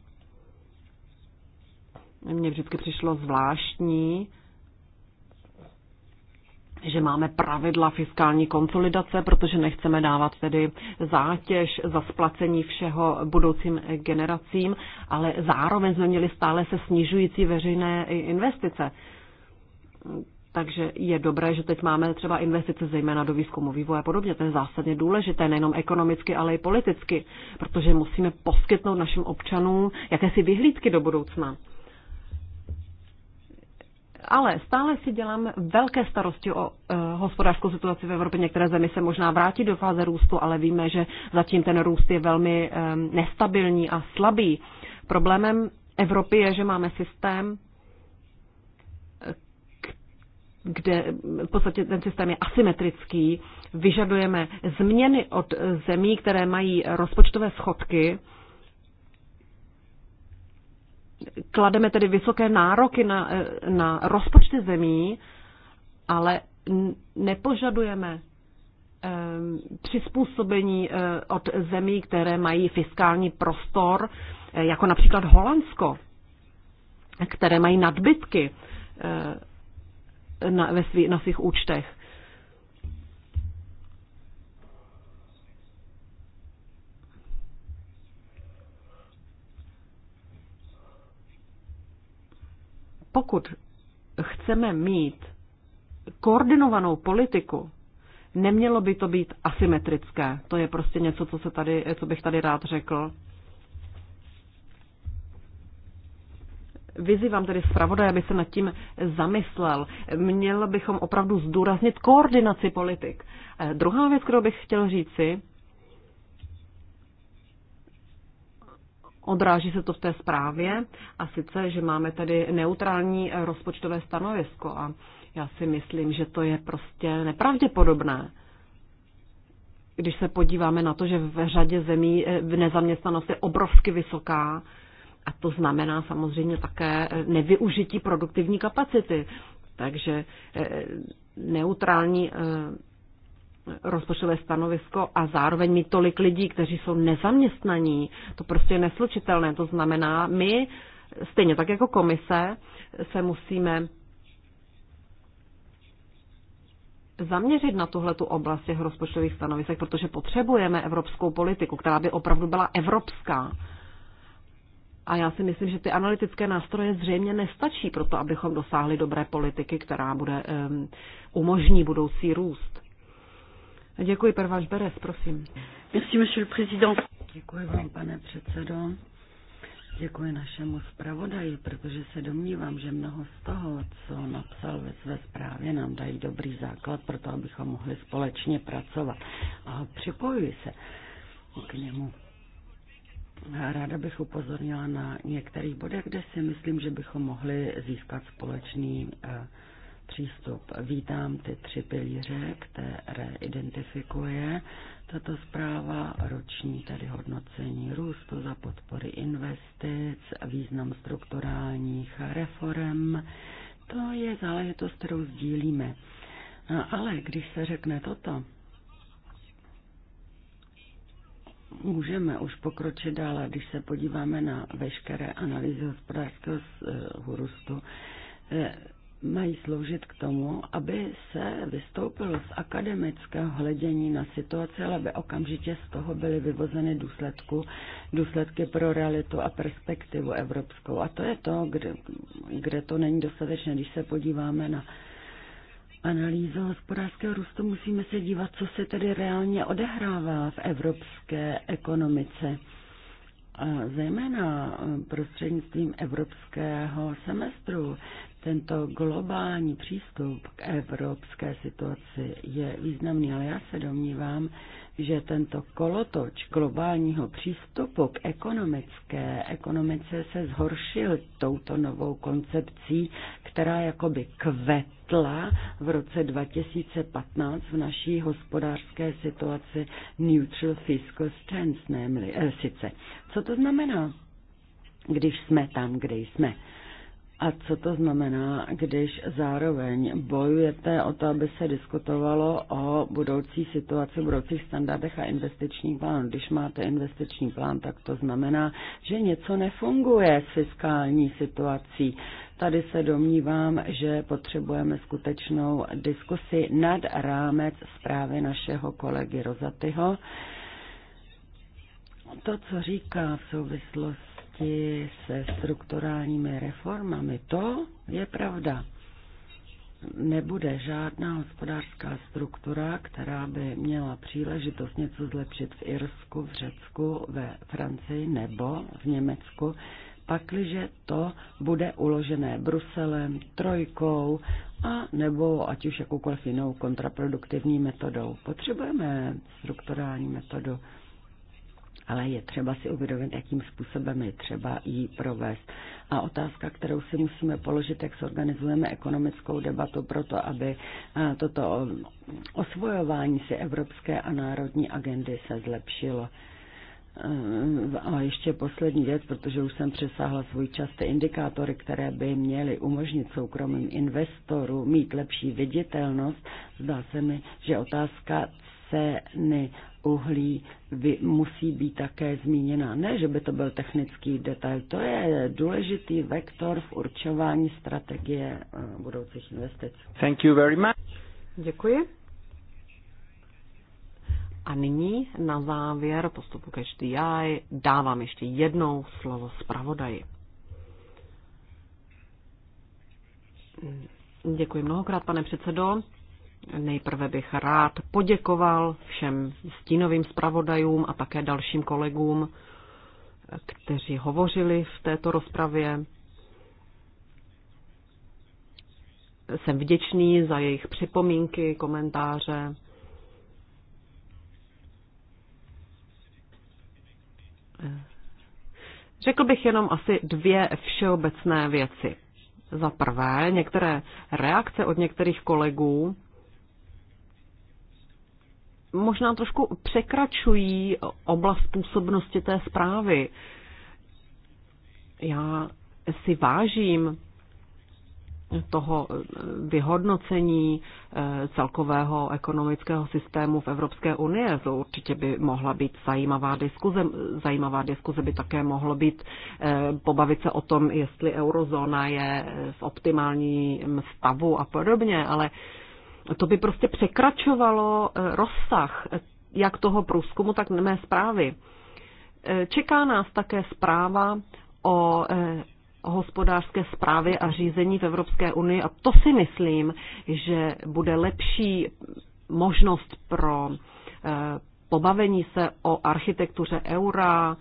mně vždycky přišlo zvláštní, že máme pravidla fiskální konsolidace, protože nechceme dávat tedy zátěž za splacení všeho budoucím generacím, ale zároveň jsme měli stále se snižující veřejné investice. Takže je dobré, že teď máme třeba investice zejména do výzkumu vývoje a podobně. To je zásadně důležité, nejenom ekonomicky, ale i politicky, protože musíme poskytnout našim občanům jakési vyhlídky do budoucna. Ale stále si dělám velké starosti o e, hospodářskou situaci v Evropě. Některé zemi se možná vrátí do fáze růstu, ale víme, že zatím ten růst je velmi e, nestabilní a slabý. Problémem Evropy je, že máme systém, eh, kde v podstatě ten systém je asymetrický. Vyžadujeme změny od zemí, které mají rozpočtové schodky, klademe tedy vysoké nároky na, eh, na rozpočty zemí, ale nepožadujeme eh, přizpůsobení eh, od zemí, které mají fiskální prostor, jako například Holandsko, které mají nadbytky na, ve svý, na svých účtech. pokud chceme mít koordinovanou politiku, nemělo by to být asymetrické. To je prostě něco, co, se tady, co bych tady rád řekl. Vyzývám tedy zpravodaj, aby se nad tím zamyslel. Měl bychom opravdu zdůraznit koordinaci politik. Eh, druhá věc, kterou bych chtěl říci, Odráží se to v té zprávě a sice, že máme tady neutrální rozpočtové stanovisko a já si myslím, že to je prostě nepravděpodobné. Když se podíváme na to, že v řadě zemí eh, nezaměstnanost je obrovsky vysoká a to znamená samozřejmě také eh, nevyužití produktivní kapacity. Takže eh, neutrální rozpočtové stanovisko a zároveň mít tolik lidí, kteří jsou nezaměstnaní. To prostě je neslučitelné. To znamená, my stejně tak jako komise se musíme zaměřit na tuhletu oblast těch rozpočtových stanovisek, protože potřebujeme evropskou politiku, která by opravdu byla evropská. A já si myslím, že ty analytické nástroje zřejmě nestačí pro to, abychom dosáhli dobré politiky, která bude um, umožní budoucí růst. Děkuji, Váš Beres, prosím. Merci, monsieur le président. Děkuji vám, pane předsedo. Děkuji našemu zpravodaji, protože se domnívám, že mnoho z toho, co napsal ve své zprávě, nám dají dobrý základ pro to, abychom mohli společně pracovat. A připojuji se k němu. Ráda bych upozornila na některých bodech, kde si myslím, že bychom mohli získat společný eh, přístup. Vítám ty tři pilíře, které identifikuje tato zpráva, roční tedy hodnocení růstu za podpory investic, význam strukturálních reform. To je záležitost, kterou sdílíme. No, ale když se řekne toto, můžeme už pokročit dále, když se podíváme na veškeré analýzy hospodářského eh, růstu, eh, mají sloužit k tomu, aby se vystoupilo z akademického hledění na situaci, ale aby okamžitě z toho byly vyvozeny důsledku, důsledky pro realitu a perspektivu evropskou. A to je to, kde, kde to není dostatečné. Když se podíváme na analýzu hospodářského růstu, musíme se dívat, co se tedy reálně odehrává v evropské ekonomice zejména eh, prostřednictvím evropského semestru. Tento globální přístup k evropské situaci je významný, ale já se domnívám, že tento kolotoč globálního přístupu k ekonomické ekonomice se zhoršil touto novou koncepcí, která jakoby kvetla v roce 2015 v naší hospodářské situaci neutral fiscal stance, nemli, eh, sice. Co to znamená, když jsme tam, kde jsme? A co to znamená, když zároveň bojujete o to, aby se diskutovalo o budoucí situaci, budoucích standardech a investiční plán? Když máte investiční plán, tak to znamená, že něco nefunguje s fiskální situací. Tady se domnívám, že potřebujeme skutečnou diskusi nad rámec zprávy našeho kolegy Rozatyho. To, co říká v souvislosti souvislosti se strukturálními reformami. To je pravda. Nebude žádná hospodářská struktura, která by měla příležitost něco zlepšit v Irsku, v Řecku, ve Francii nebo v Německu, pakliže to bude uložené Bruselem, trojkou a nebo ať už jakoukoliv jinou kontraproduktivní metodou. Potřebujeme strukturální metodu ale je třeba si uvědomit, jakým způsobem je třeba ji provést. A otázka, kterou si musíme položit, jak zorganizujeme ekonomickou debatu pro to, aby eh, toto osvojování si evropské a národní agendy se zlepšilo. Eh, a ještě poslední věc, protože už jsem přesáhla svůj čas, ty indikátory, které by měly umožnit soukromým investorům mít lepší viditelnost, zdá se mi, že otázka ceny uhlí musí být také zmíněna. Ne, že by to byl technický detail, to je důležitý vektor v určování strategie eh, budoucích investic. Thank you very much. Děkuji. A nyní na závěr postupu ke HDI dávám ještě jednou slovo zpravodaji. Děkuji mnohokrát, pane předsedo. Nejprve bych rád poděkoval všem stínovým zpravodajům a také dalším kolegům, kteří hovořili v této rozpravě. Jsem vděčný za jejich připomínky, komentáře. Řekl bych jenom asi dvě všeobecné věci. Za prvé, některé reakce od některých kolegů možná trošku překračují oblast působnosti té zprávy. Já si vážím toho vyhodnocení eh, celkového ekonomického systému v Evropské unii. To určitě by mohla být zajímavá diskuze. Zajímavá diskuze by také mohlo být eh, pobavit se o tom, jestli eurozóna je v optimálním stavu a podobně, ale to by prostě překračovalo eh, rozsah eh, jak toho průzkumu, tak mé zprávy. Eh, čeká nás také zpráva o hospodářské zprávy a řízení v Evropské unii a to si myslím, že bude lepší možnost pro pobavení se o architektuře eura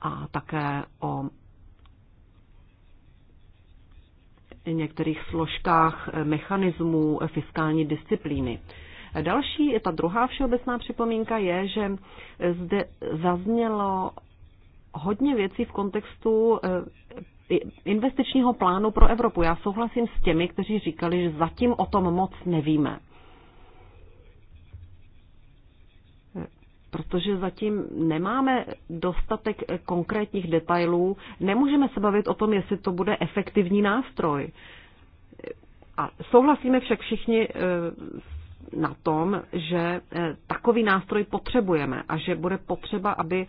a také o některých složkách eh, mechanismů eh, fiskální disciplíny. Eh, další, ta druhá všeobecná připomínka je, že zde zaznělo hodně věcí v kontextu investičního plánu pro Evropu. Já souhlasím s těmi, kteří říkali, že zatím o tom moc nevíme. protože zatím nemáme dostatek konkrétních detailů. Nemůžeme se bavit o tom, jestli to bude efektivní nástroj. A souhlasíme však všichni eh, na tom, že eh, takový nástroj potřebujeme a že bude potřeba, aby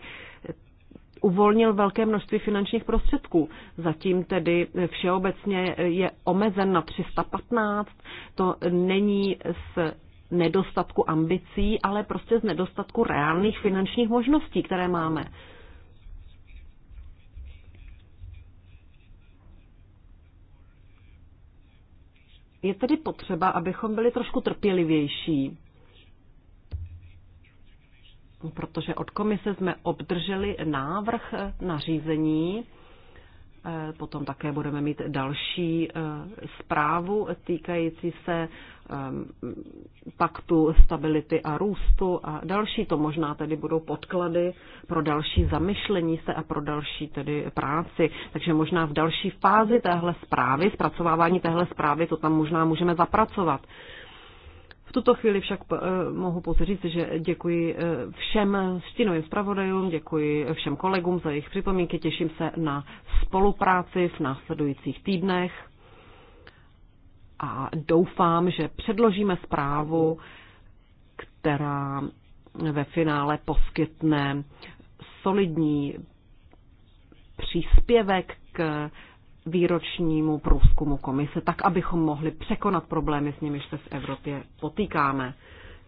uvolnil velké množství finančních prostředků. Zatím tedy všeobecně je omezen na 315, to není s nedostatku ambicí, ale prostě z nedostatku reálných finančních možností, které máme. Je tedy potřeba, abychom byli trošku trpělivější, protože od komise jsme obdrželi návrh nařízení, Eh, potom také budeme mít další eh, zprávu týkající se eh, paktu stability a růstu a další. To možná tedy budou podklady pro další zamyšlení se a pro další tedy práci. Takže možná v další fázi téhle zprávy, zpracovávání téhle zprávy, to tam možná můžeme zapracovat. V tuto chvíli však eh, mohu pouze říct, že děkuji eh, všem stínovým zpravodajům, děkuji všem kolegům za jejich připomínky, těším se na spolupráci v následujících týdnech a doufám, že předložíme zprávu, která ve finále poskytne solidní příspěvek k výročnímu průzkumu komise, tak abychom mohli překonat problémy, s nimiž se v Evropě potýkáme.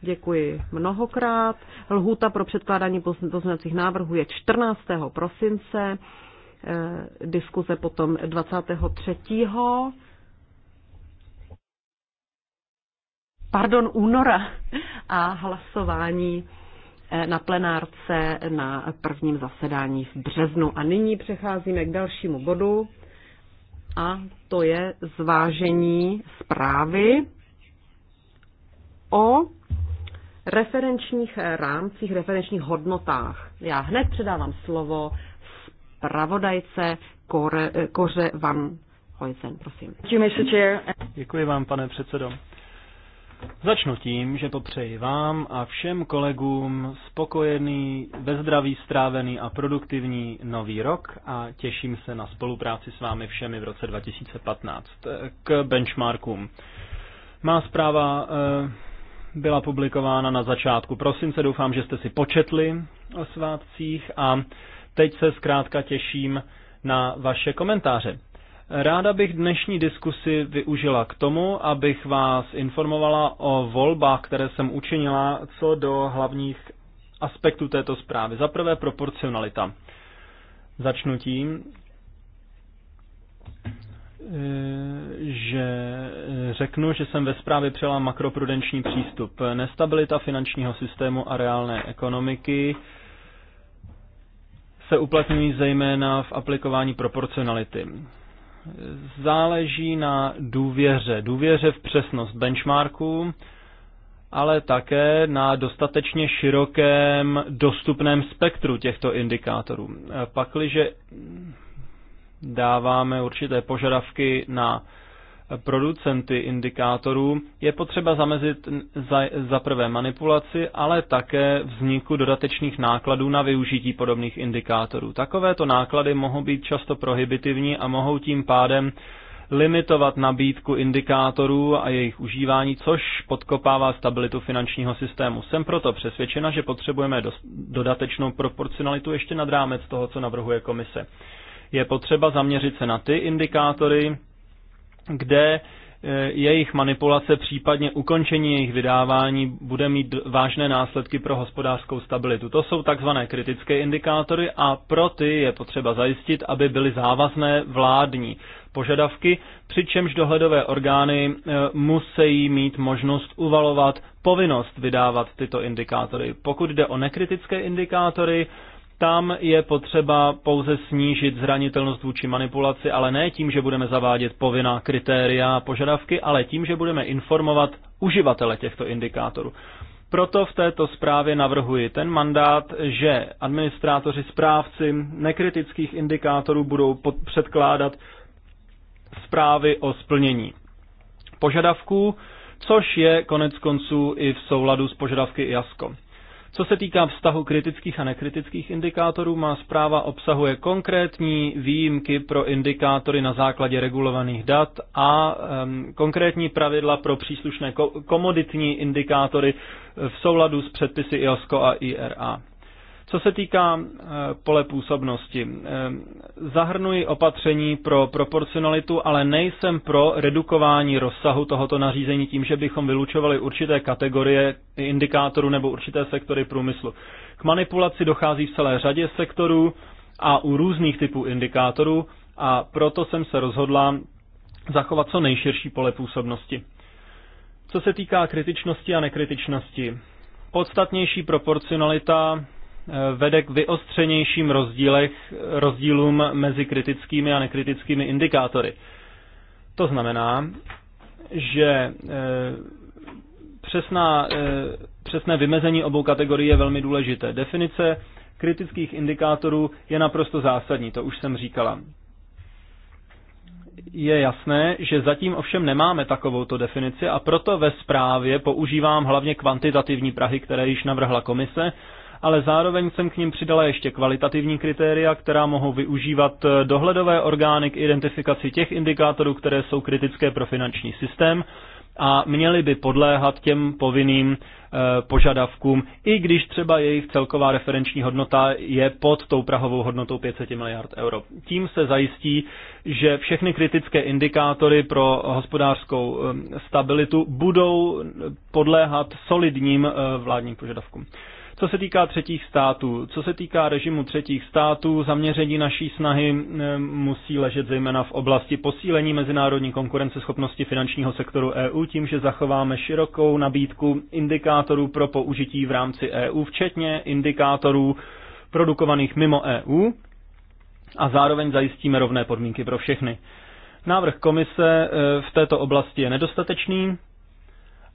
Děkuji mnohokrát. Lhůta pro předkládání pozměňovacích návrhů je 14. prosince, eh, diskuze potom 23. Pardon, února a hlasování eh, na plenárce na prvním zasedání v březnu. A nyní přecházíme k dalšímu bodu a to je zvážení zprávy o referenčních rámcích, referenčních hodnotách. Já hned předávám slovo zpravodajce Kore, Koře Van Hojzen, prosím. Děkuji vám, pane předsedo. Začnu tím, že popřeji vám a všem kolegům spokojený, ve zdraví strávený a produktivní nový rok a těším se na spolupráci s vámi všemi v roce 2015. K benchmarkům. Má zpráva eh, byla publikována na začátku prosince, doufám, že jste si početli o svátcích a teď se zkrátka těším na vaše komentáře. Ráda bych dnešní diskusi využila k tomu, abych vás informovala o volbách, které jsem učinila, co do hlavních aspektů této zprávy. Za prvé proporcionalita. Začnu tím, že řeknu, že jsem ve zprávě přijala makroprudenční přístup. Nestabilita finančního systému a reálné ekonomiky se uplatňují zejména v aplikování proporcionality záleží na důvěře. Důvěře v přesnost benchmarku, ale také na dostatečně širokém dostupném spektru těchto indikátorů. Pakliže dáváme určité požadavky na producenty indikátorů, je potřeba zamezit za, za prvé manipulaci, ale také vzniku dodatečných nákladů na využití podobných indikátorů. Takovéto náklady mohou být často prohibitivní a mohou tím pádem limitovat nabídku indikátorů a jejich užívání, což podkopává stabilitu finančního systému. Jsem proto přesvědčena, že potřebujeme dodatečnou proporcionalitu ještě nad rámec toho, co navrhuje komise. Je potřeba zaměřit se na ty indikátory, kde eh, jejich manipulace, případně ukončení jejich vydávání, bude mít vážné následky pro hospodářskou stabilitu. To jsou takzvané kritické indikátory a pro ty je potřeba zajistit, aby byly závazné vládní požadavky, přičemž dohledové orgány eh, musí mít možnost uvalovat povinnost vydávat tyto indikátory. Pokud jde o nekritické indikátory, tam je potřeba pouze snížit zranitelnost vůči manipulaci, ale ne tím, že budeme zavádět povinná kritéria a požadavky, ale tím, že budeme informovat uživatele těchto indikátorů. Proto v této zprávě navrhuji ten mandát, že administrátoři správci nekritických indikátorů budou předkládat zprávy o splnění požadavků, což je konec konců i v souladu s požadavky IASCO. Co se týká vztahu kritických a nekritických indikátorů, má zpráva obsahuje konkrétní výjimky pro indikátory na základě regulovaných dat a um, konkrétní pravidla pro příslušné ko- komoditní indikátory v souladu s předpisy IOSCO a IRA. Co se týká eh, pole působnosti, eh, zahrnuji opatření pro proporcionalitu, ale nejsem pro redukování rozsahu tohoto nařízení tím, že bychom vylučovali určité kategorie indikátorů nebo určité sektory průmyslu. K manipulaci dochází v celé řadě sektorů a u různých typů indikátorů a proto jsem se rozhodla zachovat co nejširší pole působnosti. Co se týká kritičnosti a nekritičnosti, podstatnější proporcionalita Eh, vede k vyostřenějším rozdílech, rozdílům mezi kritickými a nekritickými indikátory. To znamená, že eh, přesná, eh, přesné vymezení obou kategorií je velmi důležité. Definice kritických indikátorů je naprosto zásadní, to už jsem říkala. Je jasné, že zatím ovšem nemáme takovouto definici a proto ve zprávě používám hlavně kvantitativní prahy, které již navrhla komise ale zároveň jsem k ním přidala ještě kvalitativní kritéria, která mohou využívat eh, dohledové orgány k identifikaci těch indikátorů, které jsou kritické pro finanční systém a měly by podléhat těm povinným e, požadavkům, i když třeba jejich celková referenční hodnota je pod tou prahovou hodnotou 500 miliard euro. Tím se zajistí, že všechny kritické indikátory pro hospodářskou eh, stabilitu budou podléhat solidním e, vládním požadavkům. Co se týká třetích států, co se týká režimu třetích států, zaměření naší snahy eh, musí ležet zejména v oblasti posílení mezinárodní konkurenceschopnosti finančního sektoru EU tím, že zachováme širokou nabídku indikátorů pro použití v rámci EU, včetně indikátorů produkovaných mimo EU a zároveň zajistíme rovné podmínky pro všechny. Návrh komise eh, v této oblasti je nedostatečný,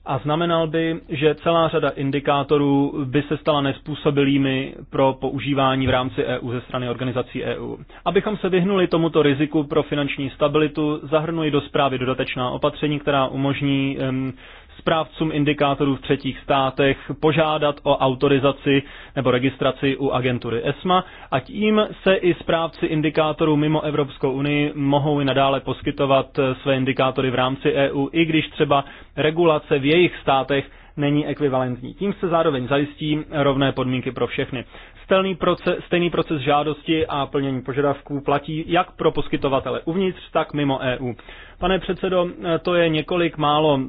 a znamenal by, že celá řada indikátorů by se stala nespůsobilými pro používání v rámci EU ze strany organizací EU. Abychom se vyhnuli tomuto riziku pro finanční stabilitu, zahrnuji do zprávy dodatečná opatření, která umožní um, správcům indikátorů v třetích státech požádat o autorizaci nebo registraci u agentury ESMA a tím se i správci indikátorů mimo Evropskou unii mohou i nadále poskytovat eh, své indikátory v rámci EU, i když třeba regulace v jejich státech není ekvivalentní. Tím se zároveň zajistí rovné podmínky pro všechny. Stejný proces, stejný proces žádosti a plnění požadavků platí jak pro poskytovatele uvnitř, tak mimo EU. Pane předsedo, eh, to je několik málo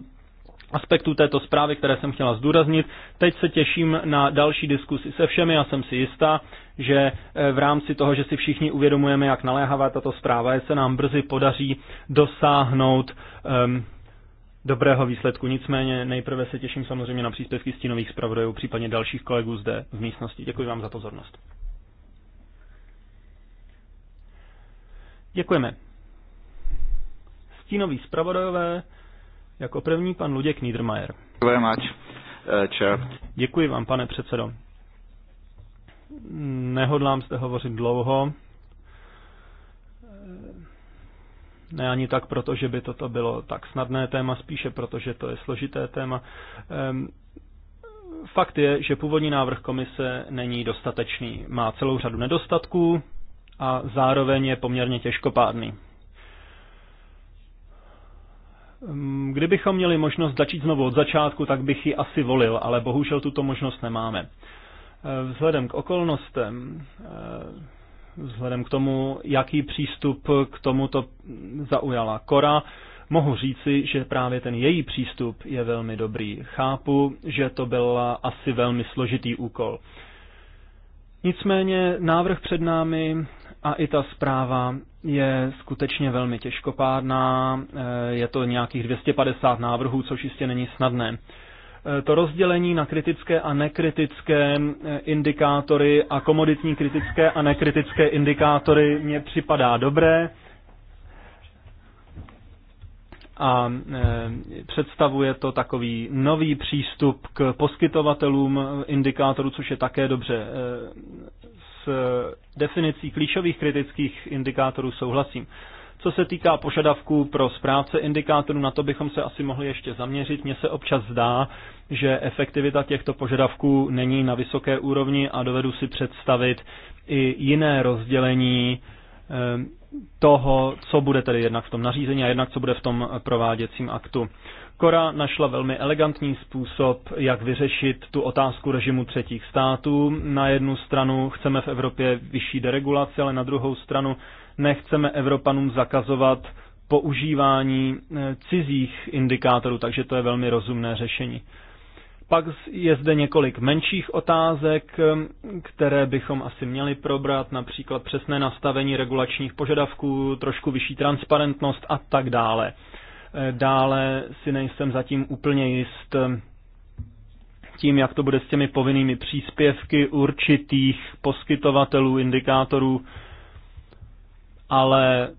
aspektů této zprávy, které jsem chtěla zdůraznit. Teď se těším na další diskusi se všemi a jsem si jistá, že eh, v rámci toho, že si všichni uvědomujeme, jak naléhavá tato zpráva je, se nám brzy podaří dosáhnout um, dobrého výsledku. Nicméně nejprve se těším samozřejmě na příspěvky stínových zpravodajů, případně dalších kolegů zde v místnosti. Děkuji vám za pozornost. Děkujeme. Stínoví zpravodajové jako první pan Luděk Niedermayer. Uh, Děkuji vám, pane předsedo. Nehodlám zde hovořit dlouho. Ne ani tak, protože by toto bylo tak snadné téma, spíše protože to je složité téma. Ehm, fakt je, že původní návrh komise není dostatečný. Má celou řadu nedostatků a zároveň je poměrně těžkopádný. Ehm, kdybychom měli možnost začít znovu od začátku, tak bych ji asi volil, ale bohužel tuto možnost nemáme. Ehm, vzhledem k okolnostem, ehm, vzhledem k tomu, jaký přístup k tomuto zaujala Kora, mohu říci, že právě ten její přístup je velmi dobrý. Chápu, že to byl asi velmi složitý úkol. Nicméně návrh před námi a i ta zpráva je skutečně velmi těžkopádná. Eh, je to nějakých 250 návrhů, což jistě není snadné. Eh, to rozdělení na kritické a nekritické eh, indikátory a komoditní kritické a nekritické indikátory mně připadá dobré a představuje to takový nový přístup k poskytovatelům indikátorů, což je také dobře s eh, definicí klíčových kritických indikátorů souhlasím. Co se týká požadavků pro správce indikátorů, na to bychom se asi mohli ještě zaměřit. Mně se občas zdá, že efektivita těchto požadavků není na vysoké úrovni a dovedu si představit i jiné rozdělení eh, toho, co bude tedy jednak v tom nařízení a jednak co bude v tom prováděcím aktu. Kora našla velmi elegantní způsob, jak vyřešit tu otázku režimu třetích států. Na jednu stranu chceme v Evropě vyšší deregulaci, ale na druhou stranu nechceme Evropanům zakazovat používání eh, cizích indikátorů, takže to je velmi rozumné řešení. Pak je zde několik menších otázek, eh, které bychom asi měli probrat, například přesné nastavení regulačních požadavků, trošku vyšší transparentnost a tak dále. Eh, dále si nejsem zatím úplně jist eh, tím, jak to bude s těmi povinnými příspěvky určitých poskytovatelů, indikátorů, ale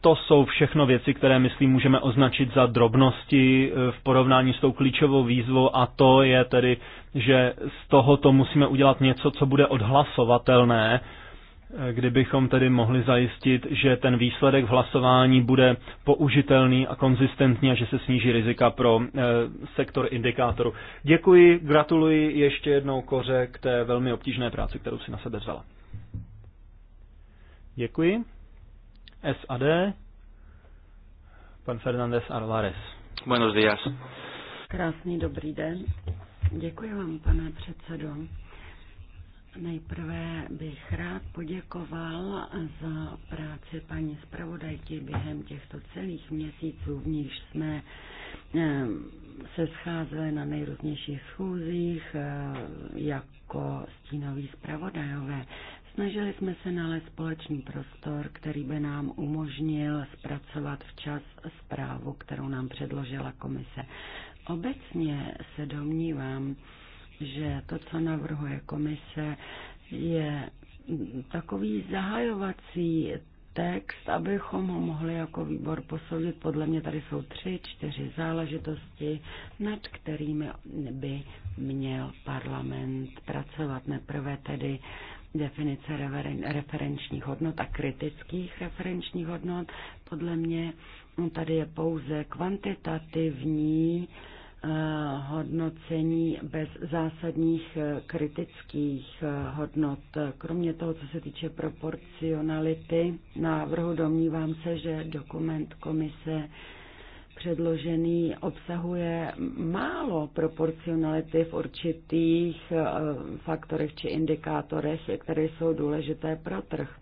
to jsou všechno věci, které, myslím, můžeme označit za drobnosti eh, v porovnání s tou klíčovou výzvou a to je tedy, že z tohoto musíme udělat něco, co bude odhlasovatelné kdybychom tedy mohli zajistit, že ten výsledek v hlasování bude použitelný a konzistentní a že se sníží rizika pro eh, sektor indikátoru. Děkuji, gratuluji ještě jednou Koře k té velmi obtížné práci, kterou si na sebe vzala. Děkuji. SAD, pan Fernández Alvarez. Buenos días. Krásný dobrý den. Děkuji vám, pane předsedo. Nejprve bych rád poděkoval za práci paní zpravodajky během těchto celých měsíců, v níž jsme se scházeli na nejrůznějších schůzích eh, jako stínoví zpravodajové. Snažili jsme se nalézt společný prostor, který by nám umožnil zpracovat včas zprávu, kterou nám předložila komise. Obecně se domnívám, že to, co navrhuje komise, je takový zahajovací text, abychom ho mohli jako výbor posoudit. Podle mě tady jsou tři, čtyři záležitosti, nad kterými by měl parlament pracovat. Neprve tedy definice referenčních hodnot a kritických referenčních hodnot. Podle mě tady je pouze kvantitativní eh, Eh, hodnocení bez zásadních eh, kritických eh, hodnot. Kromě toho, co se týče proporcionality návrhu, domnívám se, že dokument komise předložený obsahuje málo proporcionality v určitých faktorech či indikátorech, které jsou důležité pro trh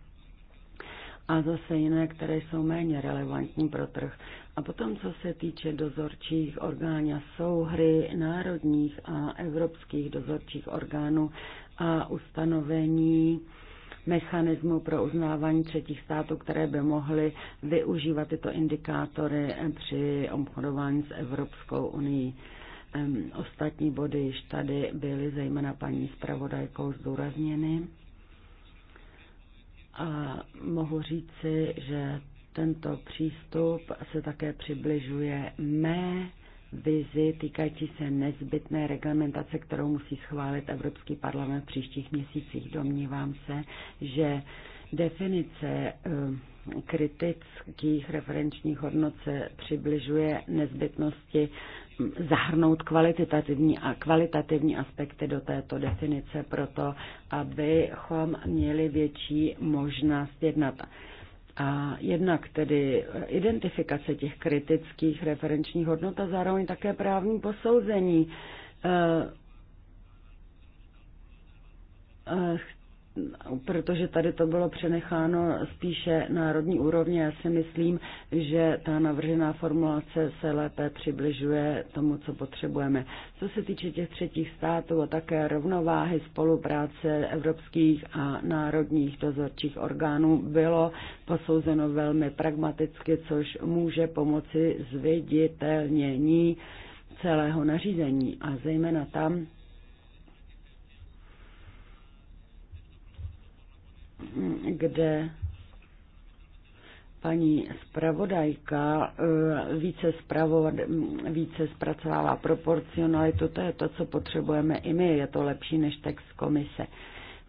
a zase jiné, které jsou méně relevantní pro trh. A potom, co se týče dozorčích orgánů, hry národních a evropských dozorčích orgánů a ustanovení mechanismu pro uznávání třetích států, které by mohly využívat tyto indikátory při obchodování s Evropskou unii. Ehm, ostatní body již tady byly zejména paní zpravodajkou zdůrazněny. A mohu říci, že tento přístup se také přibližuje mé vizi týkající se nezbytné reglementace, kterou musí schválit Evropský parlament v příštích měsících. Domnívám se, že definice eh, kritických referenčních hodnot se přibližuje nezbytnosti zahrnout kvalitativní a kvalitativní aspekty do této definice proto, abychom měli větší možnost jednat. A jednak tedy identifikace těch kritických referenčních hodnot a zároveň také právní posouzení. Eh, eh, protože tady to bylo přenecháno spíše národní úrovně. Já si myslím, že ta navržená formulace se lépe přibližuje tomu, co potřebujeme. Co se týče těch třetích států a také rovnováhy spolupráce evropských a národních dozorčích orgánů bylo posouzeno velmi pragmaticky, což může pomoci zviditelnění celého nařízení a zejména tam, kde paní zpravodajka eh, více, zpravod, více zpracovává proporcionalitu, to je to, co potřebujeme i my, je to lepší než text komise.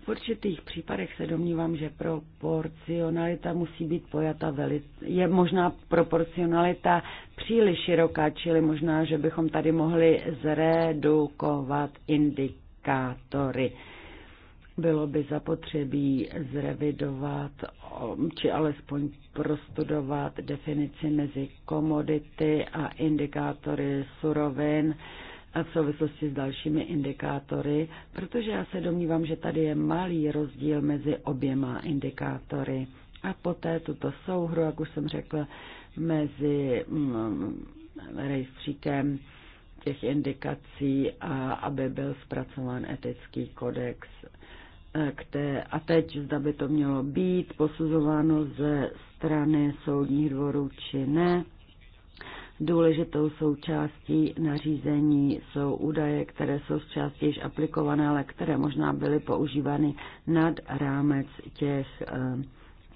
V určitých případech se domnívám, že proporcionalita musí být pojata velice. Je možná proporcionalita příliš široká, čili možná, že bychom tady mohli zredukovat indikátory bylo by zapotřebí zrevidovat, či alespoň prostudovat definici mezi komodity a indikátory surovin a v souvislosti s dalšími indikátory, protože já se domnívám, že tady je malý rozdíl mezi oběma indikátory. A poté tuto souhru, jak už jsem řekla, mezi mm, rejstříkem těch indikací a aby byl zpracován etický kodex a teď zda by to mělo být posuzováno ze strany soudních dvorů či ne. Důležitou součástí nařízení jsou údaje, které jsou z části již aplikované, ale které možná byly používány nad rámec těch eh,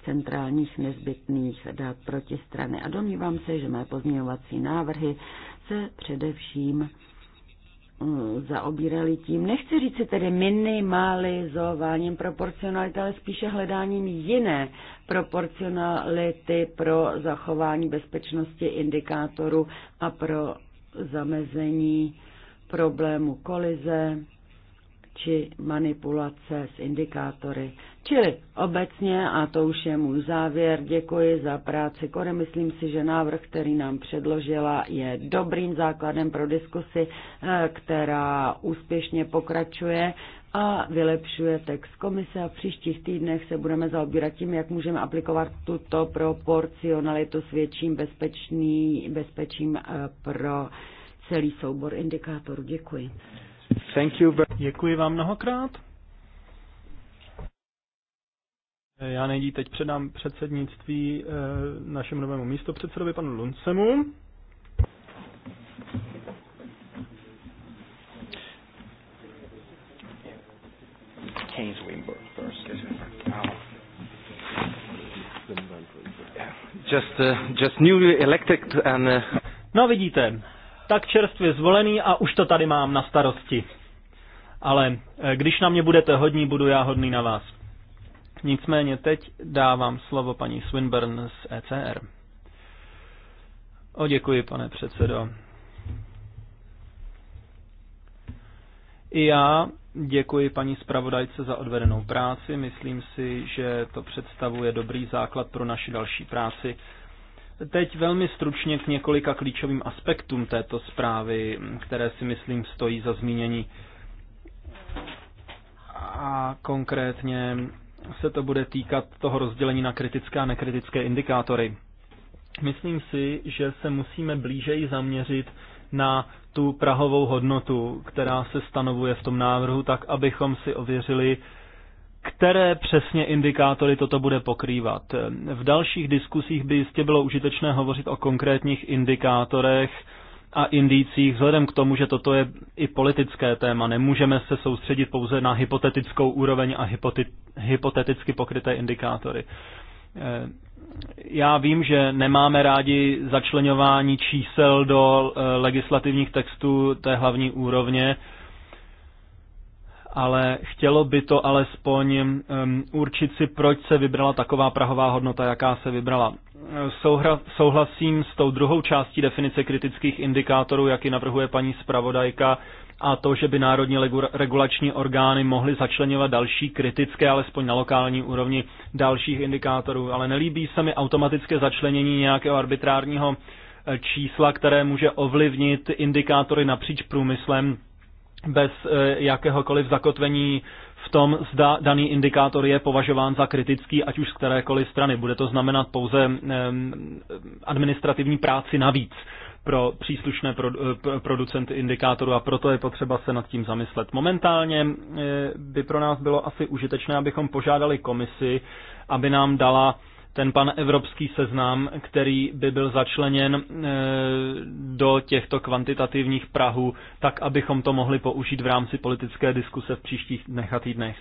centrálních nezbytných dat strany. A domnívám se, že mé pozměňovací návrhy se především Eh, zaobírali tím, nechci říct si tedy minimalizováním proporcionality, ale spíše hledáním jiné proporcionality pro zachování bezpečnosti indikátoru a pro zamezení problému kolize či manipulace s indikátory. Čili obecně, a to už je můj závěr, děkuji za práci Kore. Myslím si, že návrh, který nám předložila, je dobrým základem pro diskusi, eh, která úspěšně pokračuje a vylepšuje text komise a v příštích týdnech se budeme zaobírat tím, jak můžeme aplikovat tuto proporcionalitu s větším bezpečný, bezpečím eh, pro celý soubor indikátorů. Děkuji. Thank you. very... Děkuji vám mnohokrát. Já nejdí teď předám předsednictví eh, našemu novému místopředsedovi panu Luncemu. Just, uh, just newly elected and... Uh... No vidíte, tak čerstvě zvolený a už to tady mám na starosti. Ale eh, když na mě budete hodní, budu já hodný na vás. Nicméně teď dávám slovo paní Swinburne z ECR. O děkuji, pane předsedo. I já děkuji paní zpravodajce za odvedenou práci. Myslím si, že to představuje dobrý základ pro naši další práci Teď velmi stručně k několika klíčovým aspektům této zprávy, které si myslím stojí za zmínění. A konkrétně se to bude týkat toho rozdělení na kritické a nekritické indikátory. Myslím si, že se musíme blížeji zaměřit na tu prahovou hodnotu, která se stanovuje v tom návrhu, tak abychom si ověřili, které přesně indikátory toto bude pokrývat. V dalších diskusích by jistě bylo užitečné hovořit o konkrétních indikátorech a indicích, vzhledem k tomu, že toto je i politické téma. Nemůžeme se soustředit pouze na hypotetickou úroveň a hypoteticky pokryté indikátory. Eh, já vím, že nemáme rádi začlenování čísel do eh, legislativních textů té hlavní úrovně, ale chtělo by to alespoň um, určit si, proč se vybrala taková prahová hodnota, jaká se vybrala. Souhra, souhlasím s tou druhou částí definice kritických indikátorů, jak ji navrhuje paní zpravodajka, a to, že by národní regulační orgány mohly začlenovat další kritické, alespoň na lokální úrovni, dalších indikátorů. Ale nelíbí se mi automatické začlenění nějakého arbitrárního eh, čísla, které může ovlivnit indikátory napříč průmyslem, bez eh, jakéhokoliv zakotvení v tom, zda daný indikátor je považován za kritický, ať už z kterékoliv strany. Bude to znamenat pouze ehm, administrativní práci navíc pro příslušné eh, producenty indikátoru a proto je potřeba se nad tím zamyslet. Momentálně eh, by pro nás bylo asi užitečné, abychom požádali komisi, aby nám dala ten pan evropský seznam, který by byl začleněn eh, do těchto kvantitativních Prahů, tak abychom to mohli použít v rámci politické diskuse v příštích dnech a týdnech.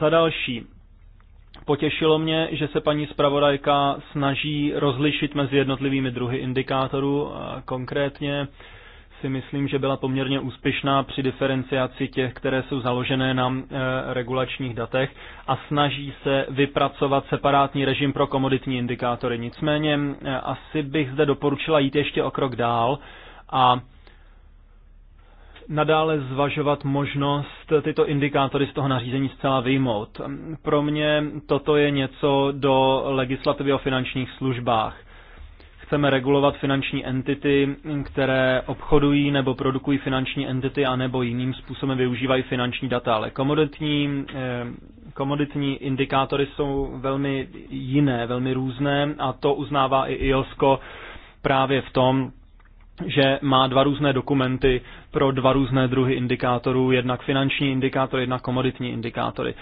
Za další, Potěšilo mě, že se paní zpravodajka snaží rozlišit mezi jednotlivými druhy indikátorů, konkrétně si myslím, že byla poměrně úspěšná při diferenciaci těch, které jsou založené na eh, regulačních datech a snaží se vypracovat separátní režim pro komoditní indikátory. Nicméně eh, asi bych zde doporučila jít ještě o krok dál a nadále zvažovat možnost tyto indikátory z toho nařízení zcela vyjmout. Pro mě toto je něco do legislativy o finančních službách – chceme regulovat finanční entity, které obchodují nebo produkují finanční entity a nebo jiným způsobem využívají finanční data, ale komoditní, eh, komoditní indikátory jsou velmi jiné, velmi různé a to uznává i IOSCO právě v tom, že má dva různé dokumenty pro dva různé druhy indikátorů, jednak finanční indikátor, jednak komoditní indikátory.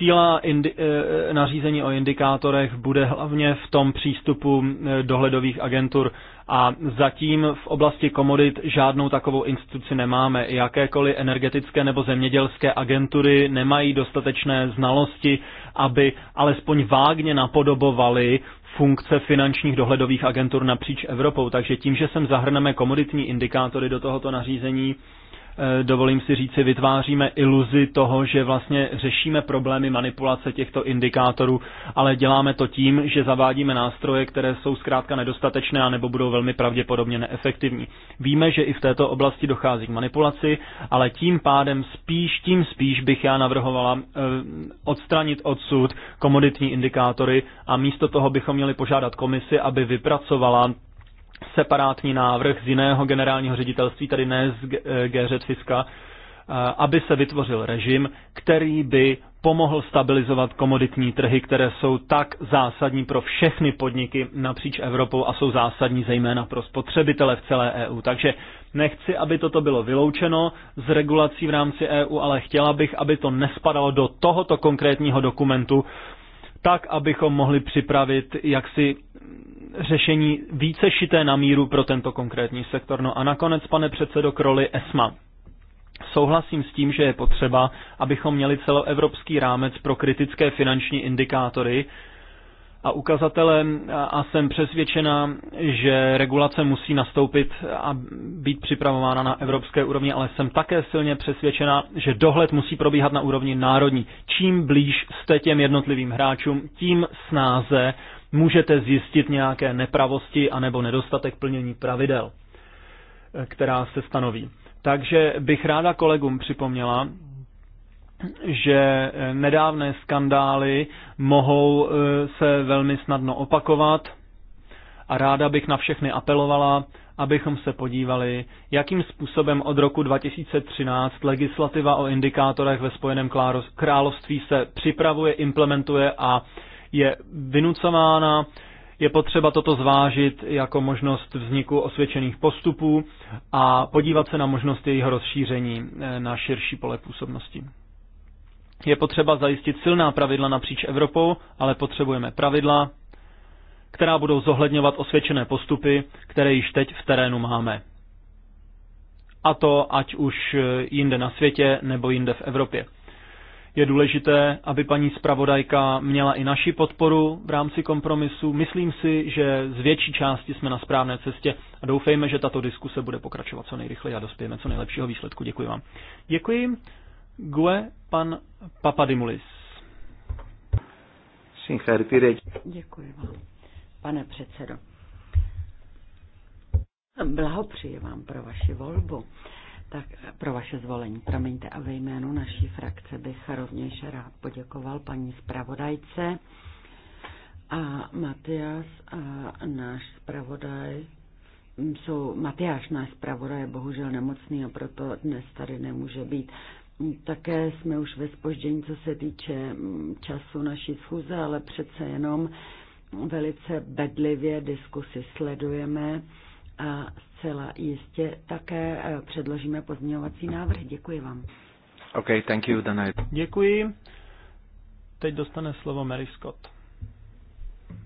Síla indi- eh, eh, nařízení o indikátorech bude hlavně v tom přístupu eh, dohledových agentur a zatím v oblasti komodit žádnou takovou instituci nemáme. Jakékoliv energetické nebo zemědělské agentury nemají dostatečné znalosti, aby alespoň vágně napodobovaly funkce finančních dohledových agentur napříč Evropou. Takže tím, že sem zahrneme komoditní indikátory do tohoto nařízení, Eh, dovolím si říci, vytváříme iluzi toho, že vlastně řešíme problémy manipulace těchto indikátorů, ale děláme to tím, že zavádíme nástroje, které jsou zkrátka nedostatečné a nebo budou velmi pravděpodobně neefektivní. Víme, že i v této oblasti dochází k manipulaci, ale tím pádem spíš, tím spíš bych já navrhovala eh, odstranit odsud komoditní indikátory a místo toho bychom měli požádat komisi, aby vypracovala separátní návrh z jiného generálního ředitelství, tedy ne z GŘ eh, Fiska, eh, aby se vytvořil režim, který by pomohl stabilizovat komoditní trhy, které jsou tak zásadní pro všechny podniky napříč Evropou a jsou zásadní zejména pro spotřebitele v celé EU. Takže nechci, aby toto bylo vyloučeno z regulací v rámci EU, ale chtěla bych, aby to nespadalo do tohoto konkrétního dokumentu, tak, abychom mohli připravit jaksi řešení více šité na míru pro tento konkrétní sektor. No a nakonec, pane předsedo Kroly, ESMA. Souhlasím s tím, že je potřeba, abychom měli celoevropský rámec pro kritické finanční indikátory a ukazatele a jsem přesvědčena, že regulace musí nastoupit a být připravována na evropské úrovni, ale jsem také silně přesvědčena, že dohled musí probíhat na úrovni národní. Čím blíž jste těm jednotlivým hráčům, tím snáze můžete zjistit nějaké nepravosti anebo nedostatek plnění pravidel, eh, která se stanoví. Takže bych ráda kolegům připomněla, že eh, nedávné skandály mohou eh, se velmi snadno opakovat a ráda bych na všechny apelovala, abychom se podívali, jakým způsobem od roku 2013 legislativa o indikátorech ve Spojeném království se připravuje, implementuje a je vynucována. Je potřeba toto zvážit jako možnost vzniku osvědčených postupů a podívat se na možnost jejího rozšíření eh, na širší pole působnosti. Je potřeba zajistit silná pravidla napříč Evropou, ale potřebujeme pravidla, která budou zohledňovat osvědčené postupy, které již teď v terénu máme. A to ať už eh, jinde na světě nebo jinde v Evropě. Je důležité, aby paní zpravodajka měla i naši podporu v rámci kompromisu. Myslím si, že z větší části jsme na správné cestě a doufejme, že tato diskuse bude pokračovat co nejrychleji a dospějeme co nejlepšího výsledku. Děkuji vám. Děkuji. Gue, pan Papadimulis. Děkuji vám, pane předsedo. Blahopřeji vám pro vaši volbu tak pro vaše zvolení, promiňte, a ve jménu naší frakce bych rovněž rád poděkoval paní zpravodajce a Matias a náš zpravodaj jsou, Matyáš, náš zpravodaj, je bohužel nemocný a proto dnes tady nemůže být. Také jsme už ve spoždění, co se týče času naší schůze, ale přece jenom velice bedlivě diskusy sledujeme a zcela jistě také eh, předložíme pozměňovací návrh. Děkuji vám. Ok, thank you, Dana. Děkuji. Teď dostane slovo Mary Scott.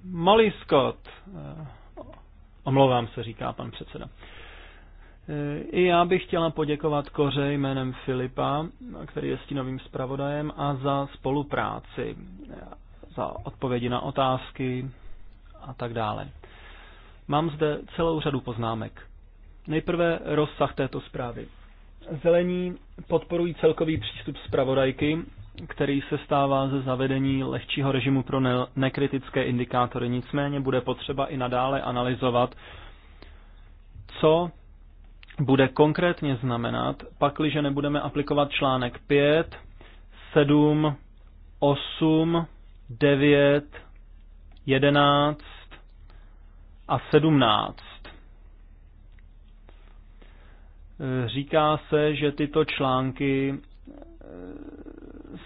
Molly Scott. Eh, omlouvám se, říká pan předseda. Eh, I já bych chtěla poděkovat Koře jménem Filipa, který je stínovým zpravodajem, a za spolupráci, za odpovědi na otázky a tak dále. Mám zde celou řadu poznámek. Nejprve rozsah této zprávy. Zelení podporují celkový přístup zpravodajky, který se stává ze zavedení lehčího režimu pro ne- nekritické indikátory. Nicméně bude potřeba i nadále analyzovat, co bude konkrétně znamenat, pakliže nebudeme aplikovat článek 5, 7, 8, 9, 11, a 17. Říká se, že tyto články eh,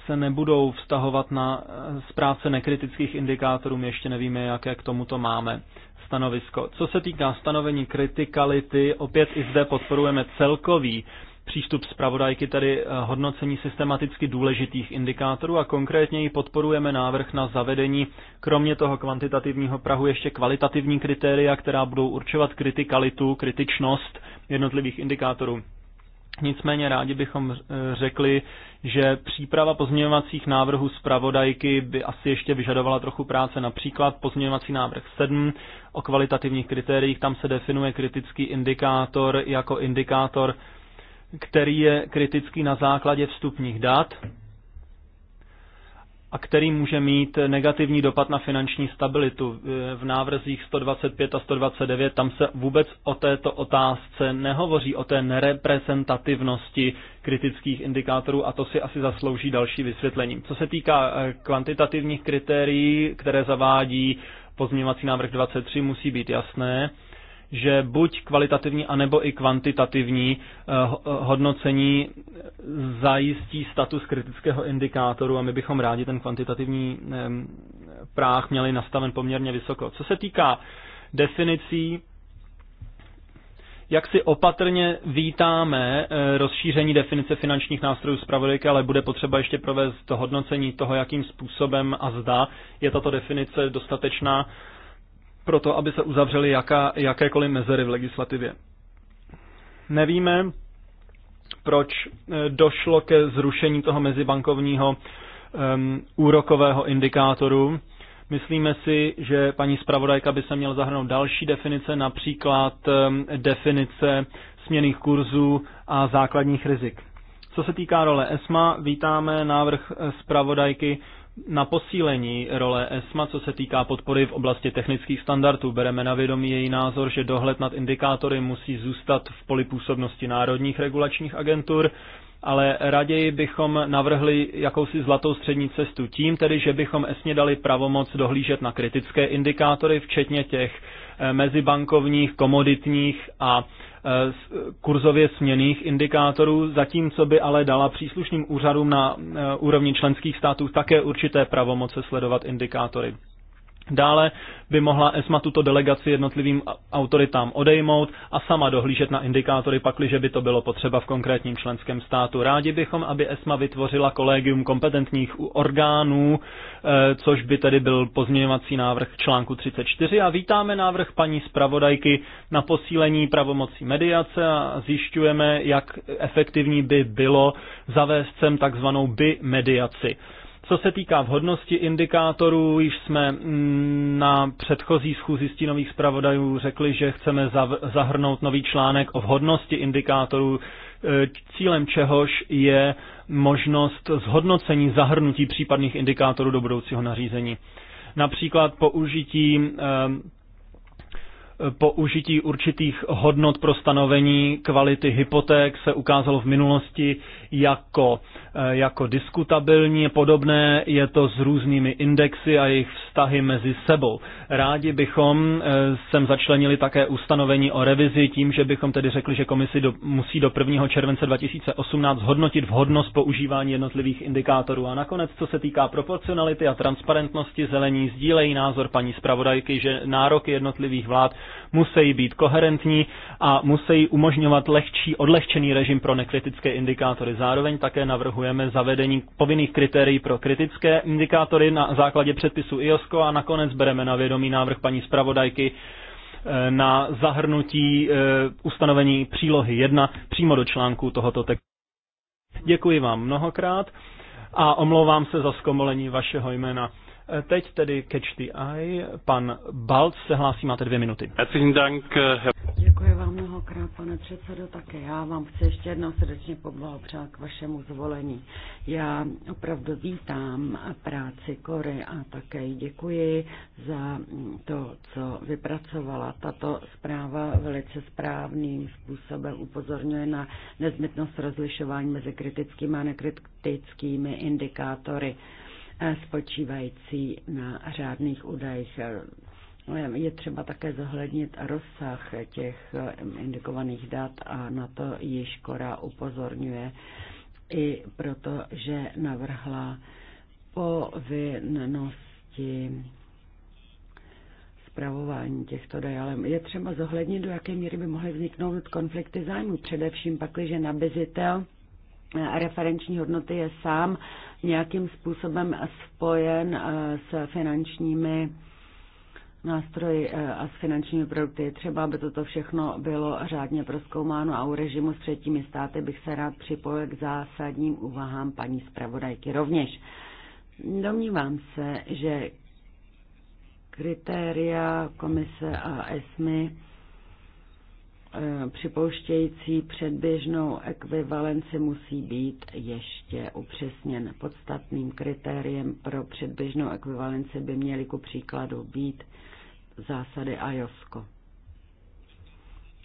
se nebudou vztahovat na eh, zprávce nekritických indikátorů, ještě nevíme, jaké k tomuto máme stanovisko. Co se týká stanovení kritikality, opět i zde podporujeme celkový přístup zpravodajky, tedy eh, hodnocení systematicky důležitých indikátorů a konkrétně ji podporujeme návrh na zavedení kromě toho kvantitativního Prahu ještě kvalitativní kritéria, která budou určovat kritikalitu, kritičnost jednotlivých indikátorů. Nicméně rádi bychom eh, řekli, že příprava pozměňovacích návrhů zpravodajky by asi ještě vyžadovala trochu práce. Například pozměňovací návrh 7 o kvalitativních kritériích, tam se definuje kritický indikátor jako indikátor který je kritický na základě vstupních dat a který může mít negativní dopad na finanční stabilitu. V návrzích 125 a 129 tam se vůbec o této otázce nehovoří, o té nereprezentativnosti kritických indikátorů a to si asi zaslouží další vysvětlení. Co se týká eh, kvantitativních kritérií, které zavádí pozměňovací návrh 23, musí být jasné, že buď kvalitativní, anebo i kvantitativní eh, eh, hodnocení zajistí status kritického indikátoru a my bychom rádi ten kvantitativní práh měli nastaven poměrně vysoko. Co se týká definicí, jak si opatrně vítáme eh, rozšíření definice finančních nástrojů zpravodajky, ale bude potřeba ještě provést to hodnocení toho, jakým způsobem a zda je tato definice dostatečná pro to, aby se uzavřely jakékoliv mezery v legislativě. Nevíme, proč eh, došlo ke zrušení toho mezibankovního um, úrokového indikátoru. Myslíme si, že paní zpravodajka by se měla zahrnout další definice, například um, definice směných kurzů a základních rizik. Co se týká role ESMA, vítáme návrh eh, zpravodajky na posílení role ESMA, co se týká podpory v oblasti technických standardů. Bereme na vědomí její názor, že dohled nad indikátory musí zůstat v polipůsobnosti národních regulačních agentur, ale raději bychom navrhli jakousi zlatou střední cestu tím, tedy že bychom ESMě dali pravomoc dohlížet na kritické indikátory, včetně těch Eh, mezibankovních, komoditních a eh, kurzově směných indikátorů, zatímco by ale dala příslušným úřadům na eh, úrovni členských států také určité pravomoce sledovat indikátory. Dále by mohla ESMA tuto delegaci jednotlivým autoritám odejmout a sama dohlížet na indikátory, pakliže by to bylo potřeba v konkrétním členském státu. Rádi bychom, aby ESMA vytvořila kolegium kompetentních orgánů, eh, což by tedy byl pozměňovací návrh článku 34 a vítáme návrh paní zpravodajky na posílení pravomocí mediace a zjišťujeme, jak efektivní by bylo zavést sem takzvanou by mediaci co se týká vhodnosti indikátorů, již jsme mm, na předchozí schůzi stínových zpravodajů řekli, že chceme zahrnout nový článek o vhodnosti indikátorů, e, cílem čehož je možnost zhodnocení zahrnutí případných indikátorů do budoucího nařízení. Například použití e, použití určitých hodnot pro stanovení kvality hypoték se ukázalo v minulosti jako, eh, jako diskutabilní. Podobné je to s různými indexy a jejich vztahy mezi sebou. Rádi bychom eh, sem začlenili také ustanovení o revizi tím, že bychom tedy řekli, že komisi do, musí do 1. července 2018 hodnotit vhodnost používání jednotlivých indikátorů. A nakonec, co se týká proporcionality a transparentnosti, zelení sdílejí názor paní zpravodajky, že nároky jednotlivých vlád musí být koherentní a musí umožňovat lehčí, odlehčený režim pro nekritické indikátory. Zároveň také navrhujeme zavedení povinných kritérií pro kritické indikátory na základě předpisu IOSCO a nakonec bereme na vědomí návrh paní zpravodajky eh, na zahrnutí eh, ustanovení přílohy 1 přímo do článku tohoto textu. Děkuji vám mnohokrát a omlouvám se za zkomolení vašeho jména. Eh, teď tedy Catch the Eye. Pan Balc se hlásí, máte dvě minuty. Děkuji vám mnohokrát, pane předsedo, také já vám chci ještě jednou srdečně poblahopřát k vašemu zvolení. Já opravdu vítám práci Kory a také děkuji za to, co vypracovala. Tato zpráva velice správným způsobem upozorňuje na nezbytnost rozlišování mezi kritickými a nekritickými indikátory eh, spočívající na řádných údajích No, je třeba také zohlednit rozsah těch eh, indikovaných dat a na to již Kora upozorňuje i proto, že navrhla povinnosti zpravování těchto Ale Je třeba zohlednit, do jaké míry by mohly vzniknout konflikty zájmu, především pak, že nabizitel eh, referenční hodnoty je sám nějakým způsobem spojen eh, s finančními nástroji eh, a s finančními produkty. Třeba by toto všechno bylo řádně proskoumáno a u režimu s třetími státy bych se rád připojil k zásadním úvahám paní zpravodajky rovněž. Domnívám se, že kritéria komise a ESMY eh, připouštějící předběžnou ekvivalenci musí být ještě upřesněn. Podstatným kritériem pro předběžnou ekvivalenci by měly ku příkladu být zásady AJOSKO.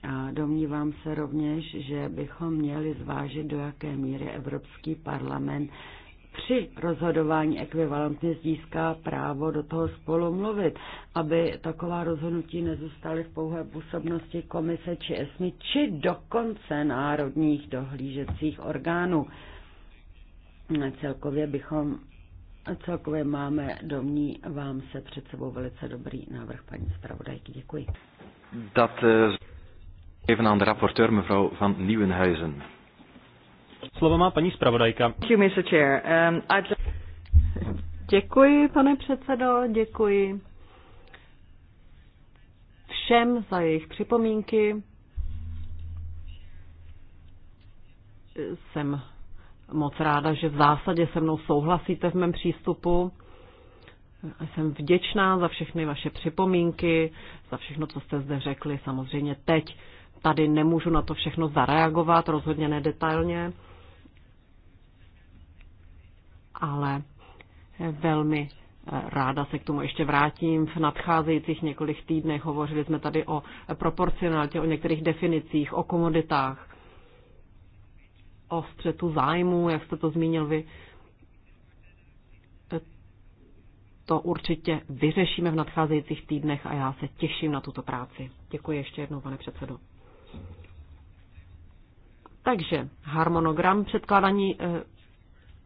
A domnívám se rovněž, že bychom měli zvážit, do jaké míry Evropský parlament při rozhodování ekvivalentně získá právo do toho spolu mluvit, aby taková rozhodnutí nezůstaly v pouhé působnosti komise či ESMI, či dokonce národních dohlížecích orgánů. Celkově bychom celkově máme, domnívám se, před sebou velice dobrý návrh paní zpravodajky. Děkuji. Dat uh, even aan de rapporteur, mevrouw van Nieuwenhuizen. Slovo má paní zpravodajka. Um, děkuji, pane předsedo, děkuji všem za jejich připomínky. Jsem moc ráda, že v zásadě se mnou souhlasíte v mém přístupu. Jsem vděčná za všechny vaše připomínky, za všechno, co jste zde řekli. Samozřejmě teď tady nemůžu na to všechno zareagovat, rozhodně nedetailně, ale velmi Ráda se k tomu ještě vrátím. V nadcházejících několik týdnech hovořili jsme tady o proporcionalitě, o některých definicích, o komoditách o střetu zájmu, jak jste to zmínil vy. To určitě vyřešíme v nadcházejících týdnech a já se těším na tuto práci. Děkuji ještě jednou, pane předsedo. Takže harmonogram předkládání eh,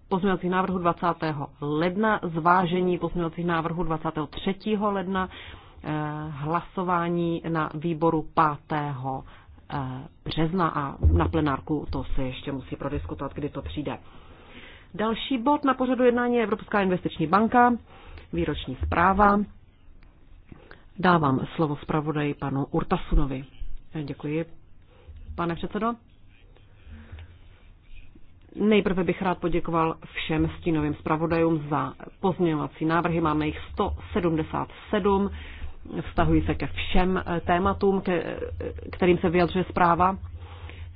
pozměňovacích návrhů 20. ledna, zvážení pozměňovacích návrhů 23. ledna, eh, hlasování na výboru 5. Eh, března a na plenárku to se ještě musí prodiskutovat, kdy to přijde. Další bod na pořadu jednání je Evropská investiční banka, výroční zpráva. Dávám slovo zpravodaji panu Urtasunovi. Děkuji, pane předsedo. Nejprve bych rád poděkoval všem stínovým zpravodajům za pozměňovací návrhy. Máme jich 177 vztahují se ke všem eh, tématům, ke, eh, kterým se vyjadřuje zpráva.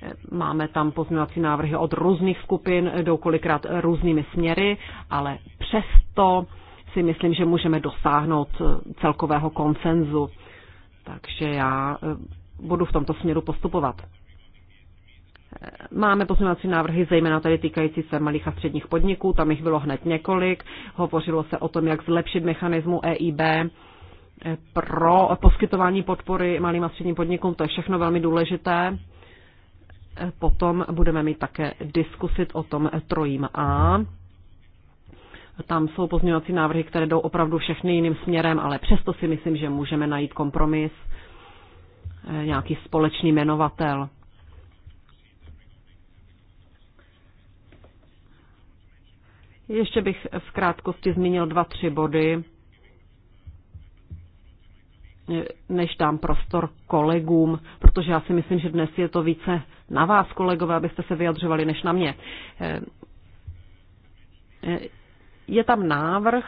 Eh, máme tam pozměňovací návrhy od různých skupin, jdou kolikrát různými směry, ale přesto si myslím, že můžeme dosáhnout celkového konsenzu. Takže já budu v tomto směru postupovat. Máme pozměňovací návrhy, zejména tady týkající se malých a středních podniků, tam jich bylo hned několik. Hovořilo se o tom, jak zlepšit mechanismu EIB pro poskytování podpory malým a středním podnikům. To je všechno velmi důležité. Potom budeme mít také diskusit o tom trojím A. Tam jsou pozměňovací návrhy, které jdou opravdu všechny jiným směrem, ale přesto si myslím, že můžeme najít kompromis, nějaký společný jmenovatel. Ještě bych v krátkosti zmínil dva, tři body, Vlastně, než dám prostor kolegům, protože já si myslím, že dnes je to více na vás, kolegové, abyste se vyjadřovali, než na mě. Eh, eh, je tam návrh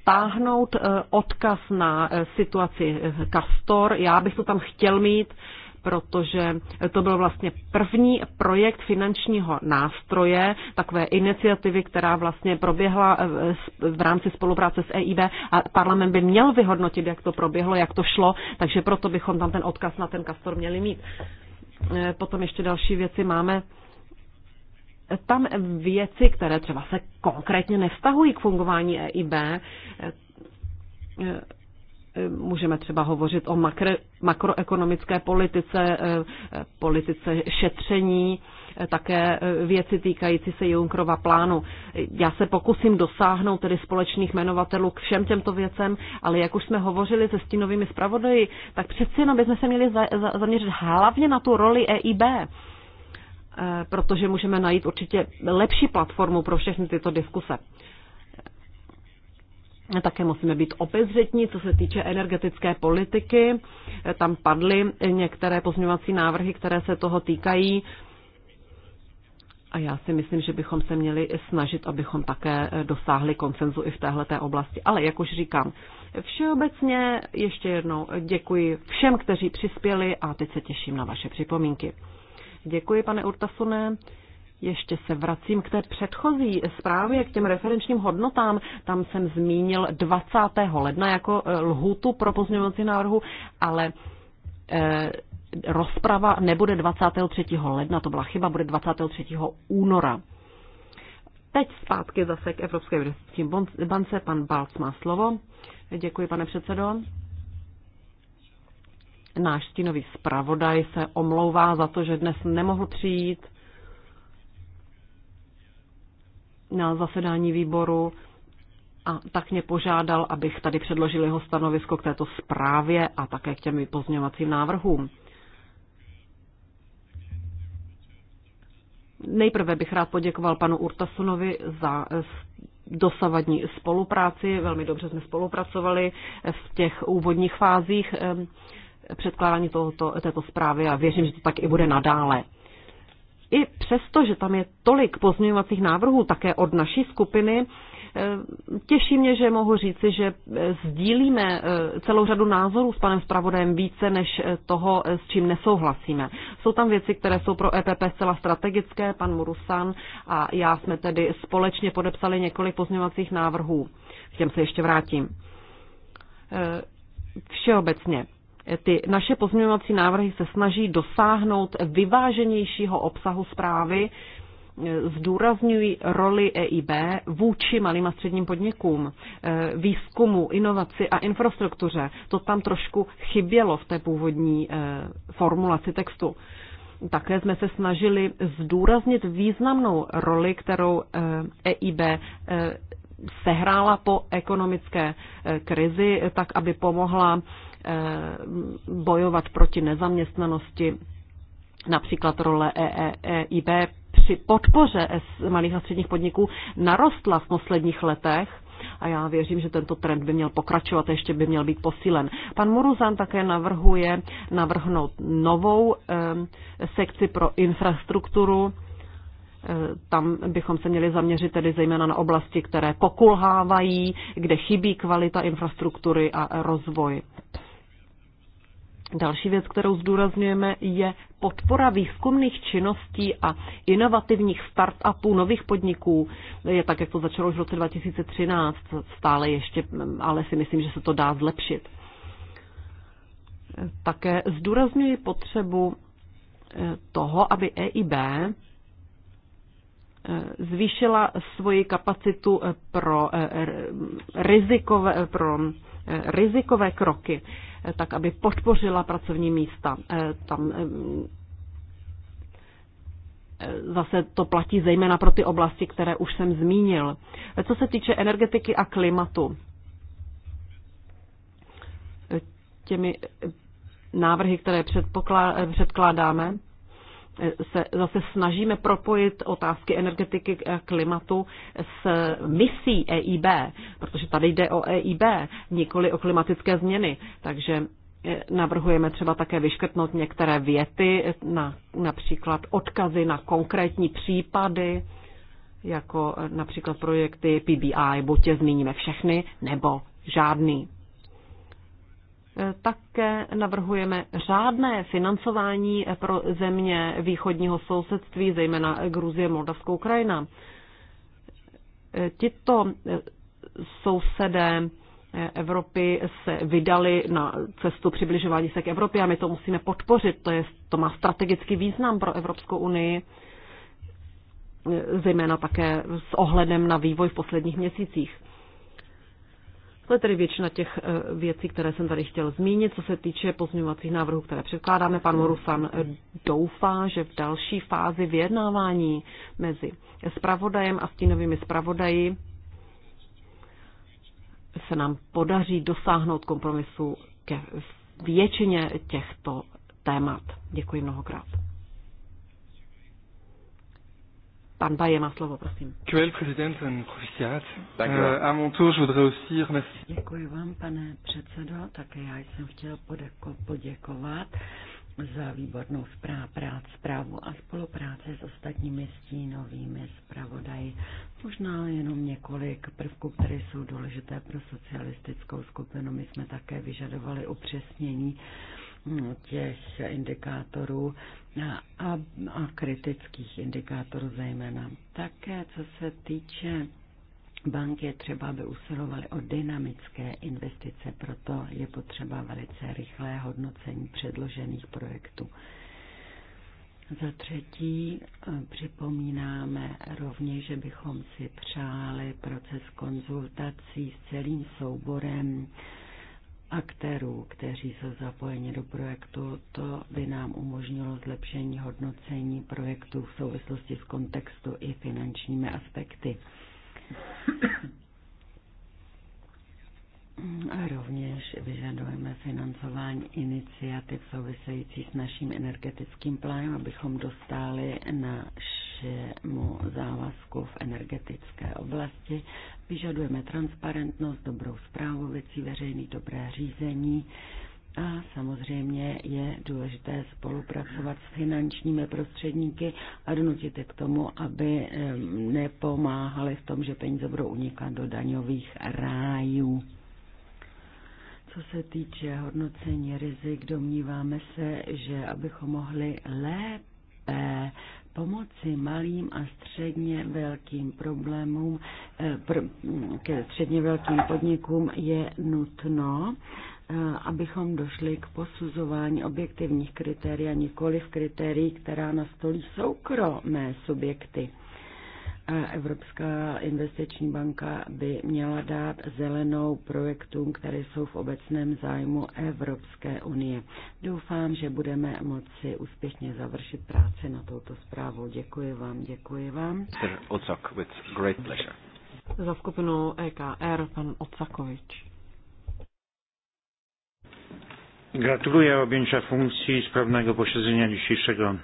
stáhnout eh, odkaz na situaci Castor. Já bych to tam chtěl mít, protože to byl vlastně první projekt finančního nástroje, takové iniciativy, která vlastně proběhla eh, v rámci spolupráce s EIB a parlament by měl vyhodnotit, jak to proběhlo, jak to šlo, takže proto bychom tam ten odkaz na ten kastor měli mít. Eh, potom ještě další věci máme tam věci, které třeba se konkrétně nevztahují k fungování EIB, eh, Můžeme třeba hovořit o makre, makroekonomické politice, eh, politice šetření, eh, také eh, věci týkající se Junkrova plánu. Já se pokusím dosáhnout tedy společných jmenovatelů k všem těmto věcem, ale jak už jsme hovořili se stínovými zpravodaji, tak přeci jenom bychom se měli za, za, zaměřit hlavně na tu roli EIB protože můžeme najít určitě lepší platformu pro všechny tyto diskuse. Také musíme být obezřetní, co se týče energetické politiky. Tam padly některé pozměňovací návrhy, které se toho týkají. A já si myslím, že bychom se měli snažit, abychom také dosáhli konsenzu i v téhleté oblasti. Ale jak už říkám, všeobecně ještě jednou děkuji všem, kteří přispěli a teď se těším na vaše připomínky. Děkuji, pane Urtasune. Ještě se vracím k té předchozí zprávě, k těm referenčním hodnotám. Tam jsem zmínil 20. ledna jako e, lhutu pro pozměňovací návrhu, ale eh, rozprava nebude 23. ledna, to byla chyba, bude 23. února. Teď zpátky zase k Evropské investiční bance. Pan Balc má slovo. Děkuji, pane předsedo. Náš stínový zpravodaj se omlouvá za to, že dnes nemohl přijít na zasedání výboru a tak mě požádal, abych tady předložil jeho stanovisko k této zprávě a také k těm pozměňovacím návrhům. Nejprve bych rád poděkoval panu Urtasunovi za dosavadní spolupráci. Velmi dobře jsme spolupracovali v těch úvodních fázích předkládání tohoto, této zprávy a věřím, že to tak i bude nadále. I přesto, že tam je tolik pozměňovacích návrhů také od naší skupiny, eh, těší mě, že mohu říci, že eh, sdílíme eh, celou řadu názorů s panem zpravodajem více než toho, s čím nesouhlasíme. Jsou tam věci, které jsou pro EPP zcela strategické, pan Murusan a já jsme tedy společně podepsali několik pozměňovacích návrhů. K těm se ještě vrátím. Všeobecně ty naše pozměňovací návrhy se snaží dosáhnout vyváženějšího obsahu zprávy, e, zdůrazňují roli EIB vůči malým a středním podnikům, e, výzkumu, inovaci a infrastruktuře. To tam trošku chybělo v té původní e, formulaci textu. Také jsme se snažili zdůraznit významnou roli, kterou EIB sehrála po ekonomické krizi, tak aby pomohla Eh, bojovat proti nezaměstnanosti, například role EIB e e při podpoře malých a středních podniků narostla v posledních letech a já věřím, že tento trend by měl pokračovat a ještě by měl být posílen. Pan Muruzan také navrhuje navrhnout novou eh, sekci pro infrastrukturu. Eh, tam bychom se měli zaměřit tedy zejména na oblasti, které pokulhávají, kde chybí kvalita infrastruktury a rozvoj. Další věc, kterou zdůrazňujeme, je podpora výzkumných činností a inovativních startupů nových podniků. Je tak, jak to začalo už v roce 2013, stále ještě, ale si myslím, že se to dá zlepšit. Také zdůrazňuji potřebu eh, toho, aby EIB eh, zvýšila svoji kapacitu eh, pro rizikové, pro rizikové kroky tak aby podpořila pracovní místa. Eh, tam eh, eh, zase to platí zejména pro ty oblasti, které už jsem zmínil. Co se týče energetiky a klimatu, těmi návrhy, které předkládáme se zase snažíme propojit otázky energetiky a klimatu s misí EIB, protože tady jde o EIB, nikoli o klimatické změny. Takže eh, Navrhujeme třeba také vyškrtnout některé věty, na, například odkazy na konkrétní případy, jako eh, například projekty PBI, buď je zmíníme všechny, nebo žádný. Také navrhujeme řádné financování pro země východního sousedství, zejména Gruzie, Moldavskou Ukrajina. Tito sousedé Evropy se vydali na cestu přibližování se k Evropě a my to musíme podpořit. To, je, to má strategický význam pro Evropskou unii, zejména také s ohledem na vývoj v posledních měsících. To je tedy většina těch eh, věcí, které jsem tady chtěl zmínit. Co se týče pozměňovacích návrhů, které předkládáme, pan Morusan eh, doufá, že v další fázi vyjednávání mezi spravodajem a stínovými spravodaji se nám podaří dosáhnout kompromisu ke většině těchto témat. Děkuji mnohokrát. Pan Baje má slovo, prosím. Euh, Děkuji vám, pane předsedo. Také já jsem chtěl poděkovat za výbornou zpráv, zprávu a spolupráci s ostatními stínovými zpravodaji. Možná jenom několik prvků, které jsou důležité pro socialistickou skupinu. My jsme také vyžadovali upřesnění mm, těch indikátorů No, a, a kritických indikátorů zejména. Také co se týče banky, je třeba, aby usilovaly o dynamické investice, proto je potřeba velice rychlé hodnocení předložených projektů. Za třetí eh, připomínáme rovněž, že bychom si přáli proces konzultací s celým souborem aktérů, kteří jsou zapojeni do projektu. To by nám umožnilo zlepšení hodnocení projektů v souvislosti s kontextu i finančními aspekty. Rovněž vyžadujeme financování iniciativ související s naším energetickým plánem, abychom dostali našemu závazku v energetické oblasti. Vyžadujeme transparentnost, dobrou zprávu věcí veřejných, dobré řízení. A samozřejmě je důležité spolupracovat s finančními prostředníky a donutit je k tomu, aby nepomáhali v tom, že peníze budou unikat do daňových rájů. Co se týče hodnocení rizik, domníváme se, že abychom mohli lépe pomoci malým a středně velkým problémům, eh, pr, mm, ke středně velkým podnikům je nutno, eh, abychom došli k posuzování objektivních kritérií a nikoli v kritérií, která nastolí soukromé subjekty. Evropská investiční banka by měla dát zelenou projektům, které jsou v obecném zájmu Evropské unie. Doufám, že budeme moci úspěšně završit práci na touto zprávu. Děkuji vám, děkuji vám. Ocak, with great Za skupinu EKR pan Ocakovič. Gratuluję objęcia funkcji sprawnego posiedzenia dzisiejszego.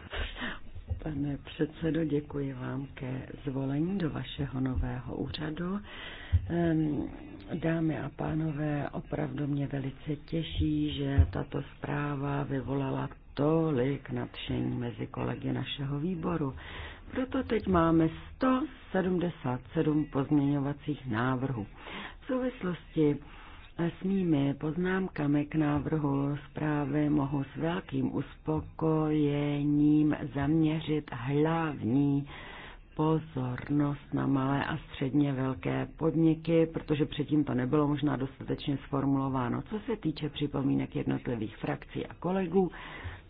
Pane předsedo, děkuji vám ke zvolení do vašeho nového úřadu. Dámy a pánové, opravdu mě velice těší, že tato zpráva vyvolala tolik nadšení mezi kolegy našeho výboru. Proto teď máme 177 pozměňovacích návrhů. V souvislosti s mými poznámkami k návrhu zprávy mohu s velkým uspokojením zaměřit hlavní pozornost na malé a středně velké podniky, protože předtím to nebylo možná dostatečně sformulováno. Co se týče připomínek jednotlivých frakcí a kolegů,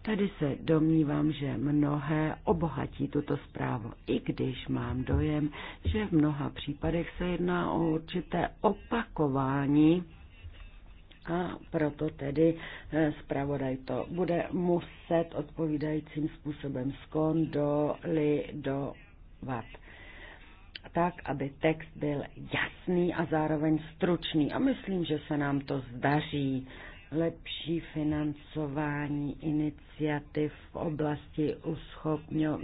tady se domnívám, že mnohé obohatí tuto zprávu, i když mám dojem, že v mnoha případech se jedná o určité opakování a proto tedy eh, zpravodaj to bude muset odpovídajícím způsobem skondolidovat tak, aby text byl jasný a zároveň stručný. A myslím, že se nám to zdaří. Lepší financování iniciativ v oblasti uschopňo,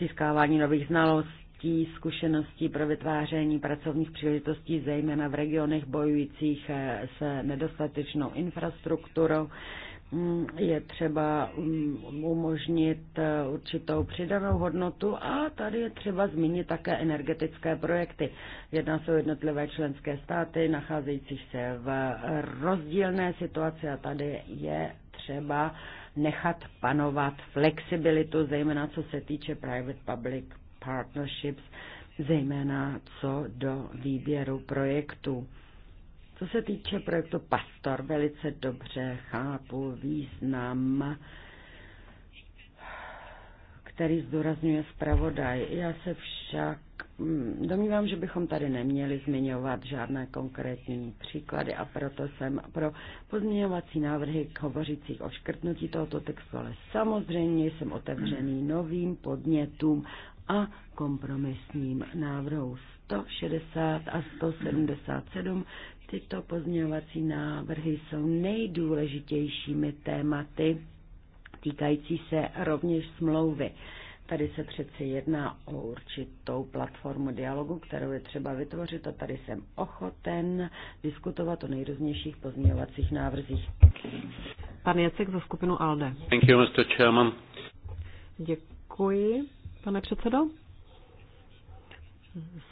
získávání nových znalostí, sítí zkušeností pro vytváření pracovních příležitostí, zejména v regionech bojujících eh, se nedostatečnou infrastrukturou. Mm, je třeba mm, umožnit eh, určitou přidanou hodnotu a tady je třeba zmínit také energetické projekty. Jedná se o jednotlivé členské státy, nacházejících se v rozdílné situaci a tady je třeba nechat panovat flexibilitu, zejména co se týče private-public Partnerships, zejména co do výběru projektu. Co se týče projektu Pastor, velice dobře chápu význam, který zdůrazňuje zpravodaj. Já se však mm, domnívám, že bychom tady neměli zmiňovat žádné konkrétní příklady a proto jsem pro pozměňovací návrhy hovořících o škrtnutí tohoto textu, ale samozřejmě jsem otevřený novým podnětům a kompromisním návrhu 160 a 177. Tyto pozměňovací návrhy jsou nejdůležitějšími tématy týkající se rovněž smlouvy. Tady se přece jedná o určitou platformu dialogu, kterou je třeba vytvořit a tady jsem ochoten diskutovat o nejrůznějších pozměňovacích návrzích. Pan Jacek za skupinu ALDE. Thank you, Mr. Chairman. Děkuji pane předsedo.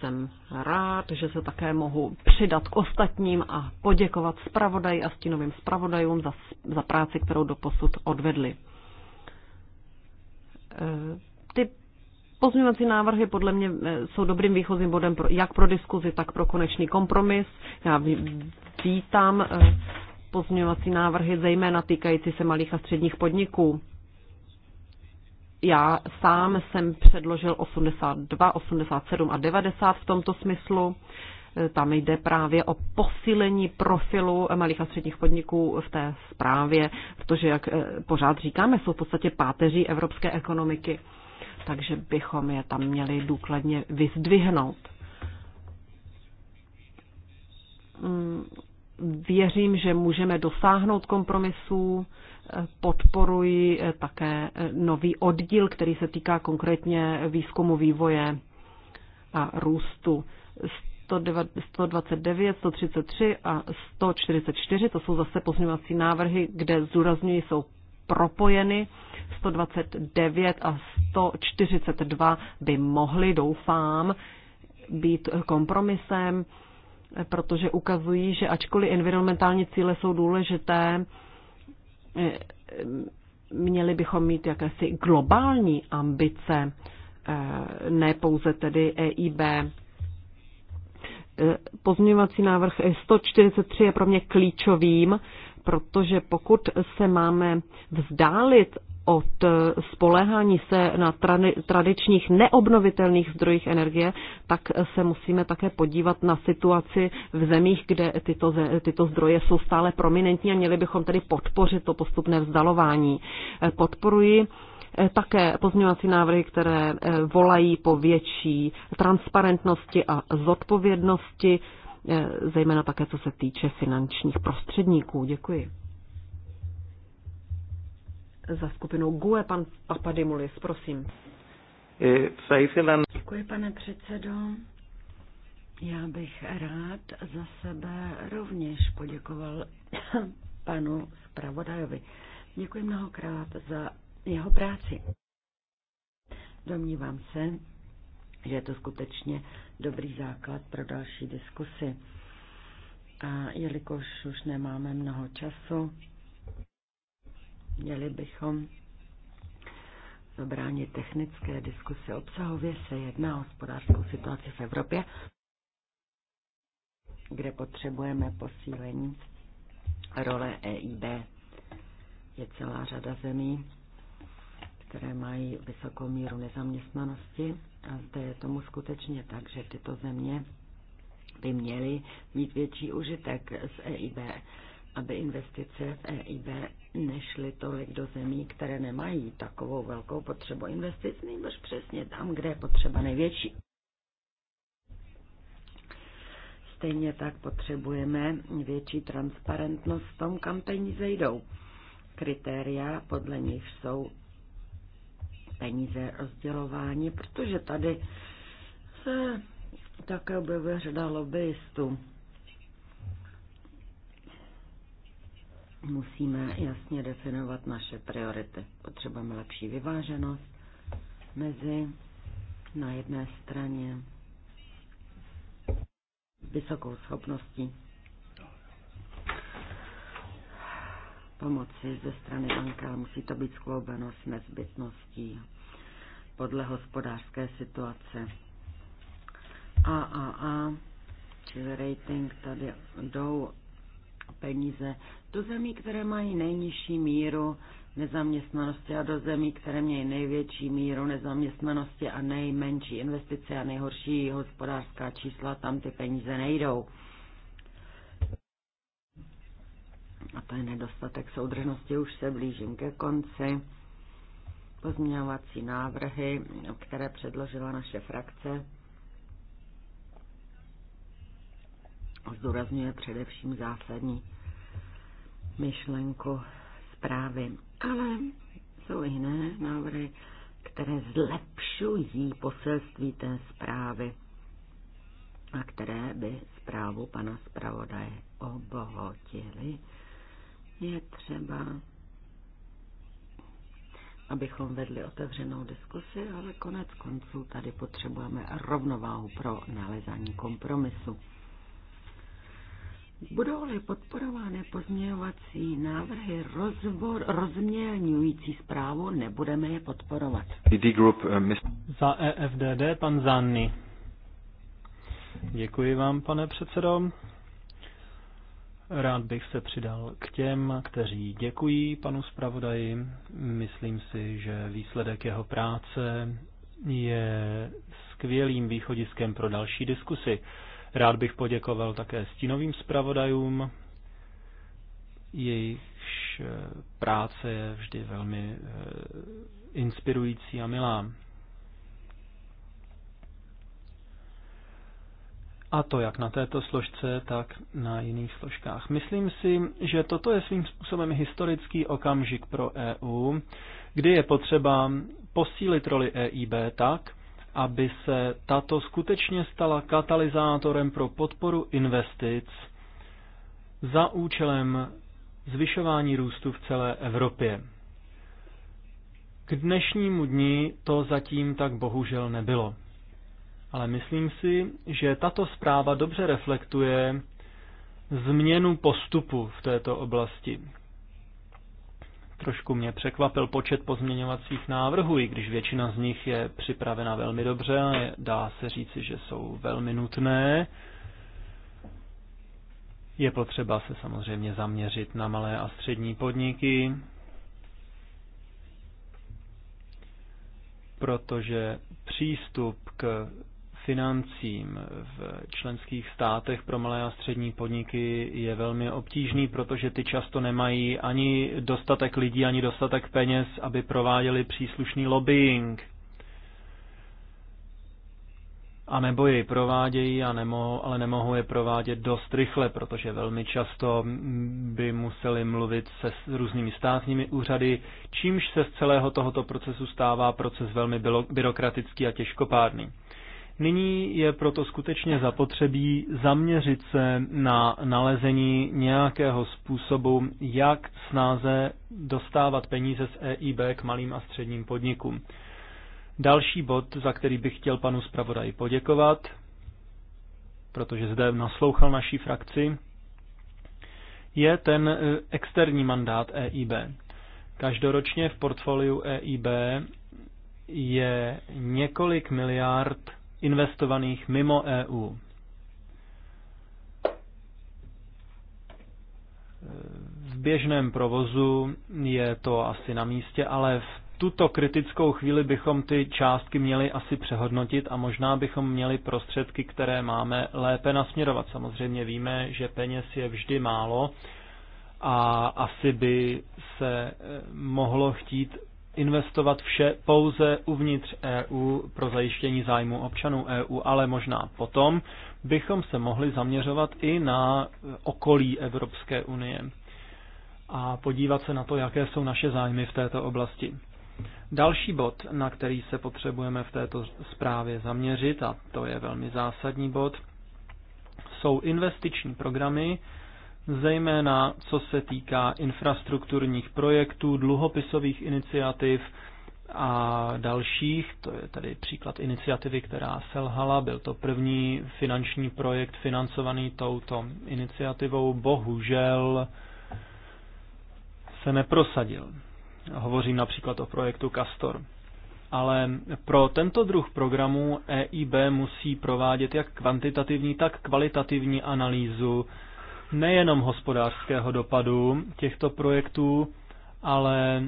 Jsem rád, že se také mohu přidat k ostatním a poděkovat zpravodaji a stínovým zpravodajům za, za práci, kterou do posud odvedli. E, ty pozměňovací návrhy podle mě e, jsou dobrým výchozím bodem pro, jak pro diskuzi, tak pro konečný kompromis. Já vítám e, pozměňovací návrhy, zejména týkající se malých a středních podniků. Já sám jsem předložil 82, 87 a 90 v tomto smyslu. E, tam jde právě o posílení profilu malých a středních podniků v té zprávě, protože, jak e, pořád říkáme, jsou v podstatě páteří evropské ekonomiky, takže bychom je tam měli důkladně vyzdvihnout. Mm, věřím, že můžeme dosáhnout kompromisů podporuji eh, také eh, nový oddíl, který se týká konkrétně výzkumu vývoje a růstu. 129, 133 a 144, to jsou zase pozměňovací návrhy, kde zdůrazňuji, jsou propojeny. 129 a 142 by mohly, doufám, být kompromisem, eh, protože ukazují, že ačkoliv environmentální cíle jsou důležité, měli bychom mít jakési globální ambice, eh, ne pouze tedy EIB. Eh, pozměňovací návrh 143 je pro mě klíčovým, protože pokud se máme vzdálit od eh, spolehání se na tradičních neobnovitelných zdrojích energie, tak se musíme také podívat na situaci v zemích, kde tyto, tyto zdroje jsou stále prominentní a měli bychom tedy podpořit to postupné vzdalování. Eh, podporuji eh, také pozměňovací návrhy, které volají po větší transparentnosti a zodpovědnosti, zejména také co se týče finančních prostředníků. Děkuji za skupinou GUE, pan Papadimulis, prosím. E, Děkuji, pane předsedo. Já bych rád za sebe rovněž poděkoval panu zpravodajovi. Děkuji mnohokrát za jeho práci. Domnívám se, že je to skutečně dobrý základ pro další diskusy. A jelikož už nemáme mnoho času, Měli bychom zabránit technické diskuse. Obsahově se jedná o hospodářskou situaci v Evropě, kde potřebujeme posílení role EIB. Je celá řada zemí, které mají vysokou míru nezaměstnanosti a zde je tomu skutečně tak, že tyto země by měly mít větší užitek z EIB, aby investice v EIB nešli tolik do zemí, které nemají takovou velkou potřebu investic, nebož přesně tam, kde je potřeba největší. Stejně tak potřebujeme větší transparentnost v tom, kam peníze jdou. Kritéria, podle nich jsou peníze rozdělování, protože tady se také objevuje řada lobbyistů musíme jasně definovat naše priority. Potřebujeme lepší vyváženost mezi na jedné straně vysokou schopností pomoci ze strany banka, ale musí to být skloubeno s nezbytností podle hospodářské situace. AAA, čili rating tady jdou peníze do zemí, které mají nejnižší míru nezaměstnanosti a do zemí, které mějí největší míru nezaměstnanosti a nejmenší investice a nejhorší hospodářská čísla, tam ty peníze nejdou. A to je nedostatek soudržnosti, už se blížím ke konci. Pozměňovací návrhy, které předložila naše frakce, zdůrazňuje především zásadní myšlenku zprávy. Ale jsou i jiné návrhy, které zlepšují poselství té zprávy a které by zprávu pana zpravodaje obohotily. Je třeba, abychom vedli otevřenou diskusi, ale konec konců tady potřebujeme rovnováhu pro nalezání kompromisu. Budou-li podporované pozměňovací návrhy rozbor, rozmělňující zprávu, nebudeme je podporovat. Group, uh, mis- Za EFDD pan Zanny. Děkuji vám, pane předsedo. Rád bych se přidal k těm, kteří děkují panu zpravodaji. Myslím si, že výsledek jeho práce je skvělým východiskem pro další diskusy. Rád bych poděkoval také stínovým zpravodajům. Jejichž eh, práce je vždy velmi eh, inspirující a milá. A to jak na této složce, tak na jiných složkách. Myslím si, že toto je svým způsobem historický okamžik pro EU, kdy je potřeba posílit roli EIB tak, aby se tato skutečně stala katalyzátorem pro podporu investic za účelem zvyšování růstu v celé Evropě. K dnešnímu dni to zatím tak bohužel nebylo. Ale myslím si, že tato zpráva dobře reflektuje změnu postupu v této oblasti. Trošku mě překvapil počet pozměňovacích návrhů, i když většina z nich je připravena velmi dobře a dá se říci, že jsou velmi nutné. Je potřeba se samozřejmě zaměřit na malé a střední podniky, protože přístup k financím v členských státech pro malé a střední podniky je velmi obtížný, protože ty často nemají ani dostatek lidí, ani dostatek peněz, aby prováděli příslušný lobbying. A nebo jej provádějí, a nemohou, ale nemohou je provádět dost rychle, protože velmi často by museli mluvit se s různými státními úřady, čímž se z celého tohoto procesu stává proces velmi byrokratický a těžkopádný. Nyní je proto skutečně zapotřebí zaměřit se na nalezení nějakého způsobu, jak snáze dostávat peníze z EIB k malým a středním podnikům. Další bod, za který bych chtěl panu zpravodaji poděkovat, protože zde naslouchal naší frakci, je ten eh, externí mandát EIB. Každoročně v portfoliu EIB je několik miliard investovaných mimo EU. V běžném provozu je to asi na místě, ale v tuto kritickou chvíli bychom ty částky měli asi přehodnotit a možná bychom měli prostředky, které máme, lépe nasměrovat. Samozřejmě víme, že peněz je vždy málo a asi by se eh, mohlo chtít investovat vše pouze uvnitř EU pro zajištění zájmu občanů EU, ale možná potom bychom se mohli zaměřovat i na okolí Evropské unie a podívat se na to, jaké jsou naše zájmy v této oblasti. Další bod, na který se potřebujeme v této zprávě zaměřit, a to je velmi zásadní bod, jsou investiční programy, zejména co se týká infrastrukturních projektů, dluhopisových iniciativ a dalších. To je tady příklad iniciativy, která selhala. Byl to první finanční projekt financovaný touto iniciativou. Bohužel se neprosadil. Hovořím například o projektu Castor. Ale pro tento druh programu EIB musí provádět jak kvantitativní, tak kvalitativní analýzu nejenom hospodářského dopadu těchto projektů, ale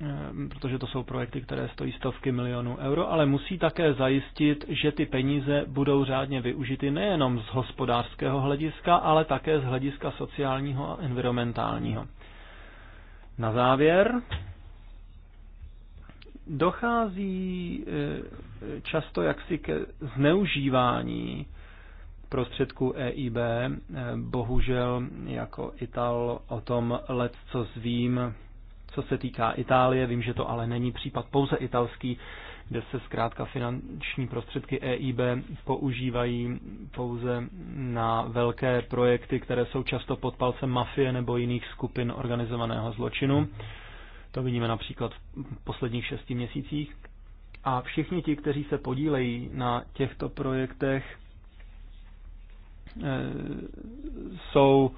eh, protože to jsou projekty, které stojí stovky milionů euro, ale musí také zajistit, že ty peníze budou řádně využity nejenom z hospodářského hlediska, ale také z hlediska sociálního a environmentálního. Na závěr dochází eh, často jaksi ke zneužívání prostředků EIB. Eh, bohužel jako Ital o tom let, co zvím, co se týká Itálie, vím, že to ale není případ pouze italský, kde se zkrátka finanční prostředky EIB používají pouze na velké projekty, které jsou často pod palcem mafie nebo jiných skupin organizovaného zločinu. To vidíme například v posledních šesti měsících. A všichni ti, kteří se podílejí na těchto projektech, Eh, jsou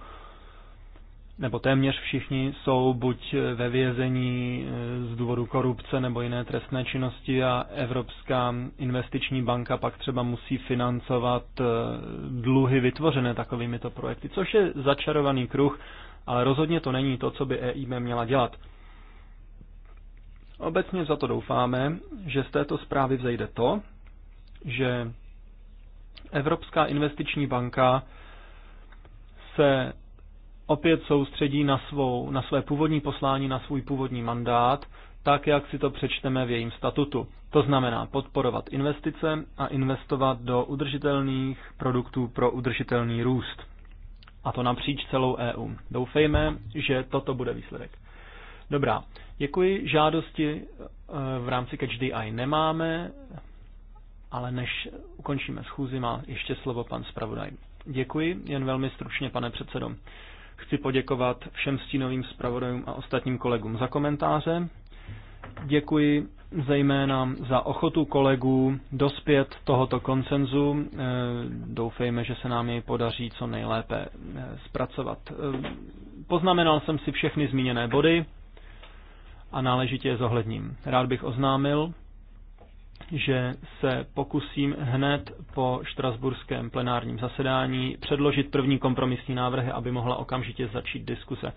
nebo téměř všichni jsou buď ve vězení eh, z důvodu korupce nebo jiné trestné činnosti a Evropská investiční banka pak třeba musí financovat eh, dluhy vytvořené takovýmito projekty, což je začarovaný kruh, ale rozhodně to není to, co by EIB měla dělat. Obecně za to doufáme, že z této zprávy vzejde to, že Evropská investiční banka se opět soustředí na, svou, na své původní poslání, na svůj původní mandát, tak, jak si to přečteme v jejím statutu. To znamená podporovat investice a investovat do udržitelných produktů pro udržitelný růst. A to napříč celou EU. Doufejme, že toto bude výsledek. Dobrá, děkuji. Žádosti eh, v rámci Catch the Eye nemáme ale než ukončíme schůzi, má ještě slovo pan zpravodaj. Děkuji, jen velmi stručně, pane předsedo. Chci poděkovat všem stínovým zpravodajům a ostatním kolegům za komentáře. Děkuji zejména za ochotu kolegů dospět tohoto koncenzu. E, doufejme, že se nám jej podaří co nejlépe e, zpracovat. E, poznamenal jsem si všechny zmíněné body a náležitě je zohledním. Rád bych oznámil, že se pokusím hned po štrasburském plenárním zasedání předložit první kompromisní návrhy, aby mohla okamžitě začít diskuse.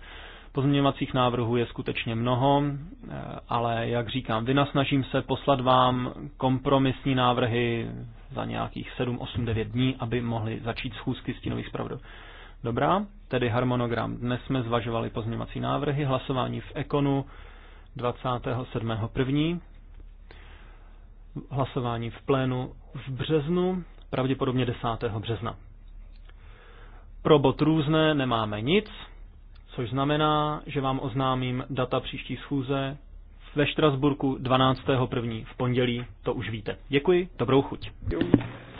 Pozměňovacích návrhů je skutečně mnoho, eh, ale jak říkám, vynasnažím se poslat vám kompromisní návrhy za nějakých 7, 8, 9 dní, aby mohly začít schůzky stínových zpravodů. Dobrá, tedy harmonogram. Dnes jsme zvažovali pozměňovací návrhy, hlasování v Ekonu 27.1 hlasování v plénu v březnu, pravděpodobně 10. března. Pro bod různé nemáme nic, což znamená, že vám oznámím data příští schůze ve Štrasburku 12.1. v pondělí, to už víte. Děkuji, dobrou chuť.